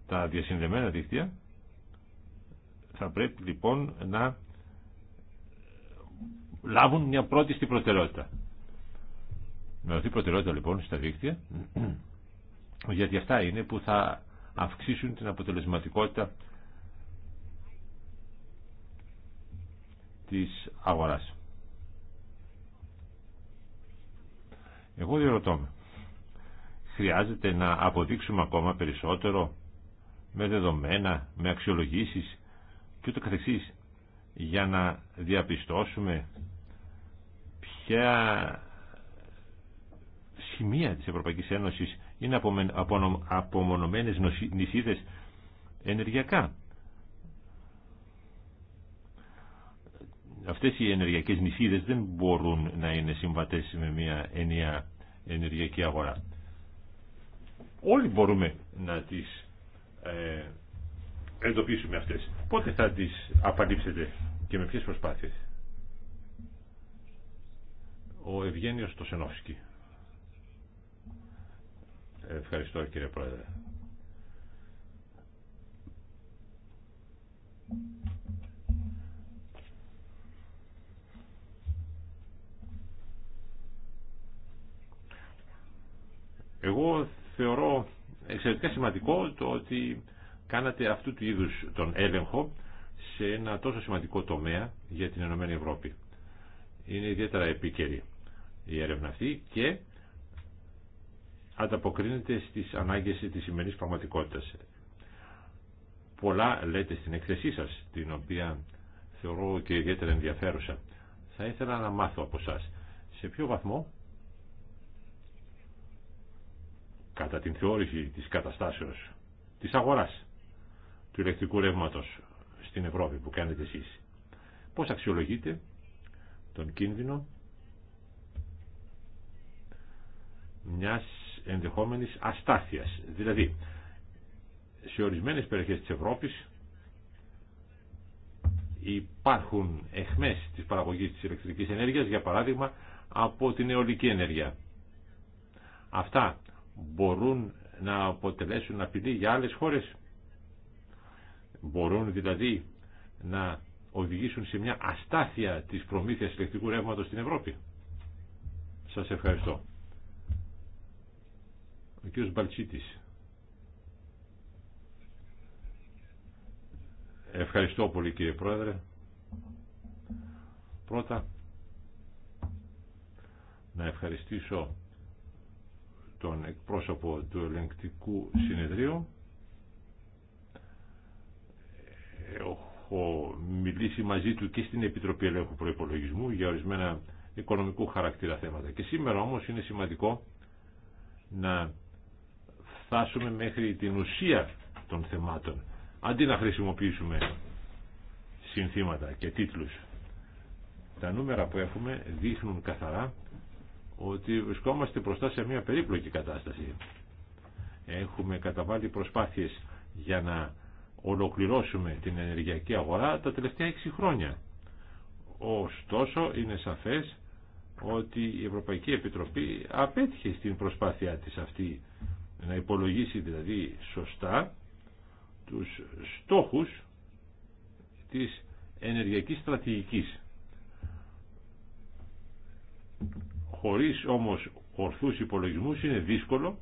Τα διασυνδεμένα δίκτυα θα πρέπει λοιπόν να λάβουν μια πρώτη στην προτεραιότητα. Με δοθεί προτεραιότητα λοιπόν στα δίκτυα, γιατί αυτά είναι που θα αυξήσουν την αποτελεσματικότητα της αγοράς. Εγώ διερωτώ Χρειάζεται να αποδείξουμε ακόμα περισσότερο με δεδομένα, με αξιολογήσεις και ούτω καθεξής για να διαπιστώσουμε ποια σημεία της Ευρωπαϊκής Ένωσης είναι απομονωμένες νησίδες ενεργειακά. Αυτές οι ενεργειακές νησίδες δεν μπορούν να είναι συμβατές με μια ενιαία ενεργειακή αγορά. Όλοι μπορούμε να τις ε, εντοπίσουμε αυτές. Πότε θα τις απαντήψετε και με ποιες προσπάθειες ο Ευγένιος Τοσενόφσκι. Ευχαριστώ κύριε Πρόεδρε. Εγώ θεωρώ εξαιρετικά σημαντικό το ότι κάνατε αυτού του είδους τον έλεγχο σε ένα τόσο σημαντικό τομέα για την ΕΕ. Ευρώπη. Είναι ιδιαίτερα επίκαιρη η έρευνα αυτή και ανταποκρίνεται στις ανάγκες της σημερινής πραγματικότητας. Πολλά λέτε στην εκθεσή σας, την οποία θεωρώ και ιδιαίτερα ενδιαφέρουσα. Θα ήθελα να μάθω από εσά σε ποιο βαθμό κατά την θεώρηση της καταστάσεως της αγοράς του ηλεκτρικού ρεύματος στην Ευρώπη που κάνετε εσείς. Πώς αξιολογείτε τον κίνδυνο μιας ενδεχόμενης αστάθειας. Δηλαδή, σε ορισμένες περιοχές της Ευρώπης υπάρχουν εχμές της παραγωγής της ηλεκτρικής ενέργειας, για παράδειγμα, από την αιωλική ενέργεια. Αυτά μπορούν να αποτελέσουν απειλή για άλλες χώρες. Μπορούν δηλαδή να οδηγήσουν σε μια αστάθεια της προμήθειας ηλεκτρικού ρεύματος στην Ευρώπη. Σας ευχαριστώ. Ο κ. Ευχαριστώ πολύ κύριε Πρόεδρε. Πρώτα να ευχαριστήσω τον εκπρόσωπο του ελεγκτικού συνεδρίου. Έχω μιλήσει μαζί του και στην Επιτροπή Ελέγχου Προϋπολογισμού για ορισμένα οικονομικού χαρακτήρα θέματα. Και σήμερα όμως είναι σημαντικό να φτάσουμε μέχρι την ουσία των θεμάτων αντί να χρησιμοποιήσουμε συνθήματα και τίτλους. Τα νούμερα που έχουμε δείχνουν καθαρά ότι βρισκόμαστε μπροστά σε μια περίπλοκη κατάσταση. Έχουμε καταβάλει προσπάθειες για να ολοκληρώσουμε την ενεργειακή αγορά τα τελευταία 6 χρόνια. Ωστόσο είναι σαφές ότι η Ευρωπαϊκή Επιτροπή απέτυχε στην προσπάθειά της αυτή να υπολογίσει δηλαδή σωστά τους στόχους της ενεργειακής στρατηγικής. Χωρίς όμως ορθούς υπολογισμούς είναι δύσκολο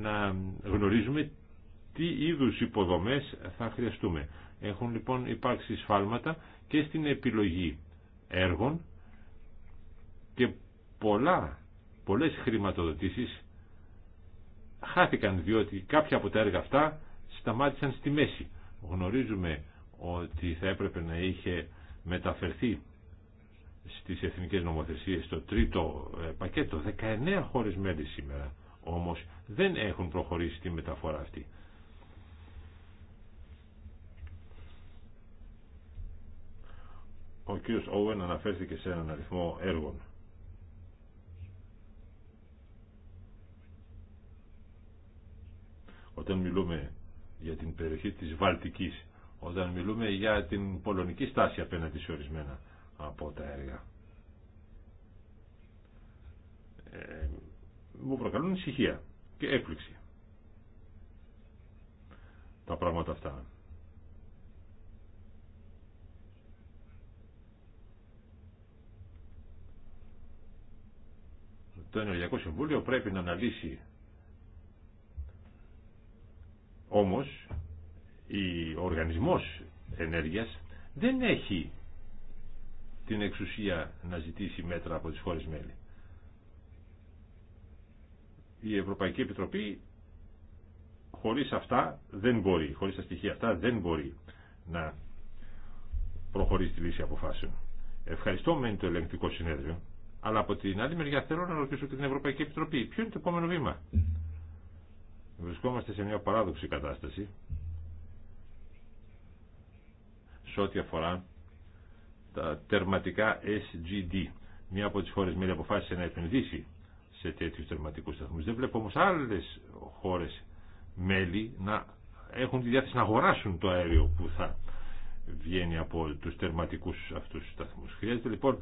να γνωρίζουμε τι είδους υποδομές θα χρειαστούμε. Έχουν λοιπόν υπάρξει σφάλματα και στην επιλογή έργων και πολλά, πολλές χρηματοδοτήσεις χάθηκαν διότι κάποια από τα έργα αυτά σταμάτησαν στη μέση. Γνωρίζουμε ότι θα έπρεπε να είχε μεταφερθεί στις εθνικές νομοθεσίες το τρίτο ε, πακέτο. 19 χώρες μέλη σήμερα όμως δεν έχουν προχωρήσει τη μεταφορά αυτή. Ο κ. Όουεν αναφέρθηκε σε έναν αριθμό έργων. όταν μιλούμε για την περιοχή της Βαλτικής, όταν μιλούμε για την πολωνική στάση απέναντι σε ορισμένα από τα έργα. Ε, μου προκαλούν ησυχία και έκπληξη τα πράγματα αυτά. Το Ενεργειακό Συμβούλιο πρέπει να αναλύσει Όμως, ο οργανισμός ενέργειας δεν έχει την εξουσία να ζητήσει μέτρα από τις χώρες μέλη. Η Ευρωπαϊκή Επιτροπή χωρίς αυτά δεν μπορεί, χωρίς τα στοιχεία αυτά δεν μπορεί να προχωρήσει τη λύση αποφάσεων. Ευχαριστώ μεν το ελεγκτικό συνέδριο, αλλά από την άλλη μεριά θέλω να ρωτήσω και την Ευρωπαϊκή Επιτροπή. Ποιο είναι το επόμενο βήμα. Βρισκόμαστε σε μια παράδοξη κατάσταση σε ό,τι αφορά τα τερματικά SGD. Μία από τις χώρες μέλη αποφάσισε να επενδύσει σε τέτοιους τερματικούς σταθμούς. Δεν βλέπω όμως άλλες χώρες μέλη να έχουν τη διάθεση να αγοράσουν το αέριο που θα βγαίνει από τους τερματικούς αυτούς σταθμούς. Χρειάζεται λοιπόν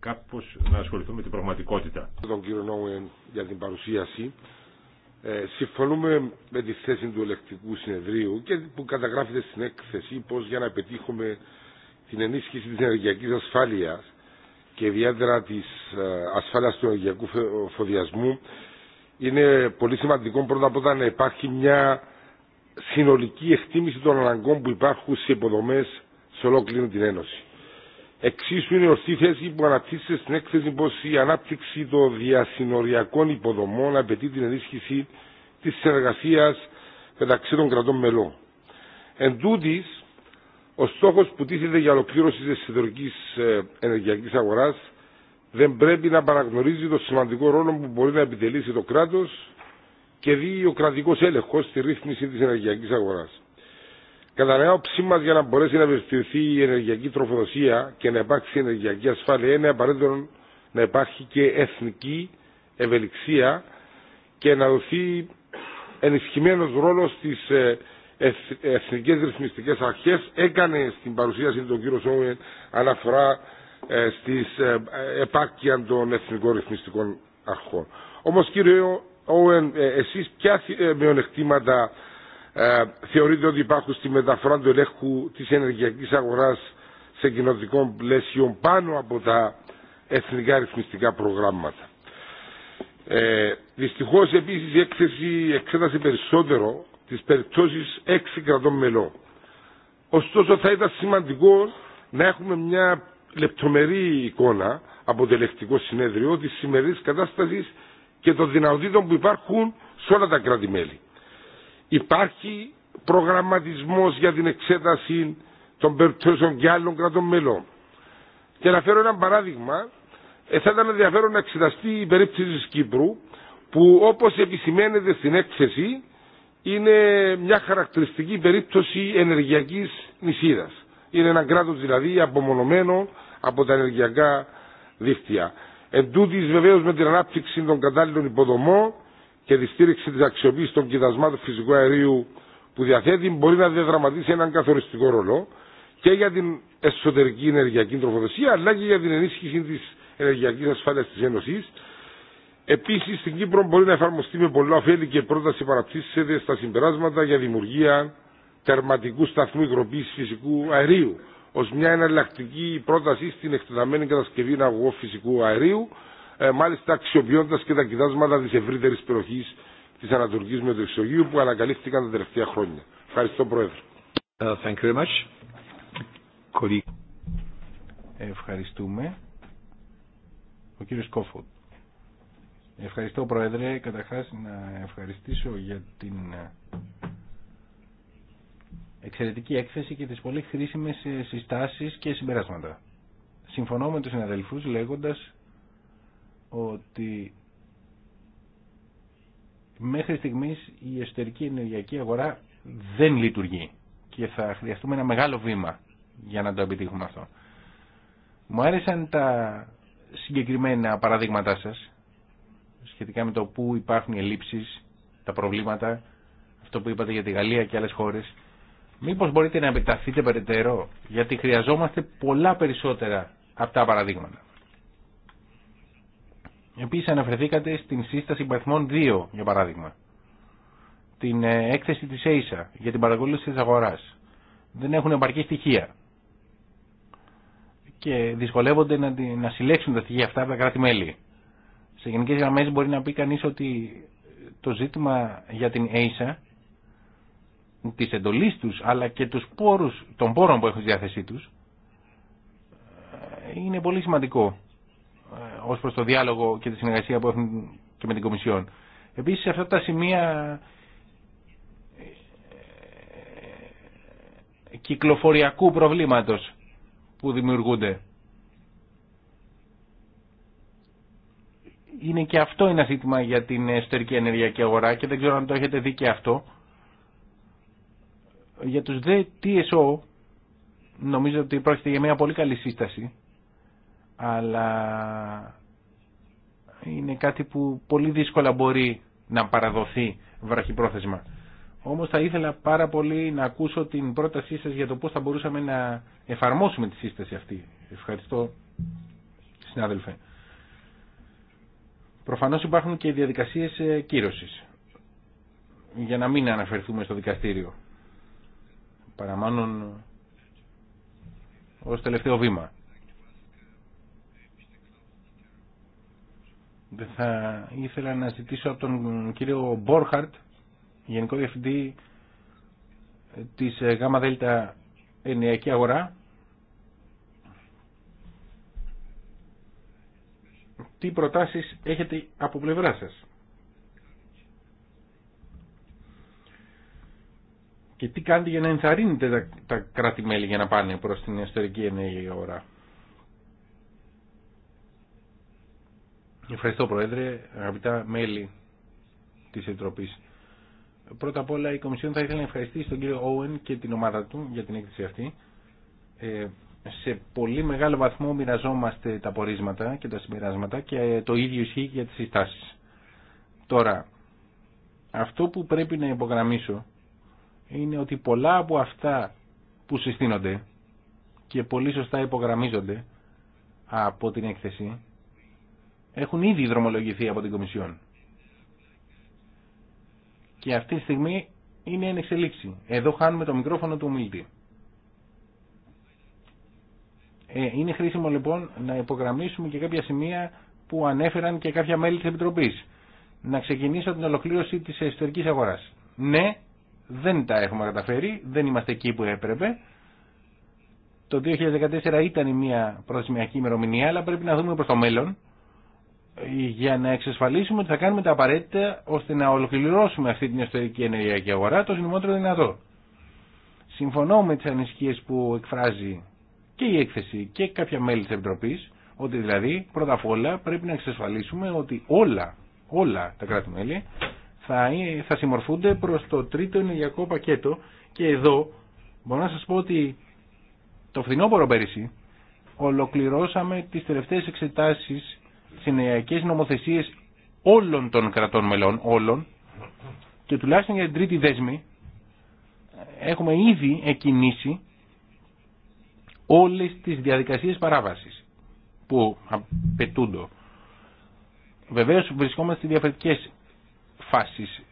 κάπως να ασχοληθούμε με την πραγματικότητα. Τον κύριο για την παρουσίαση. Ε, συμφωνούμε με τη θέση του ελεκτικού συνεδρίου και που καταγράφεται στην έκθεση πως για να πετύχουμε την ενίσχυση της ενεργειακής ασφάλειας και ιδιαίτερα της ε, ασφάλειας του ενεργειακού φοδιασμού είναι πολύ σημαντικό πρώτα απ' όλα να υπάρχει μια συνολική εκτίμηση των αναγκών που υπάρχουν σε υποδομές σε ολόκληρη την Ένωση. Εξίσου είναι ορθή θέση που αναπτύσσεται στην έκθεση πω η ανάπτυξη των διασυνοριακών υποδομών απαιτεί την ενίσχυση τη συνεργασία μεταξύ των κρατών μελών. Εν τούτης, ο στόχο που τίθεται για ολοκλήρωση τη εσωτερική ε, ενεργειακή αγορά δεν πρέπει να παραγνωρίζει το σημαντικό ρόλο που μπορεί να επιτελήσει το κράτο και δει ο κρατικό έλεγχο στη ρύθμιση τη ενεργειακή αγορά. Κατά νέα όψη μα για να μπορέσει να βελτιωθεί η ενεργειακή τροφοδοσία και να υπάρξει ενεργειακή ασφάλεια είναι απαραίτητο να υπάρχει και εθνική ευελιξία και να δοθεί ενισχυμένος ρόλος στις ε, εθνικές ρυθμιστικές αρχές. Έκανε στην παρουσίαση του κύριο Σόμεν αναφορά ε, στις ε, επάρκεια των εθνικών ρυθμιστικών αρχών. Όμως κύριε Όεν, εσείς ποια μειονεκτήματα ε, θεωρείται ότι υπάρχουν στη μεταφορά του ελέγχου της ενεργειακής αγοράς σε κοινοτικό πλαίσιων πάνω από τα εθνικά ρυθμιστικά προγράμματα. Ε, δυστυχώς επίσης η έκθεση εξέτασε περισσότερο τις περιπτώσεις έξι κρατών μελών. Ωστόσο θα ήταν σημαντικό να έχουμε μια λεπτομερή εικόνα από το ελεκτικό συνέδριο της σημερινής κατάστασης και των δυνατοτήτων που υπάρχουν σε όλα τα κράτη-μέλη. Υπάρχει προγραμματισμός για την εξέταση των περιπτώσεων και άλλων κρατών μελών. Και να φέρω ένα παράδειγμα, ε, θα ήταν ενδιαφέρον να εξεταστεί η περίπτωση της Κύπρου, που όπως επισημαίνεται στην έκθεση, είναι μια χαρακτηριστική περίπτωση ενεργειακής νησίδας. Είναι ένα κράτος δηλαδή απομονωμένο από τα ενεργειακά δίκτυα. Εν τούτης βεβαίως με την ανάπτυξη των κατάλληλων υποδομών και τη στήριξη τη αξιοποίηση των κοιτασμάτων φυσικού αερίου που διαθέτει μπορεί να διαδραματίσει έναν καθοριστικό ρόλο και για την εσωτερική ενεργειακή τροφοδοσία αλλά και για την ενίσχυση τη ενεργειακή ασφάλεια τη Ένωση. Επίση, στην Κύπρο μπορεί να εφαρμοστεί με πολλά ωφέλη και πρόταση παραψήσεται στα συμπεράσματα για δημιουργία τερματικού σταθμού υγροποίηση φυσικού αερίου ω μια εναλλακτική πρόταση στην εκτεταμένη κατασκευή αγωγό φυσικού αερίου ε, μάλιστα αξιοποιώντα και τα κοιτάσματα τη ευρύτερη περιοχή τη Ανατολική μετεξογείου που ανακαλύφθηκαν τα τελευταία χρόνια. Ευχαριστώ, Πρόεδρε. Ε, thank Ευχαριστούμε. Ο κύριος Κόφοντ. Ευχαριστώ Πρόεδρε. Καταρχά να ευχαριστήσω για την ε, εξαιρετική έκθεση και τις πολύ χρήσιμες συστάσεις και συμπεράσματα. Συμφωνώ με τους συναδελφούς λέγοντας ότι μέχρι στιγμής η εσωτερική ενεργειακή αγορά δεν λειτουργεί και θα χρειαστούμε ένα μεγάλο βήμα για να το επιτύχουμε αυτό. Μου άρεσαν τα συγκεκριμένα παραδείγματά σας σχετικά με το πού υπάρχουν οι ελλείψεις, τα προβλήματα, αυτό που είπατε για τη Γαλλία και άλλες χώρες. Μήπως μπορείτε να επιταθείτε περαιτέρω, γιατί χρειαζόμαστε πολλά περισσότερα από τα παραδείγματα. Επίσης αναφερθήκατε στην σύσταση παριθμών 2, για παράδειγμα. Την ε, έκθεση της ΕΙΣΑ για την παρακολούθηση της αγοράς. Δεν έχουν επαρκή στοιχεία. Και δυσκολεύονται να, να συλλέξουν τα στοιχεία αυτά από τα κράτη-μέλη. Σε γενικές γραμμές μπορεί να πει κανείς ότι το ζήτημα για την ΕΙΣΑ της εντολής τους αλλά και τους πόρους, των πόρων που έχουν στη διάθεσή τους ε, είναι πολύ σημαντικό ε, Ω προ το διάλογο και τη συνεργασία που έχουν και με την Κομισιόν. Επίση σε αυτά τα σημεία ε, κυκλοφοριακού προβλήματο που δημιουργούνται. Είναι και αυτό ένα ζήτημα για την εσωτερική ενεργειακή αγορά και δεν ξέρω αν το έχετε δει και αυτό. Για τους δε νομίζω ότι πρόκειται για μια πολύ καλή σύσταση αλλά είναι κάτι που πολύ δύσκολα μπορεί να παραδοθεί βραχυπρόθεσμα. Όμως θα ήθελα πάρα πολύ να ακούσω την πρότασή σας για το πώς θα μπορούσαμε να εφαρμόσουμε τη σύσταση αυτή. Ευχαριστώ, συνάδελφε. Προφανώς υπάρχουν και διαδικασίες ε, κύρωσης, για να μην αναφερθούμε στο δικαστήριο. Παραμάνων ως τελευταίο βήμα. θα ήθελα να ζητήσω από τον κύριο Μπόρχαρτ, Γενικό Διευθυντή της ΓΔ Ενιακή Αγορά, τι προτάσεις έχετε από πλευρά σας. Και τι κάνετε για να ενθαρρύνετε τα, τα κράτη-μέλη για να πάνε προς την ιστορική ενέργεια αγορά. Ευχαριστώ Πρόεδρε, αγαπητά μέλη της Επιτροπής. Πρώτα απ' όλα η Κομισιόν θα ήθελε να ευχαριστήσει τον κύριο Όουεν και την ομάδα του για την έκθεση αυτή. Ε, σε πολύ μεγάλο βαθμό μοιραζόμαστε τα πορίσματα και τα συμπεράσματα και ε, το ίδιο ισχύει και για τις συστάσεις. Τώρα, αυτό που πρέπει να υπογραμμίσω είναι ότι πολλά από αυτά που συστήνονται και πολύ σωστά υπογραμμίζονται από την έκθεση έχουν ήδη δρομολογηθεί από την Κομισιόν. Και αυτή τη στιγμή είναι εν εξελίξη. Εδώ χάνουμε το μικρόφωνο του ομιλητή. Ε, είναι χρήσιμο λοιπόν να υπογραμμίσουμε και κάποια σημεία που ανέφεραν και κάποια μέλη της Επιτροπής. Να ξεκινήσω την ολοκλήρωση της εσωτερικής αγοράς. Ναι, δεν τα έχουμε καταφέρει, δεν είμαστε εκεί που έπρεπε. Το 2014 ήταν μια προθεσμιακή ημερομηνία, αλλά πρέπει να δούμε προς το μέλλον για να εξασφαλίσουμε ότι θα κάνουμε τα απαραίτητα ώστε να ολοκληρώσουμε αυτή την εσωτερική ενεργειακή αγορά το συντομότερο δυνατό. Συμφωνώ με τις ανησυχίες που εκφράζει και η έκθεση και κάποια μέλη της Επιτροπής ότι δηλαδή πρώτα απ' όλα πρέπει να εξασφαλίσουμε ότι όλα, όλα τα κράτη-μέλη θα, θα συμμορφούνται προς το τρίτο ενεργειακό πακέτο και εδώ μπορώ να σας πω ότι το φθινόπωρο πέρυσι ολοκληρώσαμε τις τελευταίες εξετάσεις συνειακές νομοθεσίες όλων των κρατών μελών, όλων, και τουλάχιστον για την τρίτη δέσμη έχουμε ήδη εκκινήσει όλες τις διαδικασίες παράβασης που απαιτούνται. Βεβαίως βρισκόμαστε σε διαφορετικές φάσεις.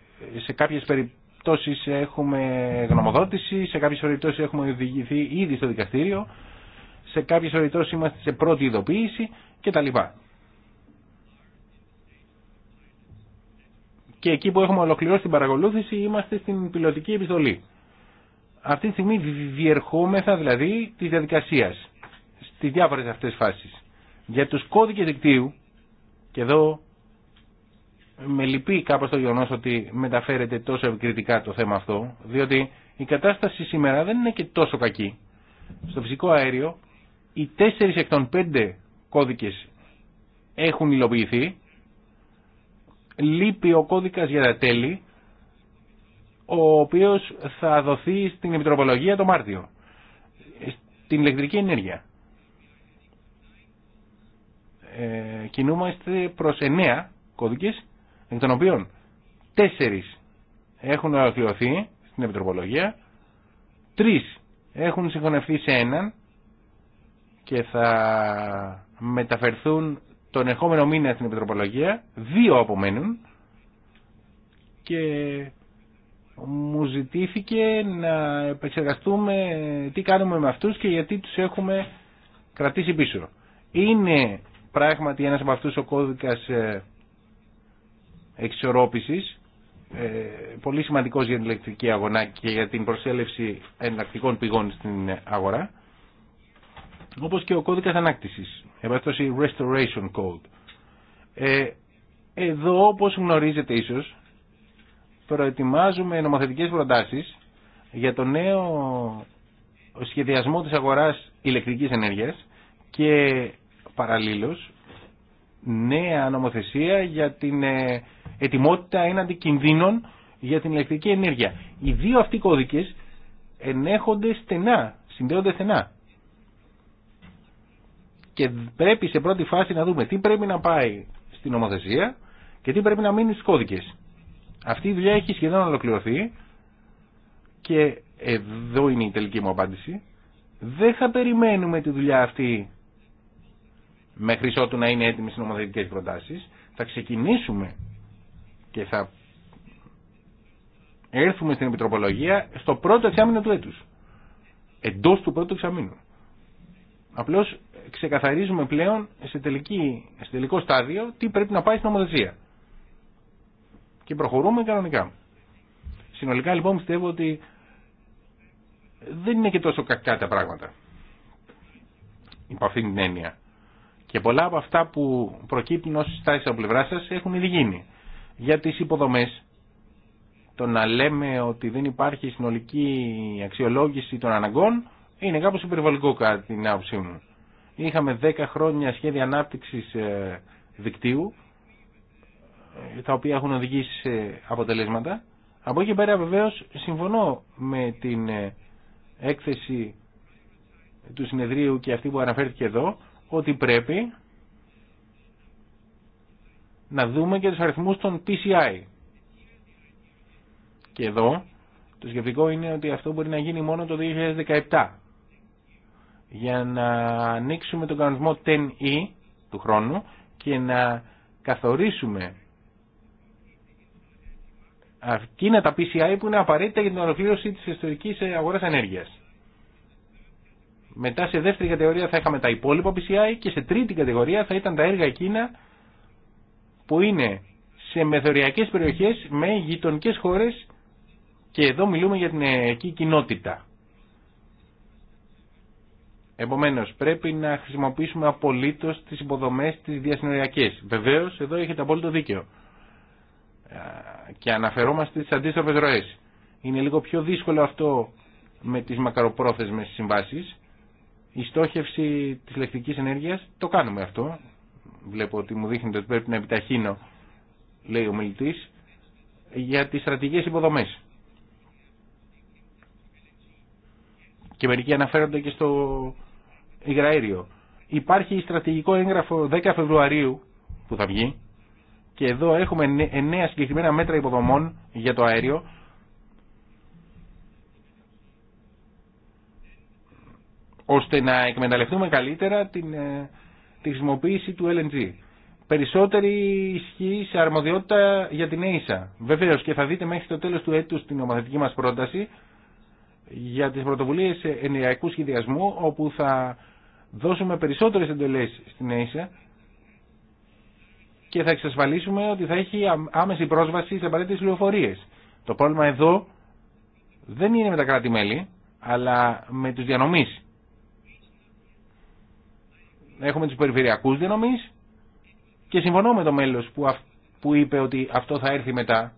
Σε κάποιες περιπτώσεις έχουμε γνωμοδότηση, σε κάποιες περιπτώσεις έχουμε οδηγηθεί ήδη στο δικαστήριο, σε κάποιες περιπτώσεις είμαστε σε πρώτη ειδοποίηση κτλ. και εκεί που έχουμε ολοκληρώσει την παρακολούθηση είμαστε στην πιλωτική επιστολή. Αυτή τη στιγμή διερχόμεθα δηλαδή τη διαδικασία στις διάφορες αυτές φάσεις. Για τους κώδικες δικτύου, και εδώ με λυπεί κάπως το γεγονό ότι μεταφέρεται τόσο ευκριτικά το θέμα αυτό, διότι η κατάσταση σήμερα δεν είναι και τόσο κακή. Στο φυσικό αέριο, οι 4 εκ των 5 κώδικες έχουν υλοποιηθεί, λείπει ο κώδικας για τα τέλη, ο οποίος θα δοθεί στην Επιτροπολογία το Μάρτιο, στην ηλεκτρική ενέργεια. Ε, κινούμαστε προς 9 κώδικες, εκ των οποίων τέσσερις έχουν ολοκληρωθεί στην Επιτροπολογία, τρεις έχουν συγχωνευτεί σε έναν και θα μεταφερθούν τον ερχόμενο μήνα στην Επιτροπολογία, δύο απομένουν και μου ζητήθηκε να επεξεργαστούμε τι κάνουμε με αυτούς και γιατί τους έχουμε κρατήσει πίσω. Είναι πράγματι ένας από αυτούς ο κώδικας ε, εξορρόπησης, ε, πολύ σημαντικός για την ηλεκτρική αγωνά και για την προσέλευση εναλλακτικών πηγών στην αγορά, όπως και ο κώδικας ανάκτησης Restoration Code. Ε, εδώ όπως γνωρίζετε ίσως προετοιμάζουμε νομοθετικές προτάσεις για το νέο σχεδιασμό της αγοράς ηλεκτρικής ενέργειας και παραλλήλως νέα νομοθεσία για την ε, ετοιμότητα έναντι κινδύνων για την ηλεκτρική ενέργεια. Οι δύο αυτοί κώδικες ενέχονται στενά, συνδέονται στενά και πρέπει σε πρώτη φάση να δούμε τι πρέπει να πάει στην νομοθεσία και τι πρέπει να μείνει στις κώδικες. Αυτή η δουλειά έχει σχεδόν ολοκληρωθεί και εδώ είναι η τελική μου απάντηση. Δεν θα περιμένουμε τη δουλειά αυτή μέχρι ότου να είναι έτοιμη οι νομοθετικές προτάσεις. Θα ξεκινήσουμε και θα έρθουμε στην επιτροπολογία στο πρώτο εξάμεινο του έτους. Εντός του πρώτου εξαμήνου. Απλώς ξεκαθαρίζουμε πλέον σε, τελική, τελικό στάδιο τι πρέπει να πάει στην ομοθεσία. Και προχωρούμε κανονικά. Συνολικά λοιπόν πιστεύω ότι δεν είναι και τόσο κακά τα πράγματα. Υπό αυτήν την έννοια. Και πολλά από αυτά που προκύπτουν ως στάσεις από πλευρά σα έχουν ήδη γίνει. Για τις υποδομές, το να λέμε ότι δεν υπάρχει συνολική αξιολόγηση των αναγκών, είναι κάπως υπερβολικό κάτι την άποψή μου. Είχαμε 10 χρόνια σχέδια ανάπτυξης ε, δικτύου, ε, τα οποία έχουν οδηγήσει σε αποτελέσματα. Από εκεί πέρα βεβαίως συμφωνώ με την ε, έκθεση του συνεδρίου και αυτή που αναφέρθηκε εδώ, ότι πρέπει να δούμε και τους αριθμούς των PCI. Και εδώ το σκεφτικό είναι ότι αυτό μπορεί να γίνει μόνο το 2017 για να ανοίξουμε τον κανονισμό 10E του χρόνου και να καθορίσουμε εκείνα τα PCI που είναι απαραίτητα για την ολοκλήρωση της ιστορικής αγοράς ενέργειας. Μετά σε δεύτερη κατηγορία θα είχαμε τα υπόλοιπα PCI και σε τρίτη κατηγορία θα ήταν τα έργα εκείνα που είναι σε μεθοριακές περιοχές με γειτονικές χώρες και εδώ μιλούμε για την ε, εκεί κοινότητα. Επομένως, πρέπει να χρησιμοποιήσουμε απολύτως τις υποδομές τις διασυνοριακές. Βεβαίως, εδώ έχετε απόλυτο δίκαιο. Και αναφερόμαστε στις αντίστροφες ροές. Είναι λίγο πιο δύσκολο αυτό με τις μακαροπρόθεσμες συμβάσεις. Η στόχευση της λεκτικής ενέργειας, το κάνουμε αυτό. Βλέπω ότι μου δείχνετε ότι πρέπει να επιταχύνω, λέει ο μιλητής, για τις στρατηγικές υποδομές. Και μερικοί αναφέρονται και στο υγραέριο. Υπάρχει στρατηγικό έγγραφο 10 Φεβρουαρίου που θα βγει και εδώ έχουμε 9 συγκεκριμένα μέτρα υποδομών για το αέριο ώστε να εκμεταλλευτούμε καλύτερα την, ε, τη χρησιμοποίηση του LNG. Περισσότερη ισχύ σε αρμοδιότητα για την ASA. Βεβαίως και θα δείτε μέχρι το τέλος του έτους την ομοθετική μας πρόταση για τις πρωτοβουλίες ενεργειακού σχεδιασμού όπου θα δώσουμε περισσότερες εντολές στην ΕΙΣΑ και θα εξασφαλίσουμε ότι θα έχει άμεση πρόσβαση σε απαραίτητες λεωφορείες. Το πρόβλημα εδώ δεν είναι με τα κράτη-μέλη, αλλά με τους διανομής. Έχουμε τους περιφερειακούς διανομής και συμφωνώ με το μέλος που, που είπε ότι αυτό θα έρθει μετά.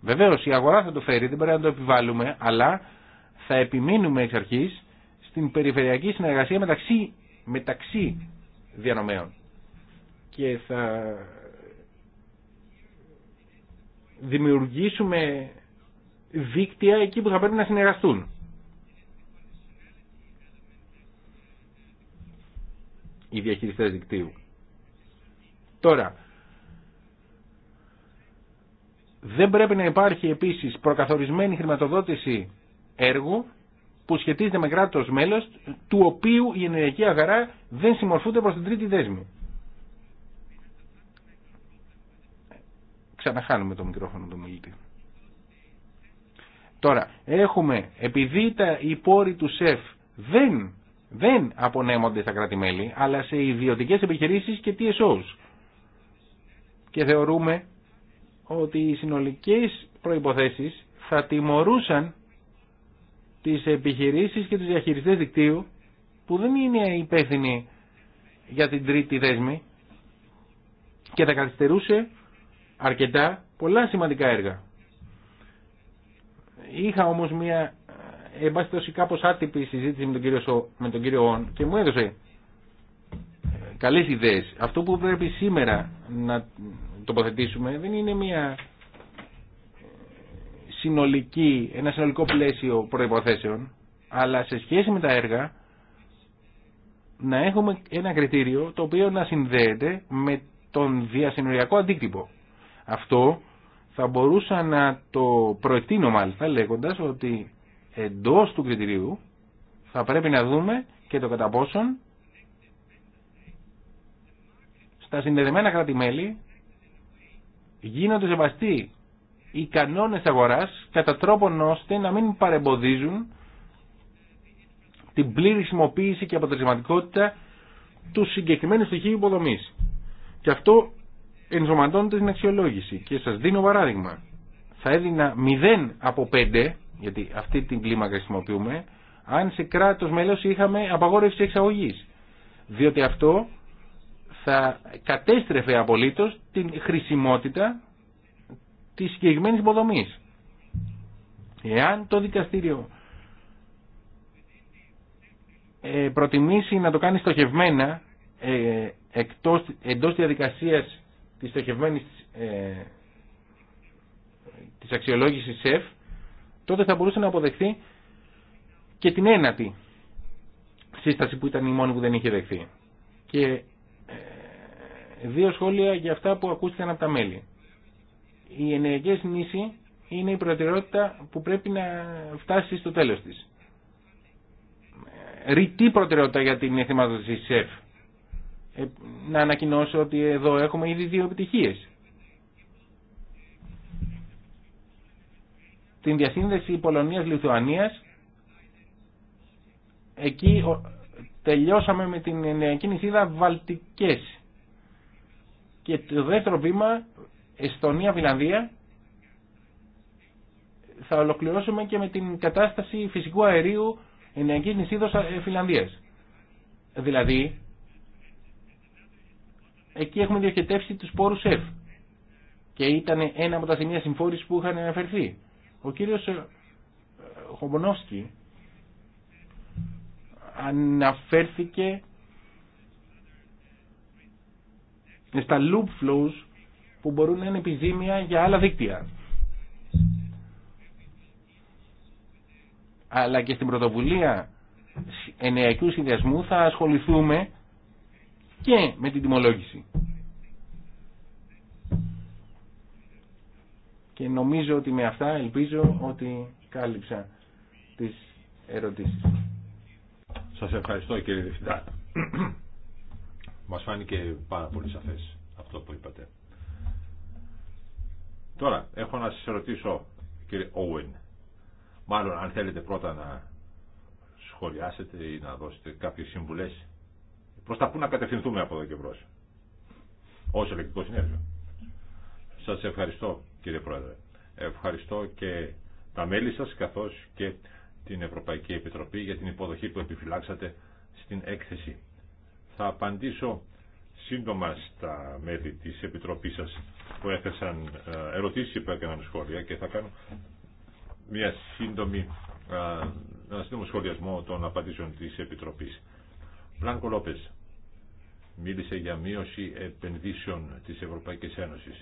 Βεβαίως η αγορά θα το φέρει, δεν πρέπει να το επιβάλλουμε, αλλά θα επιμείνουμε εξ αρχής στην περιφερειακή συνεργασία μεταξύ μεταξύ διανομέων και θα δημιουργήσουμε δίκτυα εκεί που θα πρέπει να συνεργαστούν. Οι διαχειριστές δικτύου. Τώρα, δεν πρέπει να υπάρχει επίσης προκαθορισμένη χρηματοδότηση έργου που σχετίζεται με κράτος μέλος του οποίου η ενεργειακή αγορά δεν συμμορφούνται προ την τρίτη δέσμη. Ξαναχάνουμε το μικρόφωνο του μιλητή. Τώρα, έχουμε, επειδή τα, οι του ΣΕΦ δεν, δεν απονέμονται στα κράτη-μέλη, αλλά σε ιδιωτικέ επιχειρήσεις και TSOs. Και θεωρούμε ότι οι συνολικές προποθέσει θα τιμωρούσαν τις επιχειρήσει και τους διαχειριστές δικτύου που δεν είναι υπεύθυνοι για την τρίτη δέσμη και θα καθυστερούσε αρκετά πολλά σημαντικά έργα. Είχα όμως μια ή ε, κάπως άτυπη συζήτηση με τον κύριο, Σο, με τον κύριο Ον και μου έδωσε ε, καλές ιδέες. Αυτό που πρέπει σήμερα να τοποθετήσουμε δεν είναι μια συνολική, ένα συνολικό πλαίσιο προϋποθέσεων, αλλά σε σχέση με τα έργα να έχουμε ένα κριτήριο το οποίο να συνδέεται με τον διασυνοριακό αντίκτυπο. Αυτό θα μπορούσα να το προεκτείνω μάλιστα λέγοντας ότι εντός του κριτηρίου θα πρέπει να δούμε και το κατά πόσον στα συνδεδεμένα κράτη-μέλη γίνονται σεβαστοί οι κανόνες αγοράς κατά τρόπον ώστε να μην παρεμποδίζουν την πλήρη χρησιμοποίηση και αποτελεσματικότητα του συγκεκριμένου στοιχείου υποδομή. Και αυτό ενσωματώνεται στην αξιολόγηση. Και σας δίνω παράδειγμα. Θα έδινα 0 από 5, γιατί αυτή την κλίμακα χρησιμοποιούμε, αν σε κράτος μέλος είχαμε απαγόρευση εξαγωγής. Διότι αυτό θα κατέστρεφε απολύτως την χρησιμότητα Τη συγκεκριμένη υποδομή. Εάν το δικαστήριο ε, προτιμήσει να το κάνει στοχευμένα ε, εκτός, εντός διαδικασίας της στοχευμένης ε, της αξιολόγησης ΣΕΦ τότε θα μπορούσε να αποδεχθεί και την ένατη σύσταση που ήταν η μόνη που δεν είχε δεχθεί. Και ε, δύο σχόλια για αυτά που ακούστηκαν από τα μέλη η ενεργειακή είναι η προτεραιότητα που πρέπει να φτάσει στο τέλος της. Ρητή προτεραιότητα για την χρηματοδότηση της ΕΦ. Ε, να ανακοινώσω ότι εδώ έχουμε ήδη δύο επιτυχίες. Την διασύνδεση Πολωνίας-Λιθουανίας εκεί τελειώσαμε με την ενεργειακή νησίδα Βαλτικές. Και το δεύτερο βήμα Εστονία, Βιλανδία θα ολοκληρώσουμε και με την κατάσταση φυσικού αερίου ενεργής νησίδος ε, Φιλανδίας. Δηλαδή, εκεί έχουμε διοχετεύσει τους πόρους ΕΦ και ήταν ένα από τα σημεία συμφόρησης που είχαν αναφερθεί. Ο κύριος ε, Χομπονόφσκι αναφέρθηκε στα loop flows που μπορούν να είναι επιζήμια για άλλα δίκτυα. Αλλά και στην πρωτοβουλία ενεργειακού συνδυασμού θα ασχοληθούμε και με την τιμολόγηση. Και νομίζω ότι με αυτά ελπίζω ότι κάλυψα τις ερωτήσεις. Σας ευχαριστώ κύριε Διευθυντά. Μας φάνηκε πάρα πολύ σαφές αυτό που είπατε. Τώρα, έχω να σας ρωτήσω, κύριε Όουεν, μάλλον αν θέλετε πρώτα να σχολιάσετε ή να δώσετε κάποιες συμβουλές, προς τα πού να κατευθυνθούμε από εδώ και μπρος, ως ελεκτικό συνέδριο. Σας ευχαριστώ, κύριε Πρόεδρε. Ευχαριστώ και τα μέλη σας, καθώς και την Ευρωπαϊκή Επιτροπή για την υποδοχή που επιφυλάξατε στην έκθεση. Θα απαντήσω σύντομα στα μέλη της Επιτροπής σας που έθεσαν ε, ερωτήσεις που έκαναν σχόλια και θα κάνω μια σύντομη, ε, ένα σύντομο σχολιασμό των απαντήσεων της Επιτροπής. Πλάνκο Λόπες μίλησε για μείωση επενδύσεων της Ευρωπαϊκής Ένωσης.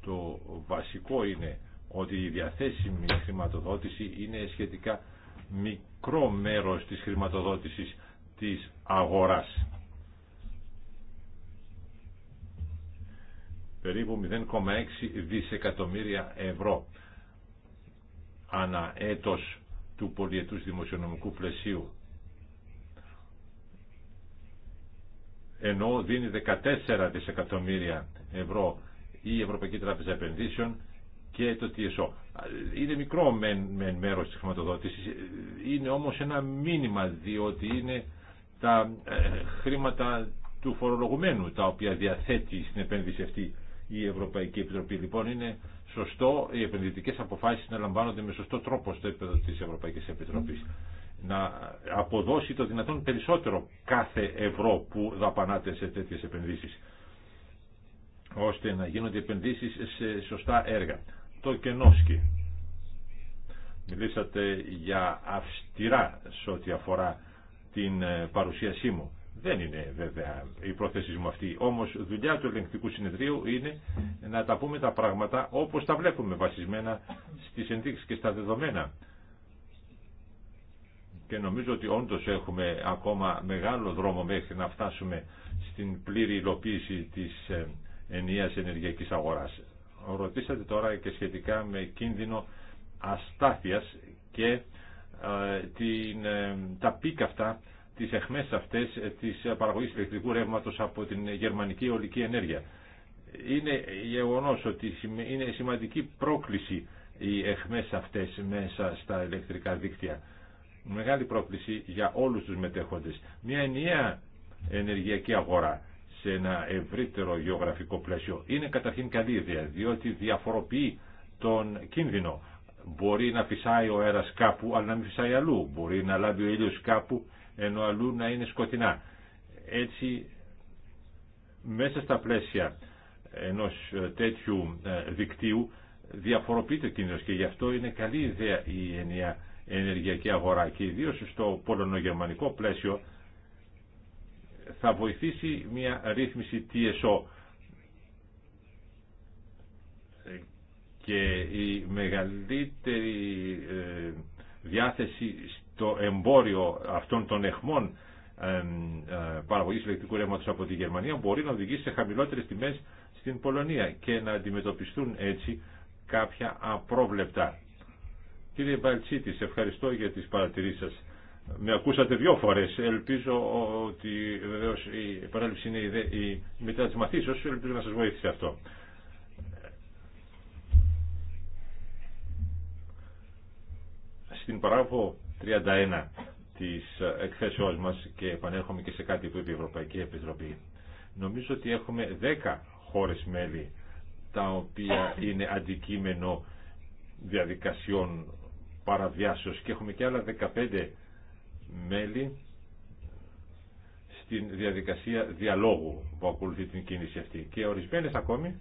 Το βασικό είναι ότι η διαθέσιμη χρηματοδότηση είναι σχετικά μικρό μέρος της χρηματοδότησης της αγοράς. περίπου 0,6 δισεκατομμύρια ευρώ ανά έτος του πολιετούς δημοσιονομικού πλαισίου. Ενώ δίνει 14 δισεκατομμύρια ευρώ η Ευρωπαϊκή Τράπεζα Επενδύσεων και το TSO. Είναι μικρό μεν, μεν μέρος της χρηματοδότησης, είναι όμως ένα μήνυμα διότι είναι τα ε, χρήματα του φορολογουμένου τα οποία διαθέτει στην επένδυση αυτή η Ευρωπαϊκή Επιτροπή. Λοιπόν, είναι σωστό οι επενδυτικέ αποφάσει να λαμβάνονται με σωστό τρόπο στο επίπεδο ευρωπαϊκή Ευρωπαϊκής Να αποδώσει το δυνατόν περισσότερο κάθε ευρώ που δαπανάται σε τέτοιες επενδύσεις ώστε να γίνονται επενδύσεις σε σωστά έργα. Το Κενόσκι. Μιλήσατε για αυστηρά σε ό,τι αφορά την παρουσίασή μου. Δεν είναι βέβαια η πρόθεση μου αυτή. Όμως δουλειά του ελεγκτικού συνεδρίου είναι να τα πούμε τα πράγματα όπως τα βλέπουμε βασισμένα στις ενδείξεις και στα δεδομένα. Και νομίζω ότι όντως έχουμε ακόμα μεγάλο δρόμο μέχρι να φτάσουμε στην πλήρη υλοποίηση της ε, ενιαίας ενεργειακής αγοράς. Ρωτήσατε τώρα και σχετικά με κίνδυνο αστάθειας και ε, την, ε, τα πίκα αυτά τις εχμές αυτές της παραγωγής ηλεκτρικού ρεύματος από την γερμανική ολική ενέργεια. Είναι γεγονό ότι είναι σημαντική πρόκληση οι εχμές αυτές μέσα στα ηλεκτρικά δίκτυα. Μεγάλη πρόκληση για όλους τους μετέχοντες. Μια ενιαία ενεργειακή αγορά σε ένα ευρύτερο γεωγραφικό πλαίσιο είναι καταρχήν καλή ιδέα, διότι διαφοροποιεί τον κίνδυνο. Μπορεί να φυσάει ο αέρας κάπου, αλλά να μην φυσάει αλλού. Μπορεί να λάβει ο ήλιος κάπου ενώ αλλού να είναι σκοτεινά. Έτσι, μέσα στα πλαίσια ενός ε, τέτοιου ε, δικτύου διαφοροποιείται ο κίνδυνος και γι' αυτό είναι καλή ιδέα η ενιαία ενεργειακή αγορά και ιδίω στο πολωνογερμανικό πλαίσιο θα βοηθήσει μια ρύθμιση TSO ε, και η μεγαλύτερη διάθεση στο εμπόριο αυτών των εχμών ε, παραγωγή ηλεκτρικού ρεύματο από τη Γερμανία μπορεί να οδηγήσει σε χαμηλότερες τιμές στην Πολωνία και να αντιμετωπιστούν έτσι κάποια απρόβλεπτα. Κύριε Μπαλτσίτη, σε ευχαριστώ για τις παρατηρήσει σα. Με ακούσατε δύο φορές. Ελπίζω ότι βεβαίως η παράληψη είναι η, η μετά Ελπίζω να σα βοήθησε αυτό. στην παράγωγο 31 της εκθέσεώς μας και επανέρχομαι και σε κάτι που είπε η Ευρωπαϊκή Επιτροπή. Νομίζω ότι έχουμε 10 χώρες μέλη τα οποία είναι αντικείμενο διαδικασιών παραβιάσεως και έχουμε και άλλα 15 μέλη στην διαδικασία διαλόγου που ακολουθεί την κίνηση αυτή και ορισμένες ακόμη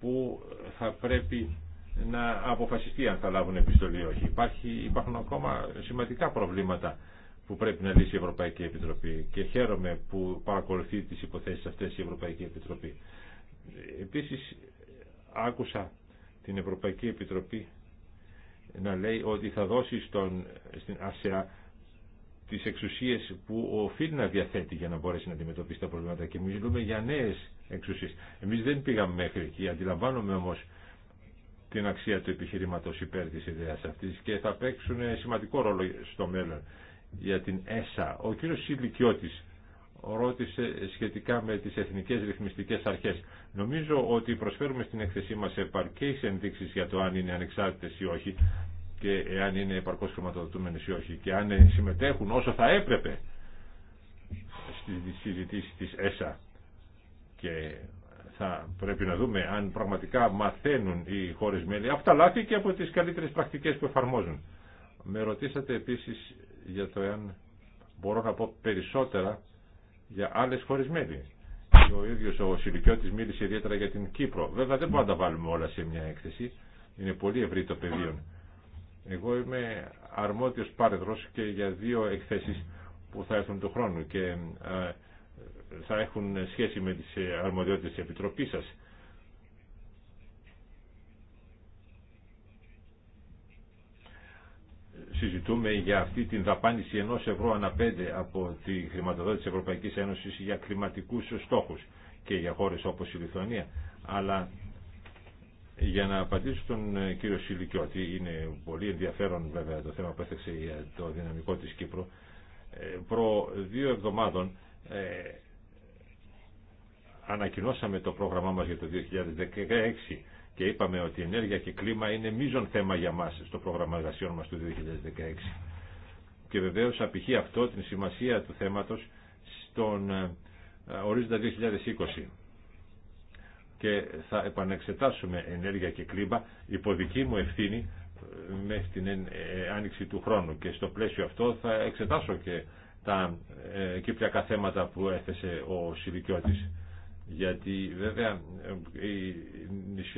που θα πρέπει να αποφασιστεί αν θα λάβουν επιστολή ή όχι. Υπάρχει, υπάρχουν ακόμα σημαντικά προβλήματα που πρέπει να λύσει η Ευρωπαϊκή Επιτροπή και χαίρομαι που παρακολουθεί τις υποθέσεις αυτές η Ευρωπαϊκή Επιτροπή. Επίσης άκουσα την Ευρωπαϊκή Επιτροπή να λέει ότι θα δώσει στον, στην ΑΣΕΑ τις εξουσίες που οφείλει να διαθέτει για να μπορέσει να αντιμετωπίσει τα προβλήματα και μιλούμε για νέες εξουσίες. Εμείς δεν πήγαμε μέχρι εκεί, αντιλαμβάνομαι όμως την αξία του επιχειρήματος υπέρ της ιδέας αυτής και θα παίξουν σημαντικό ρόλο στο μέλλον για την ΕΣΑ. Ο κύριος Σιλικιώτης ρώτησε σχετικά με τις εθνικές ρυθμιστικές αρχές. Νομίζω ότι προσφέρουμε στην έκθεσή μας επαρκείς ενδείξεις για το αν είναι ανεξάρτητες ή όχι και εάν είναι επαρκώς χρηματοδοτούμενες ή όχι και αν συμμετέχουν όσο θα έπρεπε στις συζητήσεις της ΕΣΑ. Και θα πρέπει να δούμε αν πραγματικά μαθαίνουν οι χώρε μέλη από τα λάθη και από τι καλύτερε πρακτικέ που εφαρμόζουν. Με ρωτήσατε επίσης για το εάν μπορώ να πω περισσότερα για άλλε χώρε μέλη. ο ίδιος ο Σιλικιώτη μίλησε ιδιαίτερα για την Κύπρο. Βέβαια δεν μπορούμε να τα βάλουμε όλα σε μια έκθεση. Είναι πολύ ευρύ το πεδίο. Εγώ είμαι αρμόδιο πάρεδρος και για δύο εκθέσει που θα έρθουν του χρόνου και ε, θα έχουν σχέση με τις ε, αρμοδιότητες της Επιτροπής σας. Συζητούμε για αυτή την δαπάνηση ενός ευρώ ανά πέντε από τη χρηματοδότηση της Ευρωπαϊκής Ένωσης για κλιματικούς στόχους και για χώρες όπως η Λιθουανία. Αλλά για να απαντήσω στον ε, κύριο Σιλικιώτη, είναι πολύ ενδιαφέρον βέβαια το θέμα που έθεξε για το δυναμικό της Κύπρου. Ε, προ δύο εβδομάδων ανακοινώσαμε το πρόγραμμά μας για το 2016 και είπαμε ότι η ενέργεια και κλίμα είναι μείζον θέμα για μας στο πρόγραμμα εργασιών μας του 2016. Και βεβαίως απηχεί αυτό την σημασία του θέματος στον ε, ορίζοντα 2020. Και θα επανεξετάσουμε ενέργεια και κλίμα υπό δική μου ευθύνη ε, μέχρι την ε, άνοιξη του χρόνου. Και στο πλαίσιο αυτό θα εξετάσω και τα κυπριακά θέματα που έθεσε ο Σιλικιώτης γιατί βέβαια ε, οι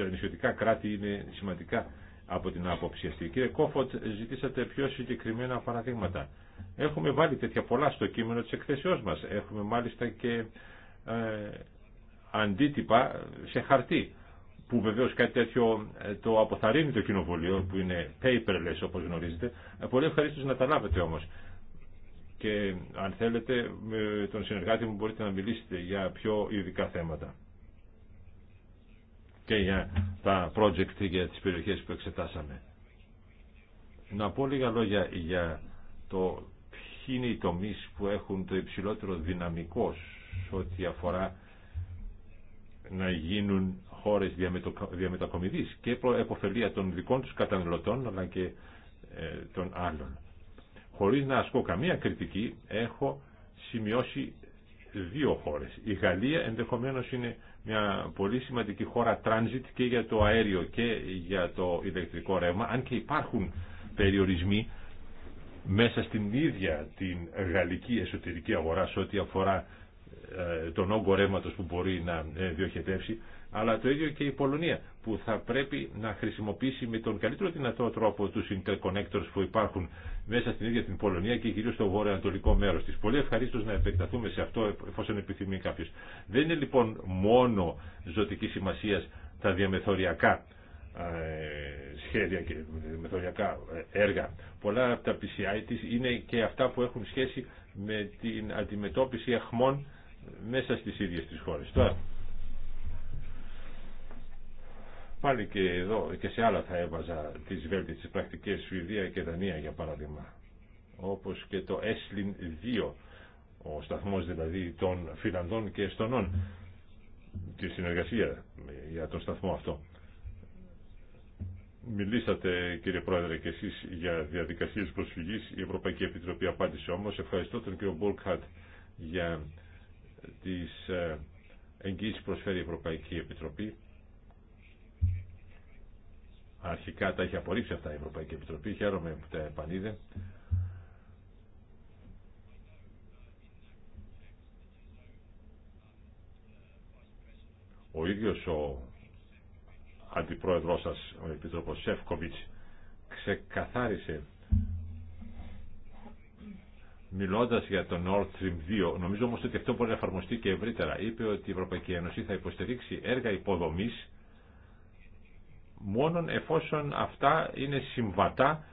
νησιωτικά κράτη είναι σημαντικά από την άποψη αυτή. Κύριε Κόφωτ, ζητήσατε πιο συγκεκριμένα παραδείγματα. Έχουμε βάλει τέτοια πολλά στο κείμενο της εκθέσεώς μας. Έχουμε μάλιστα και ε, αντίτυπα σε χαρτί, που βεβαίως κάτι τέτοιο ε, το αποθαρρύνει το κοινοβολείο, που είναι paperless όπως γνωρίζετε. Ε, πολύ ευχαρίστω να τα λάβετε όμως και αν θέλετε με τον συνεργάτη μου μπορείτε να μιλήσετε για πιο ειδικά θέματα και για τα project για τις περιοχές που εξετάσαμε. Να πω λίγα λόγια για το ποιοι είναι οι τομείς που έχουν το υψηλότερο δυναμικό σε ό,τι αφορά να γίνουν χώρες διαμετακομιδής και εποφελία των δικών τους καταναλωτών αλλά και ε, των άλλων. Χωρίς να ασκώ καμία κριτική, έχω σημειώσει δύο χώρες. Η Γαλλία ενδεχομένως είναι μια πολύ σημαντική χώρα transit και για το αέριο και για το ηλεκτρικό ρεύμα, αν και υπάρχουν περιορισμοί μέσα στην ίδια την γαλλική εσωτερική αγορά σε ό,τι αφορά ε, τον όγκο ρεύματο που μπορεί να ε, διοχετεύσει, αλλά το ίδιο και η Πολωνία που θα πρέπει να χρησιμοποιήσει με τον καλύτερο δυνατό τρόπο τους interconnectors που υπάρχουν μέσα στην ίδια την Πολωνία και κυρίω στο βορειοανατολικό μέρο τη. Πολύ ευχαρίστω να επεκταθούμε σε αυτό εφόσον επιθυμεί κάποιο. Δεν είναι λοιπόν μόνο ζωτική σημασία τα διαμεθοριακά ε, σχέδια και διαμεθοριακά ε, έργα. Πολλά από τα PCI τη είναι και αυτά που έχουν σχέση με την αντιμετώπιση αχμών μέσα στις ίδιες τις χώρες. Τώρα, Πάλι και εδώ και σε άλλα θα έβαζα τις βέλτιστες πρακτικές Σουηδία και Δανία για παράδειγμα. Όπως και το Έσλιν 2, ο σταθμός δηλαδή των Φιλανδών και Εστονών, τη συνεργασία για τον σταθμό αυτό. Μιλήσατε κύριε Πρόεδρε και εσείς για διαδικασίες προσφυγής. Η Ευρωπαϊκή Επιτροπή απάντησε όμως. Ευχαριστώ τον κύριο Μπολκχατ για τις ε, εγγύησεις που προσφέρει η Ευρωπαϊκή Επιτροπή Αρχικά τα έχει απορρίψει αυτά η Ευρωπαϊκή Επιτροπή. Χαίρομαι που τα επανείδε. Ο ίδιος ο αντιπρόεδρός σας, ο Επίτροπος Σεφκοβιτς, ξεκαθάρισε μιλώντα για το Nord Stream 2, νομίζω όμω ότι αυτό μπορεί να εφαρμοστεί και ευρύτερα. Είπε ότι η Ευρωπαϊκή Ένωση θα υποστηρίξει έργα υποδομή μόνον εφόσον αυτά είναι συμβατά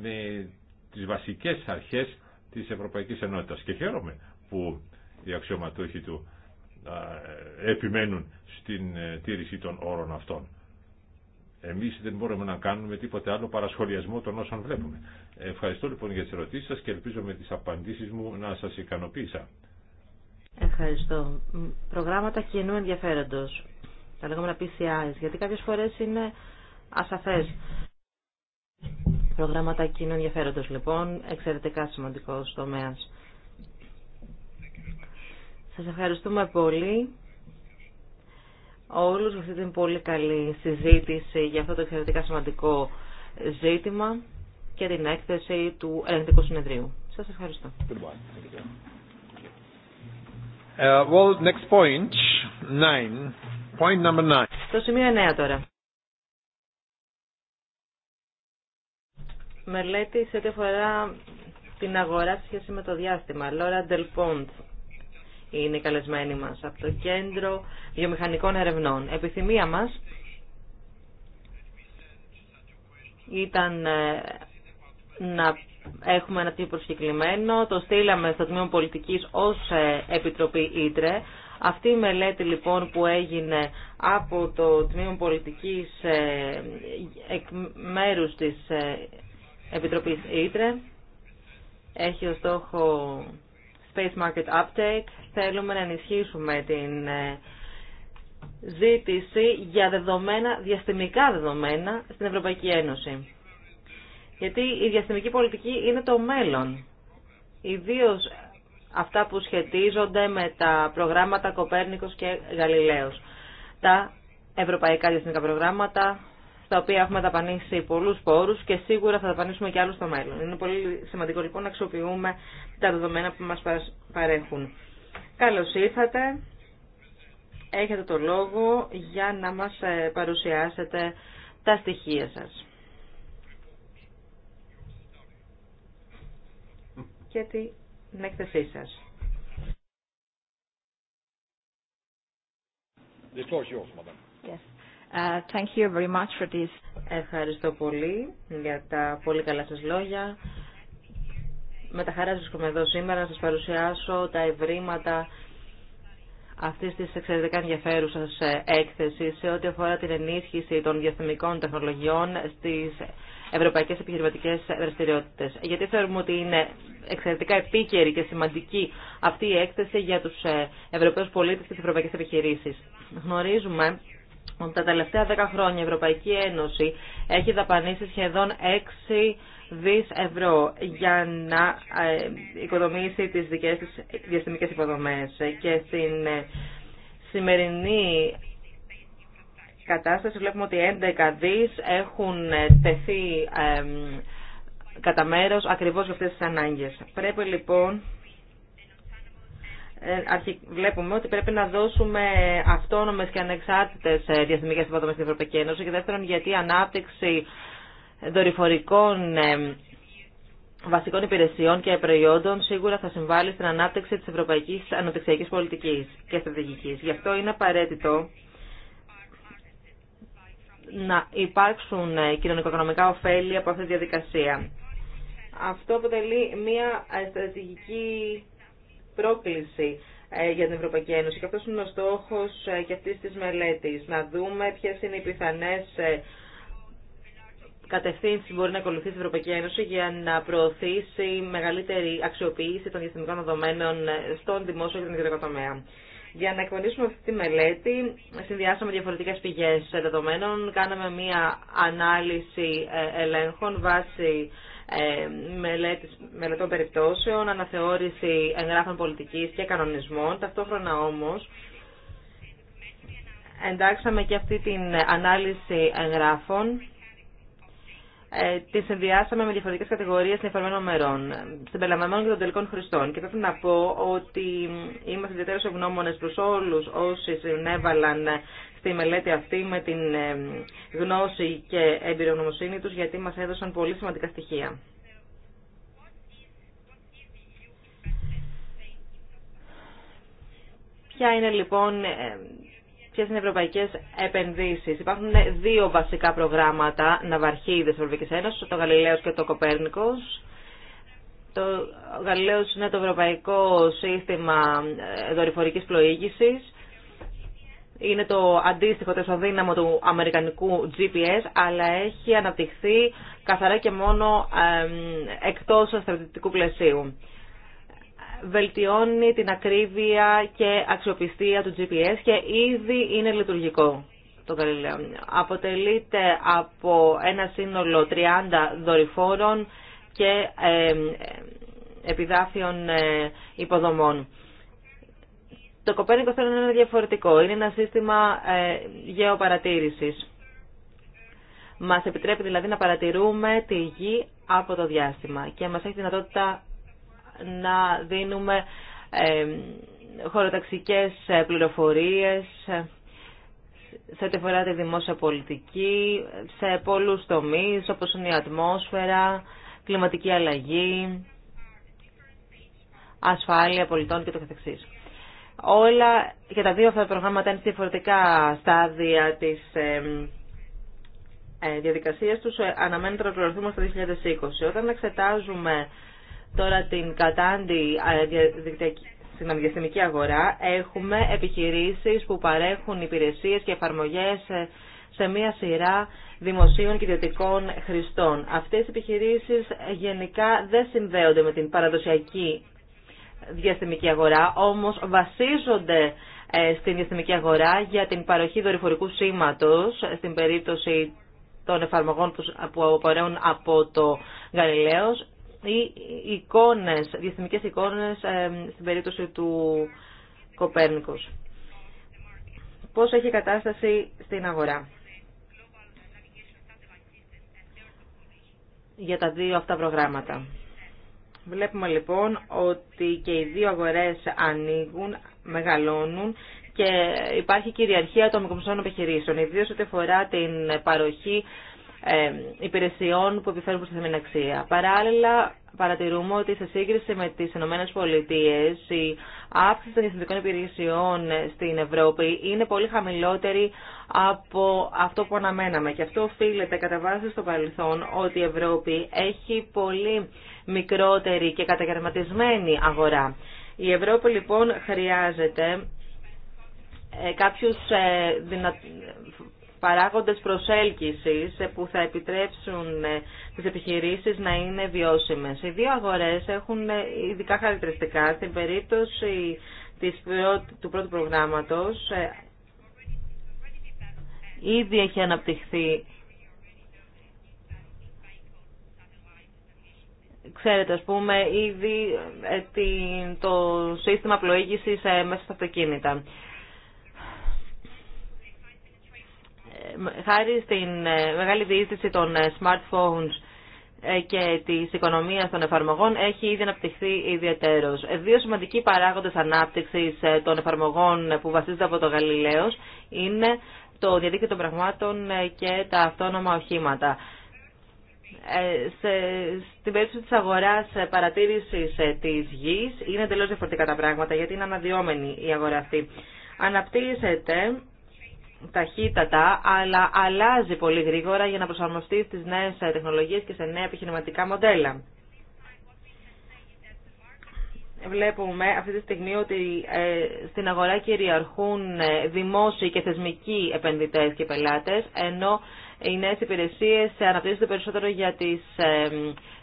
με τις βασικές αρχές της Ευρωπαϊκής Ενότητας. Και χαίρομαι που οι αξιωματούχοι του επιμένουν στην ε, τήρηση των όρων αυτών. Εμείς δεν μπορούμε να κάνουμε τίποτε άλλο παρασχολιασμό των όσων βλέπουμε. Ευχαριστώ λοιπόν για τις ερωτήσεις σας και ελπίζω με τις απαντήσεις μου να σας ικανοποίησα. Ευχαριστώ. Προγράμματα κοινού ενδιαφέροντος τα λεγόμενα PCIs, γιατί κάποιες φορές είναι ασαφές. Προγράμματα κοινού ενδιαφέροντο, λοιπόν, εξαιρετικά σημαντικό τομέα. Σα ευχαριστούμε πολύ όλους για αυτή την πολύ καλή συζήτηση για αυτό το εξαιρετικά σημαντικό ζήτημα και την έκθεση του ελληνικού Συνεδρίου. Σας ευχαριστώ. Uh, well, next point, nine. Το number nine. Στο σημείο 9 τώρα. Μελέτη σε ό,τι αφορά την αγορά σε σχέση με το διάστημα. Λόρα Ντελπόντ είναι η καλεσμένη μας από το Κέντρο Βιομηχανικών Ερευνών. Επιθυμία μας ήταν ε, να έχουμε ένα τύπο προσκεκλημένο. Το στείλαμε στο Τμήμα Πολιτικής ως ε, Επιτροπή Ήτρε. Αυτή η μελέτη λοιπόν που έγινε από το Τμήμα Πολιτικής ε, εκ μέρους της ε, Επιτροπής Ήτρε έχει ως στόχο Space Market Update. Θέλουμε να ενισχύσουμε την ε, ζήτηση για δεδομένα, διαστημικά δεδομένα στην Ευρωπαϊκή Ένωση. Γιατί η διαστημική πολιτική είναι το μέλλον. Ιδίως αυτά που σχετίζονται με τα προγράμματα Κοπέρνικος και Γαλιλαίος. Τα ευρωπαϊκά διεθνικά προγράμματα, στα οποία έχουμε δαπανίσει πολλούς πόρους και σίγουρα θα δαπανίσουμε και άλλους στο μέλλον. Είναι πολύ σημαντικό λοιπόν να αξιοποιούμε τα δεδομένα που μας παρέχουν. Καλώς ήρθατε. Έχετε το λόγο για να μας ε, παρουσιάσετε τα στοιχεία σας την έκθεσή σα. Uh, Ευχαριστώ πολύ για τα πολύ καλά σας λόγια. Με τα χαρά βρίσκομαι εδώ σήμερα να σας παρουσιάσω τα ευρήματα αυτής της εξαιρετικά ενδιαφέρουσας ε, έκθεσης σε ό,τι αφορά την ενίσχυση των διαστημικών τεχνολογιών στις ευρωπαϊκές επιχειρηματικές δραστηριότητες. Γιατί θεωρούμε ότι είναι εξαιρετικά επίκαιρη και σημαντική αυτή η έκθεση για τους ε, Ευρωπαίους πολίτες και τις ευρωπαϊκές επιχειρήσεις. Γνωρίζουμε ότι τα τελευταία 10 χρόνια η Ευρωπαϊκή Ένωση έχει δαπανίσει σχεδόν 6 δις ευρώ για να ε, οικοδομήσει τις δικές της διαστημικές υποδομές και στην ε, σημερινή κατάσταση βλέπουμε ότι 11 δι έχουν ε, τεθεί κατά μέρο ακριβώ για αυτές τις ανάγκες. Πρέπει λοιπόν, ε, βλέπουμε ότι πρέπει να δώσουμε αυτόνομες και ανεξάρτητες ε, διαστημικές υποδομές στην Ευρωπαϊκή Ένωση και δεύτερον γιατί η ανάπτυξη δορυφορικών βασικών υπηρεσιών και προϊόντων σίγουρα θα συμβάλλει στην ανάπτυξη της ευρωπαϊκής αναπτυξιακής πολιτικής και στρατηγικής. Γι' αυτό είναι απαραίτητο να υπάρξουν ε, κοινωνικο-οικονομικά ωφέλη από αυτή τη διαδικασία. Αυτό αποτελεί μια ε, στρατηγική πρόκληση ε, για την Ευρωπαϊκή Ένωση και αυτό είναι ο στόχο και αυτή της μελέτη, Να δούμε ποιε είναι οι πιθανές κατευθύνσεις μπορεί να ακολουθήσει η Ευρωπαϊκή Ένωση για να προωθήσει μεγαλύτερη αξιοποίηση των διαστημικών δεδομένων στον δημόσιο και τον ιδιωτικό τομέα. Για να εκπονήσουμε αυτή τη μελέτη, συνδυάσαμε διαφορετικές πηγές δεδομένων, κάναμε μία ανάλυση ε, ελέγχων βάσει ε, μελέτης, μελετών περιπτώσεων, αναθεώρηση εγγράφων πολιτικής και κανονισμών. Ταυτόχρονα όμως, εντάξαμε και αυτή την ανάλυση εγγράφων ε, συνδυάσαμε με διαφορετικές κατηγορίες εφαρμένων μερών, συμπεριλαμβανομένων και των τελικών χρηστών. Και πρέπει να πω ότι είμαστε ιδιαίτερω ευγνώμονε προ όλου όσοι συνέβαλαν στη μελέτη αυτή με την ε, γνώση και εμπειρογνωμοσύνη τους, γιατί μας έδωσαν πολύ σημαντικά στοιχεία. Ποια είναι λοιπόν ε, ποιε είναι οι ευρωπαϊκέ επενδύσει. Υπάρχουν ναι, δύο βασικά προγράμματα ναυαρχίδε τη Ευρωπαϊκή Ένωση, το Γαλιλαίο και το Κοπέρνικο. Το Γαλιλαίο είναι το ευρωπαϊκό σύστημα ε, δορυφορική πλοήγηση. Είναι το αντίστοιχο τεσσοδύναμο του αμερικανικού GPS, αλλά έχει αναπτυχθεί καθαρά και μόνο εκτός στρατιωτικού πλαισίου βελτιώνει την ακρίβεια και αξιοπιστία του GPS και ήδη είναι λειτουργικό το Γαλιλαίο. Αποτελείται από ένα σύνολο 30 δορυφόρων και επιδάφιων ε, υποδομών. Το Κοπέρνικο θέλω είναι διαφορετικό. Είναι ένα σύστημα ε, γεωπαρατήρησης. Μας επιτρέπει δηλαδή να παρατηρούμε τη γη από το διάστημα και μας έχει δυνατότητα να δίνουμε χωροταξικές ε, πληροφορίες σε ό,τι αφορά τη δημόσια πολιτική, σε πολλούς τομείς όπως είναι η ατμόσφαιρα, κλιματική αλλαγή, ασφάλεια πολιτών και το καθεξής. Όλα και τα δύο αυτά προγράμματα είναι σε διαφορετικά στάδια της ε, διαδικασίας τους, ε, αναμένεται να προωθούμε στο 2020. Όταν εξετάζουμε Τώρα την κατάντη διαστημική αγορά έχουμε επιχειρήσεις που παρέχουν υπηρεσίες και εφαρμογές ε, σε μία σειρά δημοσίων και ιδιωτικών χρηστών. Αυτές οι επιχειρήσεις ε, γενικά δεν συνδέονται με την παραδοσιακή διαστημική αγορά, όμως βασίζονται ε, στην διαστημική αγορά για την παροχή δορυφορικού σήματος στην περίπτωση των εφαρμογών που απορρέουν από το Γαλιλαίος ή εικόνες, διαστημικές εικόνες στην περίπτωση του Κοπέρνικος. Πώς έχει κατάσταση στην αγορά. για τα δύο αυτά προγράμματα. Βλέπουμε λοιπόν ότι και οι δύο αγορές ανοίγουν, μεγαλώνουν και υπάρχει κυριαρχία των μικρομεσαίων επιχειρήσεων, ιδίως ό,τι αφορά την παροχή ε, υπηρεσιών που επιφέρουν τη αξία. Παράλληλα, παρατηρούμε ότι σε σύγκριση με τις ΗΠΑ Πολιτείες, η αύξηση των διαστημικών υπηρεσιών στην Ευρώπη είναι πολύ χαμηλότερη από αυτό που αναμέναμε. Και αυτό οφείλεται κατά βάση στο παρελθόν ότι η Ευρώπη έχει πολύ μικρότερη και καταγερματισμένη αγορά. Η Ευρώπη λοιπόν χρειάζεται ε, κάποιους ε, παράγοντες προσέλκυσης ε, που θα επιτρέψουν ε, τις επιχειρήσεις να είναι βιώσιμες. Οι δύο αγορές έχουν ε, ειδικά χαρακτηριστικά. Στην περίπτωση του πρώτου προγράμματος ήδη έχει αναπτυχθεί Ξέρετε, ας πούμε, ήδη το σύστημα πλοήγησης μέσα στα αυτοκίνητα. χάρη στην ε, μεγάλη διείστηση των ε, smartphones ε, και τη οικονομία των εφαρμογών έχει ήδη αναπτυχθεί ιδιαίτερο. Δύο σημαντικοί παράγοντε ανάπτυξη των εφαρμογών που βασίζονται από το Γαλιλαίο είναι το διαδίκτυο των πραγμάτων και τα αυτόνομα οχήματα. Στην περίπτωση της αγοράς παρατήρησης της γης είναι εντελώς διαφορετικά τα πράγματα γιατί είναι αναδυόμενη η αγορά αυτή. Αναπτύσσεται ταχύτατα, αλλά αλλάζει πολύ γρήγορα για να προσαρμοστεί στις νέες τεχνολογίες και σε νέα επιχειρηματικά μοντέλα. Βλέπουμε αυτή τη στιγμή ότι ε, στην αγορά κυριαρχούν ε, δημόσιοι και θεσμικοί επενδυτές και πελάτες, ενώ οι νέες υπηρεσίες ε, αναπτύσσονται περισσότερο για τις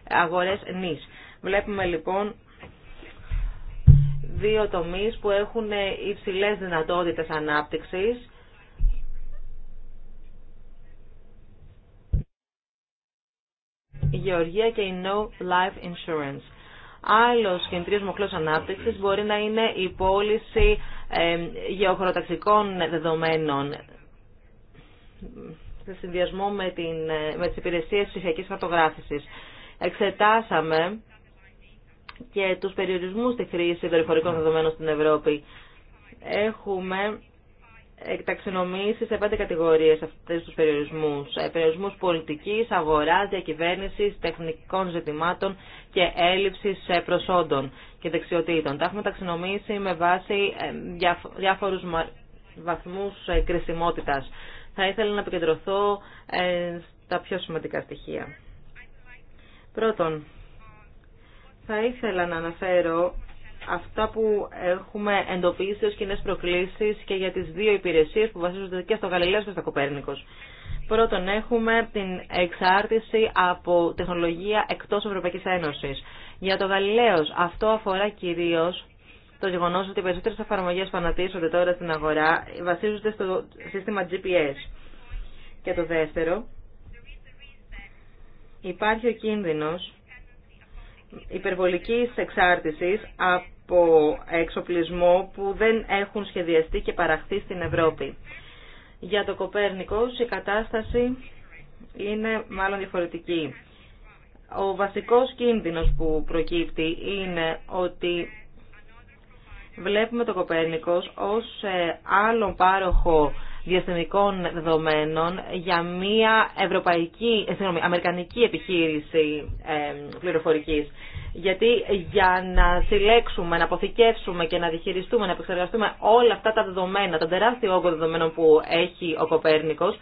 αγορές νης. Βλέπουμε λοιπόν δύο τομείς που έχουν υψηλές δυνατότητες ανάπτυξης γεωργία και η No Life Insurance. Άλλος κινητήριο μοχλό ανάπτυξης μπορεί να είναι η πώληση γεωχροταξικών δεδομένων σε συνδυασμό με, την, με τις υπηρεσίες ψηφιακής χαρτογράφησης. Εξετάσαμε και τους περιορισμούς στη χρήση δορυφορικών δεδομένων στην Ευρώπη. Έχουμε ταξινομήσει σε πέντε κατηγορίε αυτέ του περιορισμού. Ε, περιορισμού πολιτική, αγορά, διακυβέρνηση, τεχνικών ζητημάτων και έλλειψη ε, προσόντων και δεξιοτήτων. Τα έχουμε ταξινομήσει με βάση ε, διάφορου βαθμού κρισιμότητα. Θα ήθελα να επικεντρωθώ στα πιο σημαντικά στοιχεία. Πρώτον, θα ήθελα να αναφέρω αυτά που έχουμε εντοπίσει ως κοινέ προκλήσεις και για τις δύο υπηρεσίες που βασίζονται και στο Γαλιλαίος και στο Κοπέρνικος. Πρώτον, έχουμε την εξάρτηση από τεχνολογία εκτός Ευρωπαϊκής Ένωσης. Για το Γαλιλαίος, αυτό αφορά κυρίως το γεγονός ότι οι περισσότερες εφαρμογές που ανατίσσονται τώρα στην αγορά βασίζονται στο σύστημα GPS. Και το δεύτερο, υπάρχει ο κίνδυνος υπερβολικής εξάρτησης από από εξοπλισμό που δεν έχουν σχεδιαστεί και παραχθεί στην Ευρώπη. Για το κοπέρνικο, η κατάσταση είναι μάλλον διαφορετική. Ο βασικός κίνδυνος που προκύπτει είναι ότι βλέπουμε το Κοπέρνικος ως ε, άλλον πάροχο διαστημικών δεδομένων για μια ευρωπαϊκή, ε, αμερικανική επιχείρηση ε, πληροφορικής. Γιατί για να συλλέξουμε, να αποθηκεύσουμε και να διχειριστούμε, να επεξεργαστούμε όλα αυτά τα δεδομένα, τα τεράστιο όγκο δεδομένων που έχει ο Κοπέρνικος,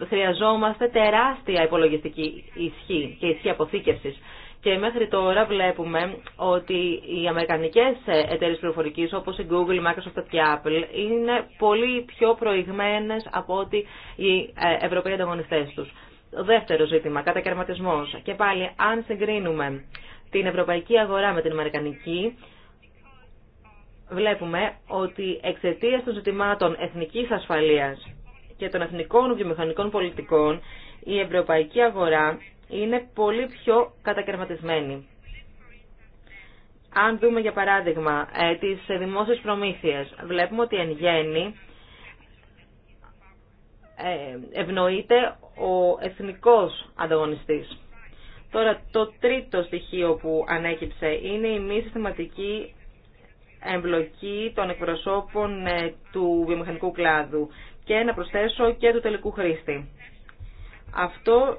ε, χρειαζόμαστε τεράστια υπολογιστική ισχύ και ισχύ αποθήκευσης. Και μέχρι τώρα βλέπουμε ότι οι αμερικανικές εταιρείε πληροφορική, όπως η Google, η Microsoft και η Apple είναι πολύ πιο προηγμένες από ότι οι ε, Ευρωπαίοι ανταγωνιστές τους. Δεύτερο ζήτημα, κατακαιρματισμός. Και πάλι, αν συγκρίνουμε την ευρωπαϊκή αγορά με την αμερικανική, βλέπουμε ότι εξαιτία των ζητημάτων εθνικής ασφαλείας και των εθνικών βιομηχανικών πολιτικών, η ευρωπαϊκή αγορά είναι πολύ πιο κατακαιρματισμένη. Αν δούμε για παράδειγμα ε, τις δημόσιες προμήθειες, βλέπουμε ότι εν γέννη ε, ευνοείται ο εθνικός ανταγωνιστής. Τώρα το τρίτο στοιχείο που ανέκυψε είναι η μη συστηματική εμπλοκή των εκπροσώπων ε, του βιομηχανικού κλάδου και να προσθέσω και του τελικού χρήστη. Αυτό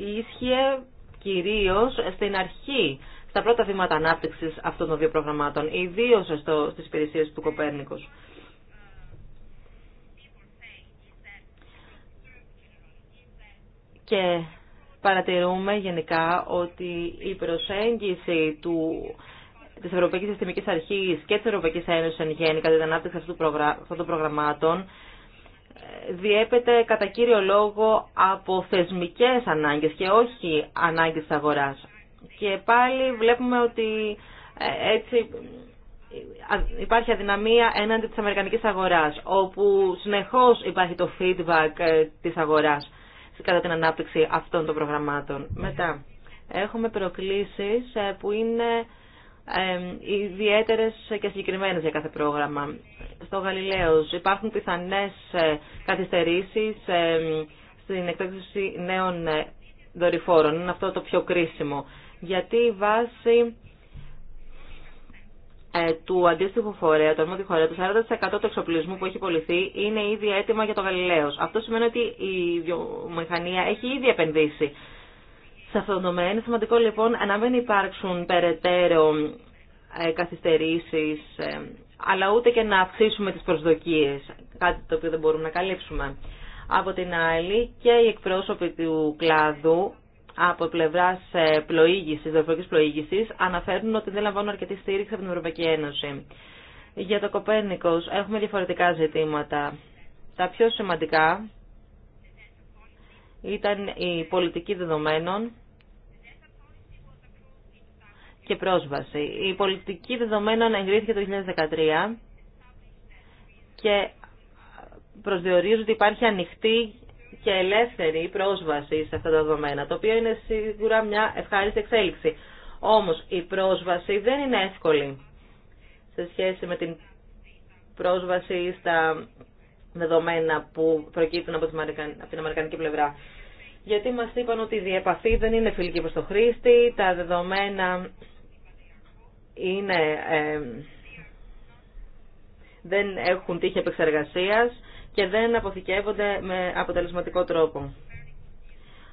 ίσχυε κυρίως στην αρχή, στα πρώτα βήματα ανάπτυξης αυτών των δύο προγραμμάτων, ιδίω στι στις του Κοπέρνικου. Και παρατηρούμε γενικά ότι η προσέγγιση του, της Ευρωπαϊκής Συστημικής Αρχής και της Ευρωπαϊκής Ένωσης εν γέννη κατά την ανάπτυξη αυτών των προγραμμάτων διέπεται κατά κύριο λόγο από θεσμικές ανάγκες και όχι ανάγκες της αγοράς. Και πάλι βλέπουμε ότι ε, έτσι υπάρχει αδυναμία έναντι της αμερικανικής αγοράς, όπου συνεχώς υπάρχει το feedback ε, της αγοράς κατά την ανάπτυξη αυτών των προγραμμάτων. Μετά, έχουμε προκλήσεις ε, που είναι ε, ιδιαίτερες και συγκεκριμένε για κάθε πρόγραμμα. Στο Γαλιλαίος υπάρχουν πιθανές ε, καθυστερήσεις στην εκτέλεση νέων ε, δορυφόρων. Είναι αυτό το πιο κρίσιμο. Γιατί η βάση ε, του αντίστοιχου φορέα, του αρμόδιου φορέα, το 40% του εξοπλισμού που έχει πολιθεί είναι ήδη έτοιμα για το Γαλιλαίο. Αυτό σημαίνει ότι η βιομηχανία έχει ήδη επενδύσει σε αυτό το τομέα είναι σημαντικό λοιπόν ε, να μην υπάρξουν περαιτέρω ε, καθυστερήσεις, ε, αλλά ούτε και να αυξήσουμε τις προσδοκίες, κάτι το οποίο δεν μπορούμε να καλύψουμε. Από την άλλη και οι εκπρόσωποι του κλάδου από πλευρά πλοήγηση, δορυφορική πλοήγηση, αναφέρουν ότι δεν λαμβάνουν αρκετή στήριξη από την Ευρωπαϊκή Ένωση. Για το Κοπέρνικο έχουμε διαφορετικά ζητήματα. Τα πιο σημαντικά ήταν η πολιτική δεδομένων και πρόσβαση. Η πολιτική δεδομένα αναγκρίθηκε το 2013 και προσδιορίζει ότι υπάρχει ανοιχτή και ελεύθερη πρόσβαση σε αυτά τα δεδομένα, το οποίο είναι σίγουρα μια ευχάριστη εξέλιξη. Όμως η πρόσβαση δεν είναι εύκολη σε σχέση με την πρόσβαση στα δεδομένα που προκύπτουν από την αμερικανική πλευρά. Γιατί μας είπαν ότι η διεπαφή δεν είναι φιλική προς το χρήστη, τα δεδομένα είναι, ε, δεν έχουν τύχη επεξεργασίας και δεν αποθηκεύονται με αποτελεσματικό τρόπο.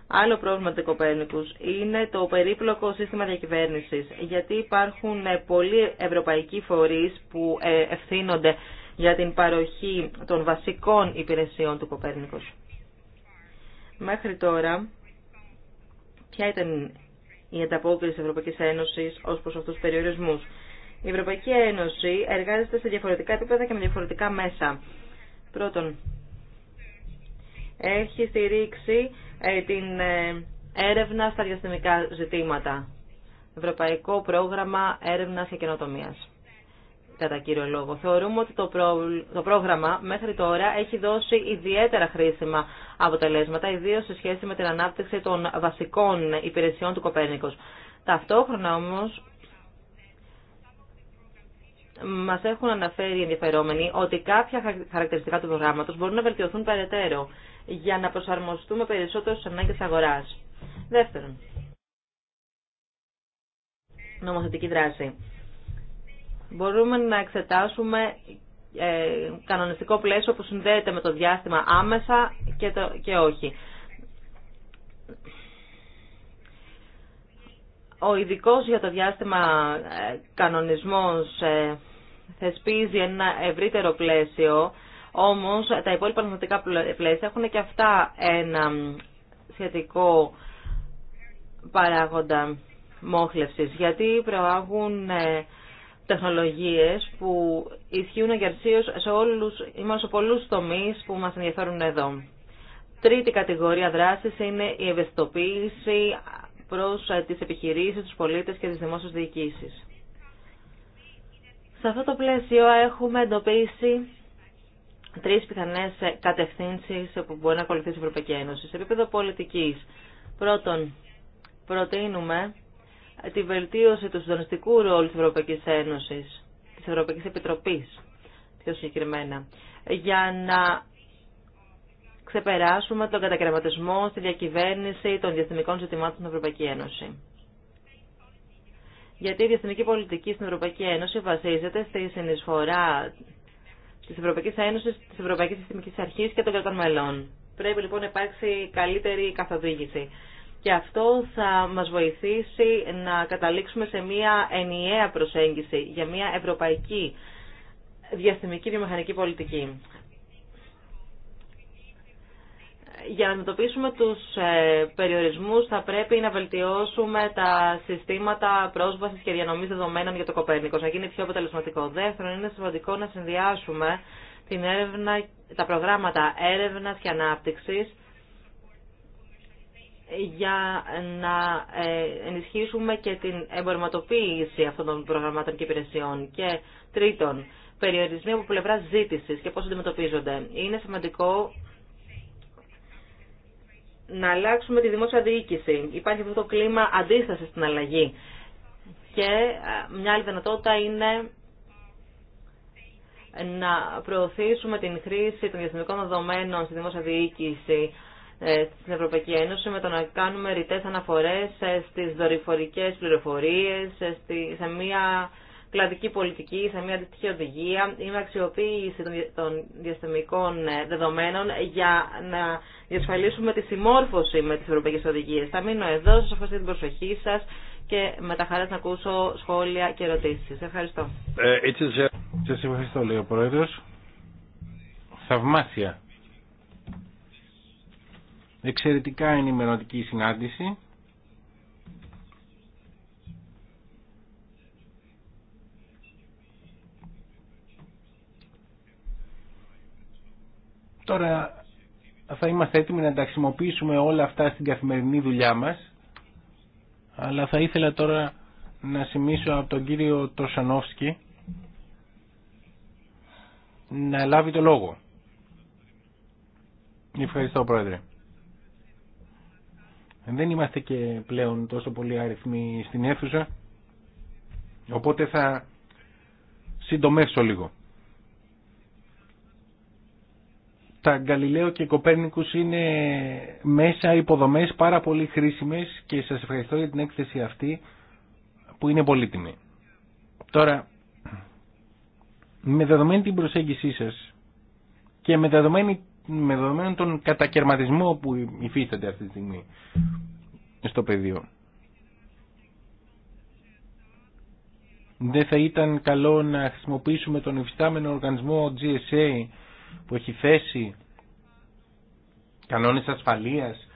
Άλλο πρόβλημα του Κοπέρνικου είναι το περίπλοκο σύστημα διακυβέρνηση. Γιατί υπάρχουν ε, πολλοί ευρωπαϊκοί φορεί που ε, ευθύνονται για την παροχή των βασικών υπηρεσιών του Κοπέρνικου. Μέχρι τώρα, ποια ήταν η ανταπόκριση της Ευρωπαϊκής Ένωσης ως προς αυτούς τους περιορισμούς. Η Ευρωπαϊκή Ένωση εργάζεται σε διαφορετικά επίπεδα και με διαφορετικά μέσα. Πρώτον, έχει στηρίξει ε, την ε, έρευνα στα διαστημικά ζητήματα. Ευρωπαϊκό Πρόγραμμα Έρευνας και Καινοτομίας κατά κύριο λόγο. Θεωρούμε ότι το, το πρόγραμμα μέχρι τώρα έχει δώσει ιδιαίτερα χρήσιμα αποτελέσματα, ιδίως σε σχέση με την ανάπτυξη των βασικών υπηρεσιών του Κοπέρνικος. Ταυτόχρονα όμως μας έχουν αναφέρει οι ενδιαφερόμενοι ότι κάποια χαρακτηριστικά του προγράμματος μπορούν να βελτιωθούν περαιτέρω για να προσαρμοστούμε περισσότερο στις ανάγκες αγοράς. Δεύτερον, νομοθετική δράση μπορούμε να εξετάσουμε ε, κανονιστικό πλαίσιο που συνδέεται με το διάστημα άμεσα και, το, και όχι. Ο ειδικό για το διάστημα ε, κανονισμός ε, θεσπίζει ένα ευρύτερο πλαίσιο, όμως τα υπόλοιπα νομοθετικά πλαίσια έχουν και αυτά ένα σχετικό παράγοντα μόχλευσης, γιατί προάγουν τεχνολογίες που ισχύουν εγκαρσίως σε όλους ή σε πολλούς τομείς που μας ενδιαφέρουν εδώ. Τρίτη κατηγορία δράσης είναι η ευαισθητοποίηση προ ε, τι επιχειρήσει, τους πολίτες και τι δημόσιες διοικησει. Σε αυτό το πλαίσιο έχουμε εντοπίσει τρεις πιθανές ε, κατευθύνσεις που μπορεί να ακολουθήσει η Ευρωπαϊκή Ένωση. Σε επίπεδο πολιτική. πρώτον, προτείνουμε τη βελτίωση του συντονιστικού ρόλου της Ευρωπαϊκής Ένωσης, της Ευρωπαϊκής Επιτροπής πιο συγκεκριμένα, για να ξεπεράσουμε τον κατακαιρματισμό στη διακυβέρνηση των διαστημικών ζητημάτων στην Ευρωπαϊκή Ένωση. Γιατί η διαστημική πολιτική στην Ευρωπαϊκή Ένωση βασίζεται στη συνεισφορά τη Ευρωπαϊκή Ένωση, τη Ευρωπαϊκή Συστημική Αρχή και των κρατών μελών. Πρέπει λοιπόν να υπάρξει καλύτερη καθοδήγηση και αυτό θα μας βοηθήσει να καταλήξουμε σε μια ενιαία προσέγγιση για μια ευρωπαϊκή διαστημική βιομηχανική πολιτική. Για να αντιμετωπίσουμε τους ε, περιορισμούς θα πρέπει να βελτιώσουμε τα συστήματα πρόσβασης και διανομής δεδομένων για το Κοπέρνικος, να γίνει πιο αποτελεσματικό. Δεύτερον, είναι σημαντικό να συνδυάσουμε την έρευνα, τα προγράμματα έρευνας και ανάπτυξης για να ε, ενισχύσουμε και την εμπορματοποίηση αυτών των προγραμμάτων και υπηρεσιών. Και τρίτον, περιορισμοί από πλευρά ζήτηση και πώ αντιμετωπίζονται. Είναι σημαντικό να αλλάξουμε τη δημόσια διοίκηση. Υπάρχει αυτό το κλίμα αντίσταση στην αλλαγή. Και ε, μια άλλη δυνατότητα είναι να προωθήσουμε την χρήση των διαστημικών δεδομένων στη δημόσια διοίκηση ε, στην Ευρωπαϊκή Ένωση με το να κάνουμε ρητές αναφορές ε, στις δορυφορικές πληροφορίες, ε, σε μια κλαδική πολιτική, σε μια αντιστοιχή οδηγία ή με αξιοποίηση των διαστημικών δεδομένων για να διασφαλίσουμε τη συμμόρφωση με τις ευρωπαϊκές οδηγίες. Θα μείνω εδώ, σας ευχαριστώ την προσοχή σας και με τα χαρά να ακούσω σχόλια και ερωτήσεις. Ευχαριστώ. Σα Σας ευχαριστώ, λέει ο Πρόεδρος. Θαυμάσια εξαιρετικά ενημερωτική συνάντηση. Τώρα θα είμαστε έτοιμοι να τα χρησιμοποιήσουμε όλα αυτά στην καθημερινή δουλειά μας αλλά θα ήθελα τώρα να σημίσω από τον κύριο Τροσανόφσκι να λάβει το λόγο. Ευχαριστώ πρόεδρε. Δεν είμαστε και πλέον τόσο πολύ αριθμοί στην αίθουσα, οπότε θα συντομεύσω λίγο. τα Γκαλιλαίο και Κοπέρνικους είναι μέσα υποδομές πάρα πολύ χρήσιμες και σας ευχαριστώ για την έκθεση αυτή που είναι πολύτιμη. Τώρα, με δεδομένη την προσέγγισή σας και με δεδομένη με δεδομένο τον κατακαιρματισμό που υφίσταται αυτή τη στιγμή στο πεδίο. Δεν θα ήταν καλό να χρησιμοποιήσουμε τον υφιστάμενο οργανισμό GSA που έχει θέσει κανόνες ασφαλείας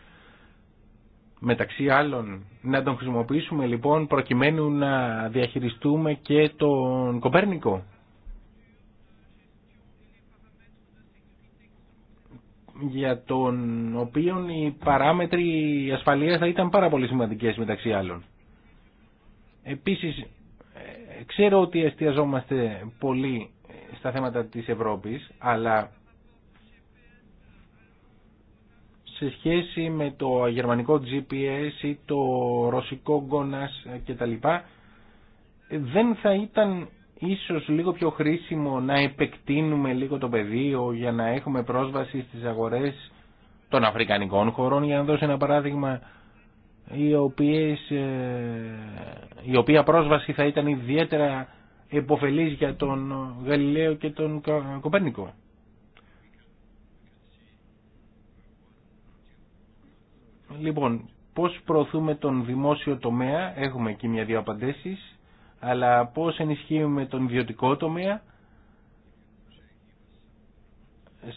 μεταξύ άλλων να τον χρησιμοποιήσουμε λοιπόν προκειμένου να διαχειριστούμε και τον Κοπέρνικο για τον οποίο οι παράμετροι ασφαλείας θα ήταν πάρα πολύ σημαντικές μεταξύ άλλων. Επίσης, ε, ξέρω ότι εστιαζόμαστε πολύ ε, στα θέματα της Ευρώπης, αλλά σε σχέση με το γερμανικό GPS ή το ρωσικό γκόνας κτλ. Ε, δεν θα ήταν ίσως λίγο πιο χρήσιμο να επεκτείνουμε λίγο το πεδίο για να έχουμε πρόσβαση στις αγορές των Αφρικανικών χωρών, για να δώσω ένα παράδειγμα, οι ε, η οποία πρόσβαση θα ήταν ιδιαίτερα υποφελής για τον Γαλιλαίο και τον Κοπέρνικο. Λοιπόν, πώς προωθούμε τον δημόσιο τομέα, έχουμε εκεί μια-δύο απαντήσεις αλλά πώς ενισχύουμε τον ιδιωτικό τομέα,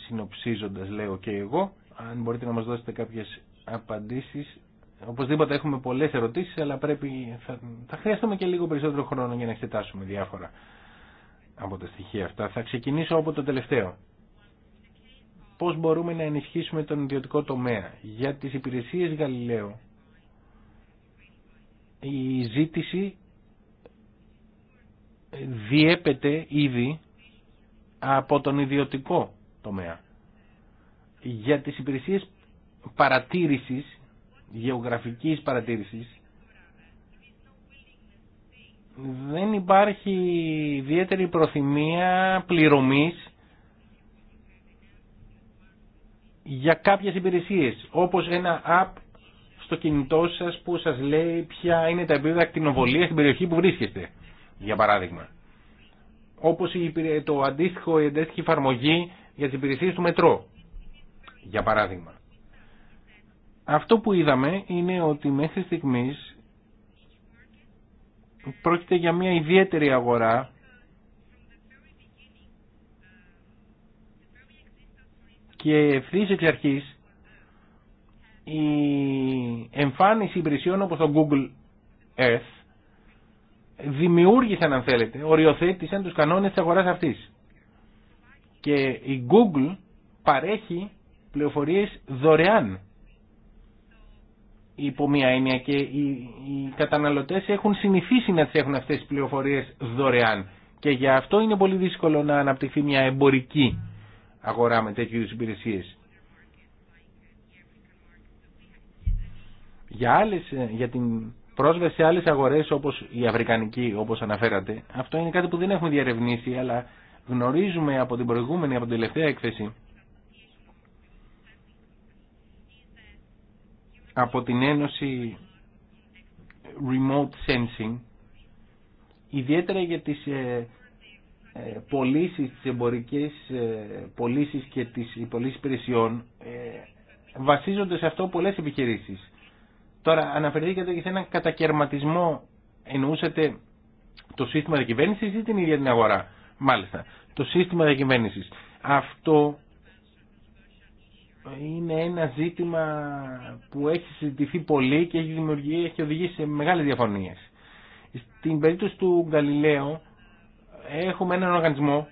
συνοψίζοντας λέω και εγώ, αν μπορείτε να μας δώσετε κάποιες απαντήσεις. Οπωσδήποτε έχουμε πολλές ερωτήσεις, αλλά πρέπει, θα, θα χρειαστούμε και λίγο περισσότερο χρόνο για να εξετάσουμε διάφορα από τα στοιχεία αυτά. Θα ξεκινήσω από το τελευταίο. Πώς μπορούμε να ενισχύσουμε τον ιδιωτικό τομέα για τις υπηρεσίες Γαλιλαίου. Η ζήτηση διέπεται ήδη από τον ιδιωτικό τομέα. Για τις υπηρεσίες παρατήρησης, γεωγραφικής παρατήρησης, δεν υπάρχει ιδιαίτερη προθυμία πληρωμής για κάποιες υπηρεσίες, όπως ένα app στο κινητό σας που σας λέει ποια είναι τα επίπεδα ακτινοβολία στην περιοχή που βρίσκεστε για παράδειγμα. Όπως το αντίστοιχο, η αντίστοιχη εφαρμογή για τι υπηρεσίε του μετρό, για παράδειγμα. Αυτό που είδαμε είναι ότι μέχρι στιγμής πρόκειται για μια ιδιαίτερη αγορά και ευθύ εξ αρχή η εμφάνιση υπηρεσιών όπως το Google Earth δημιούργησαν αν θέλετε, οριοθέτησαν τους κανόνες της αγοράς αυτής. Και η Google παρέχει πληροφορίες δωρεάν υπό μία έννοια και οι, οι καταναλωτές έχουν συνηθίσει να τις έχουν αυτές τις πληροφορίες δωρεάν και για αυτό είναι πολύ δύσκολο να αναπτυχθεί μια εμπορική αγορά με τέτοιου υπηρεσίε. υπηρεσίες. Για, άλλες, ε, για την πρόσβαση σε άλλες αγορές όπως η Αφρικανική όπως αναφέρατε, αυτό είναι κάτι που δεν έχουμε διαρευνήσει αλλά γνωρίζουμε από την προηγούμενη, από την τελευταία έκθεση από την Ένωση Remote Sensing ιδιαίτερα για τις ε, ε πωλήσει, τις εμπορικές ε, και τις πωλήσει υπηρεσιών ε, βασίζονται σε αυτό πολλές επιχειρήσεις Τώρα αναφερθήκατε και σε έναν κατακαιρματισμό, εννοούσατε το σύστημα διακυβέρνηση ή την ίδια την αγορά. Μάλιστα, το σύστημα διακυβέρνηση. Αυτό είναι ένα ζήτημα που έχει συζητηθεί πολύ και έχει, δημιουργεί, έχει οδηγήσει σε μεγάλες διαφωνίε. Στην περίπτωση του Γκαλιλαίου έχουμε έναν οργανισμό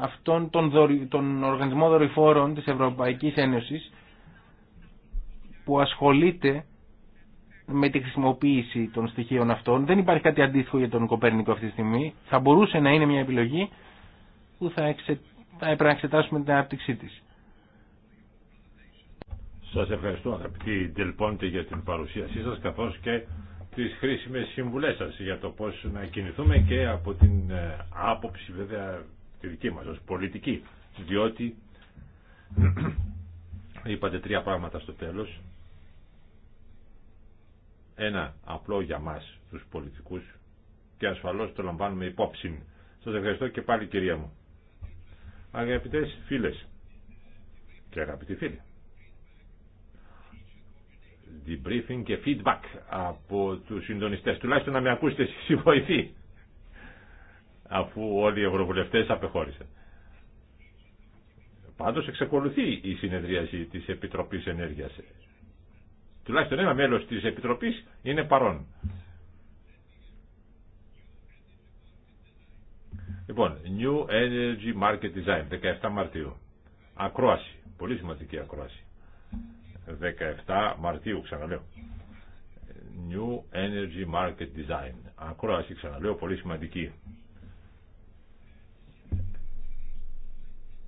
αυτόν τον, δορυ... τον οργανισμό δορυφόρων της Ευρωπαϊκής Ένωσης που ασχολείται με τη χρησιμοποίηση των στοιχείων αυτών. Δεν υπάρχει κάτι αντίστοιχο για τον Κοπέρνικο αυτή τη στιγμή. Θα μπορούσε να είναι μια επιλογή που θα, εξε... θα έπρεπε την ανάπτυξή της. Σας ευχαριστώ αγαπητοί Τελπόντε για την παρουσίασή σας καθώς και τις χρήσιμες συμβουλές σας για το πώς να κινηθούμε και από την ε, άποψη βέβαια δική μας ως πολιτική, διότι *clears throat* είπατε τρία πράγματα στο τέλος. Ένα απλό για μας τους πολιτικούς και ασφαλώς το λαμβάνουμε υπόψη. Σας ευχαριστώ και πάλι κυρία μου. Αγαπητές φίλες και αγαπητοί φίλοι. Debriefing και feedback από τους συντονιστές. Τουλάχιστον να με ακούσετε εσείς βοηθή αφού όλοι οι ευρωβουλευτές απεχώρησαν. Πάντως εξακολουθεί η συνεδρίαση της Επιτροπής Ενέργειας. Τουλάχιστον ένα μέλος της Επιτροπής είναι παρόν. Λοιπόν, New Energy Market Design, 17 Μαρτίου. Ακρόαση, πολύ σημαντική ακρόαση. 17 Μαρτίου, ξαναλέω. New Energy Market Design. Ακρόαση, ξαναλέω, πολύ σημαντική.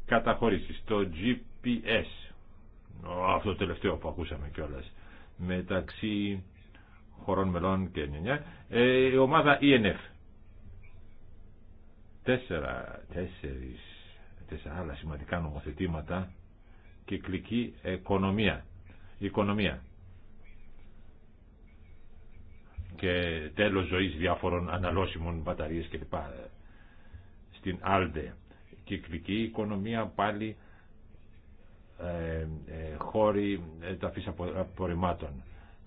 καταχώρησης, το GPS, αυτό το τελευταίο που ακούσαμε κιόλας, μεταξύ χωρών μελών και νιανιά, ε, η ομάδα ENF. Τέσσερα, τέσσερις, τέσσερα άλλα σημαντικά νομοθετήματα, κυκλική οικονομία. Οικονομία και τέλος ζωής διάφορων αναλώσιμων μπαταρίες κλπ. Στην άλδε κυκλική οικονομία, πάλι ε, ε, χώροι ε, ταφής απορριμμάτων.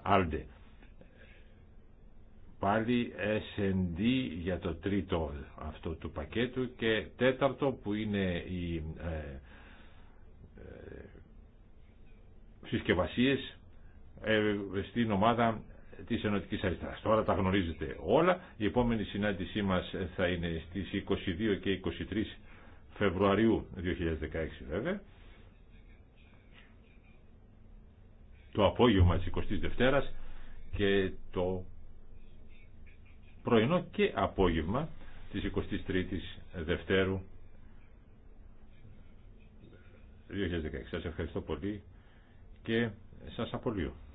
Άλντε. Πάλι S&D για το τρίτο αυτό του πακέτου και τέταρτο που είναι οι ε, ε συσκευασίες ε, στην ομάδα της Ενωτικής Αριστεράς. Τώρα τα γνωρίζετε όλα. Η επόμενη συνάντησή μας θα είναι στις 22 και 23 Φεβρουαρίου 2016 βέβαια, το απόγευμα της 22ης και το πρωινό και απόγευμα της 23ης Δευτέρου 2016. Σας ευχαριστώ πολύ και σας απολύω.